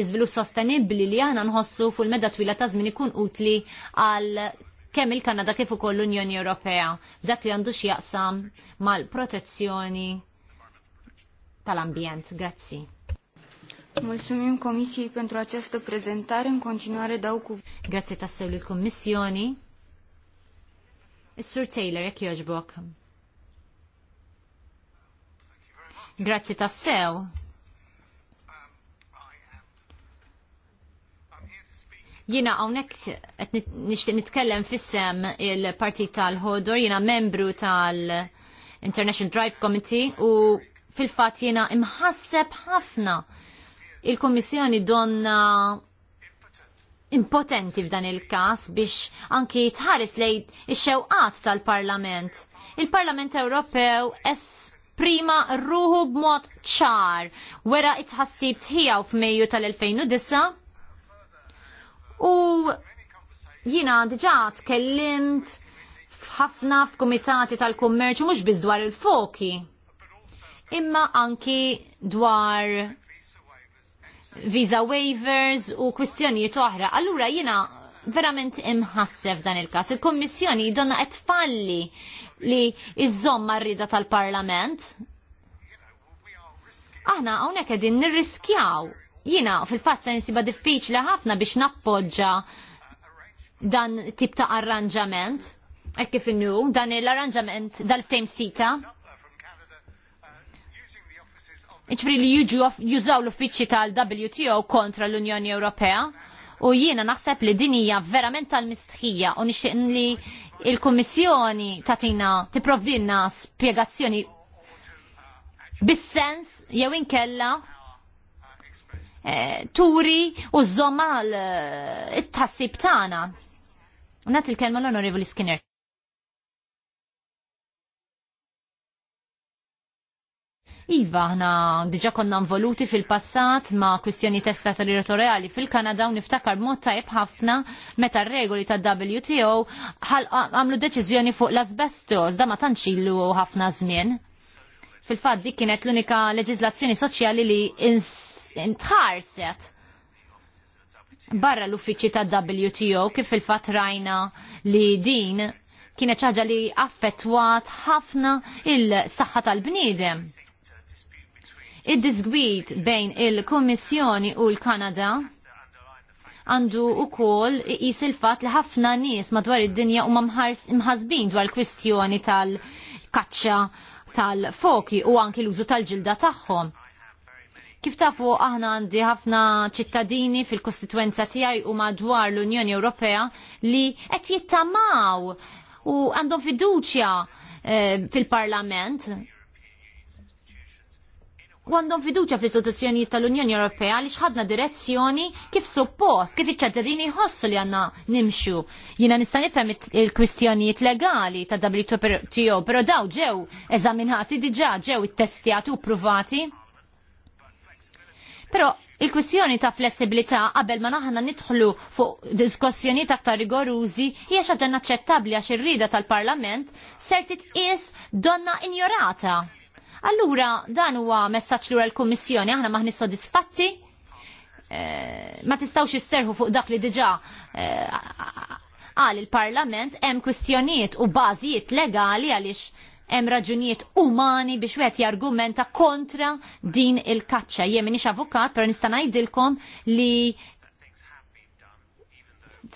iżvilupp sostenibbli li aħna nħossu fuq il-medda twila ta' żmien ikun utli għal kemm il-Kanada kif ukoll l-Unjoni Ewropea dak li għandu x'jaqsam mal-protezzjoni tal-ambjent. Grazzi. Mulțumim Comisiei pentru această prezentare. În continuare dau cuvântul. Grazie tassew lil Kommissjoni. Is-Sur Taylor, jekk jogħġbok. Grazzi tassew. Jina għonek nishtiq nitkellem fissem il-partit tal-ħodor, jina membru tal-International Drive Committee u fil-fat jina imħasseb ħafna il-Kommissjoni donna impotenti f'dan il-kas biex anki tħares lejn ix-xewqat tal-Parlament. Il-Parlament Ewropew esprima rruhu b'mod ċar wera it-ħassib tħijaw f'Mejju tal-2009 u jina diġa tkellimt f'ħafna f'kumitati tal-kummerċu mhux biż dwar il-foki imma anki dwar visa waivers u kwistjonijiet oħra. Allura jina verament imħassef dan il-kas. Il-Kommissjoni donna qed falli li iżomma rrida tal-Parlament. Aħna hawnhekk qegħdin nirriskjaw. Jina fil-fatt se nsiba diffiċli ħafna biex nappoġġa dan tip ta' arranġament. Ekki kif dan l-arranġament dal-fejm sita iċfri li jiġu jużaw l-uffiċċji tal-WTO kontra l-Unjoni Ewropea u jiena naħseb li din hija verament tal-mistħija u nixtieq li il-Kummissjoni tatina tipprovdilna spjegazzjoni bis-sens jew inkella eh, turi u żomma eh, it tassib tagħna. Nagħti il-kelma l-Onorevoli Skinner. Iva, ħna diġa konna involuti fil-passat ma' kwistjoni testa territoriali fil-Kanada u niftakar mod tajb ħafna meta regoli ta' WTO għamlu deċiżjoni fuq l-asbestos, da ma tanċillu ħafna żmien. Fil-fat dik kienet l-unika leġizlazzjoni soċjali li intħarset barra l-uffiċi ta' WTO kif il-fat rajna li din kienet ċaġa li affettwat ħafna il-saħħa tal-bniedem Id-disgwit bejn il-Kommissjoni u l-Kanada għandu u kol jis il-fat li ħafna nis madwar id-dinja u mħazbin dwar l kwistjoni tal-kaċċa tal-foki u anki l-użu tal-ġilda tagħhom. Kif tafu aħna għandi ħafna ċittadini fil-kostituenza tiegħi u madwar l-Unjoni Ewropea li qed jittamaw u għandhom fiduċja eh, fil-Parlament għandhom fiduċa fl-istituzzjonijiet tal-Unjoni Ewropea li xħadna direzzjoni kif suppost, kif iċ-ċattadini jħossu li għanna nimxu. Jina nista' nifhem il-kwistjonijiet legali ta' WTO, però daw ġew eżaminati diġà ġew ittestjati u pruvati. Però il-kwistjoni ta' flessibilità qabel ma naħna nidħlu fuq diskussjonijiet aktar rigorużi hija xi ħaġa naċċettabbli għax ir-rida tal-Parlament ser titqies donna injorata Allura dan huwa messaġġ lura l-Kummissjoni aħna maħni sodisfatti ma eh, tistawx isserħu fuq dak li diġà għal eh, il-Parlament hemm kwistjonijiet u bażijiet legali għaliex hemm raġunijiet umani biex wieħed jargumenta kontra din il-kaċċa. Jien m'iniex avukat, per nista' ngħidilkom li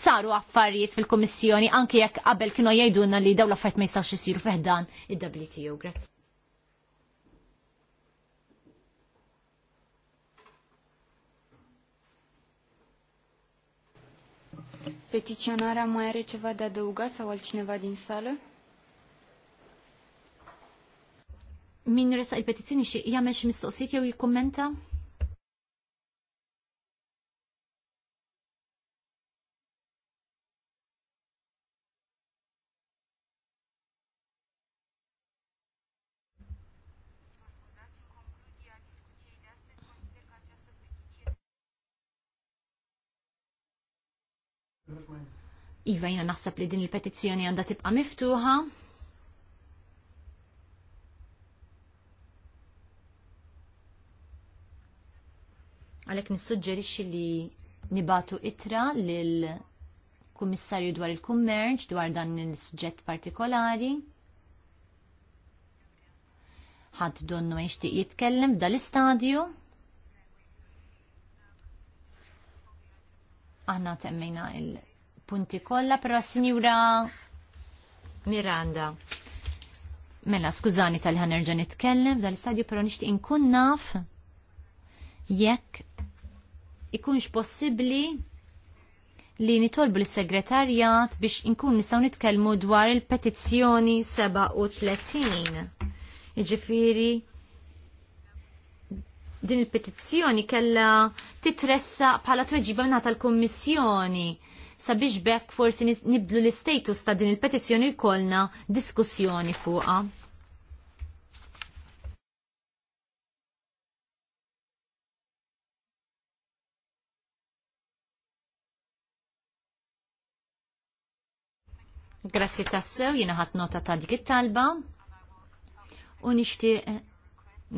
saru affarijiet fil-Kummissjoni anke jekk qabel kienu jgħidulna li dawn l affarijiet ma jistax isiru fiħdan id-WTO. Grazzi. Petiționarea mai are ceva de adăugat sau altcineva din sală? Min resa il-petizzjoni xi jagħmel xi mistoqsijiet jew jikkummenta? Iva jina naħseb li din il-petizzjoni għandha tibqa' miftuħa. Għalhekk nissuġġerixxi li nibatu itra l kummissarju dwar il-kummerċ dwar dan il-suġġett partikolari. Ħadd donnu ma jixtieq jitkellem dal-istadju. Aħna temmejna il- punti kollha, però signora Miranda. Mela, skużani tal ħanerġa nitkellem dal stadju istadju però nixtieq inkun naf jekk ikunx possibli li nitolbu l-segretarjat biex inkun nistgħu nitkellmu dwar il-petizzjoni 37. Iġifiri, din il-petizzjoni kellha titressa bħala tweġiba mingħata tal-Kummissjoni sabiex bekk forsi nibdlu l-istatus ta' din il-petizzjoni jkollna diskussjoni fuqa. Grazzi tassew, jina ħat nota ta' dik it-talba. U nixtieq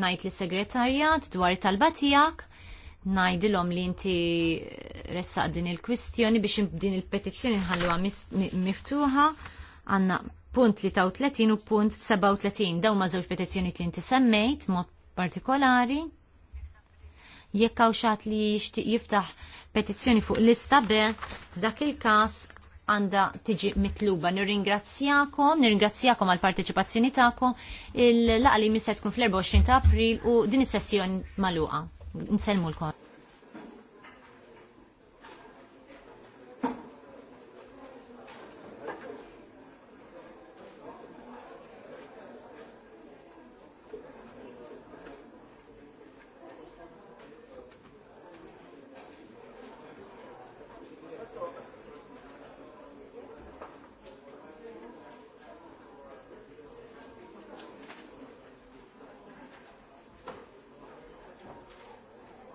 ngħid lis segretarjat dwar it-talba tiegħek ngħidilhom li inti ressaq din il-kwistjoni biex din il-petizzjoni nħalluha miftuħa għandna punt li taw 30 u punt 37 daw ma żewġ petizzjoni li inti semmejt mod partikolari jekk hawn xatt li jixtieq jiftaħ petizzjoni fuq lista B dak il-każ għanda tiġi mitluba. Nirringrazzjakom, nirringrazzjakom għal parteċipazzjoni tagħkom. Il-laqli mis tkun fl-24 ta' April u din is-sessjoni magħluqa. Nselmu l-kon.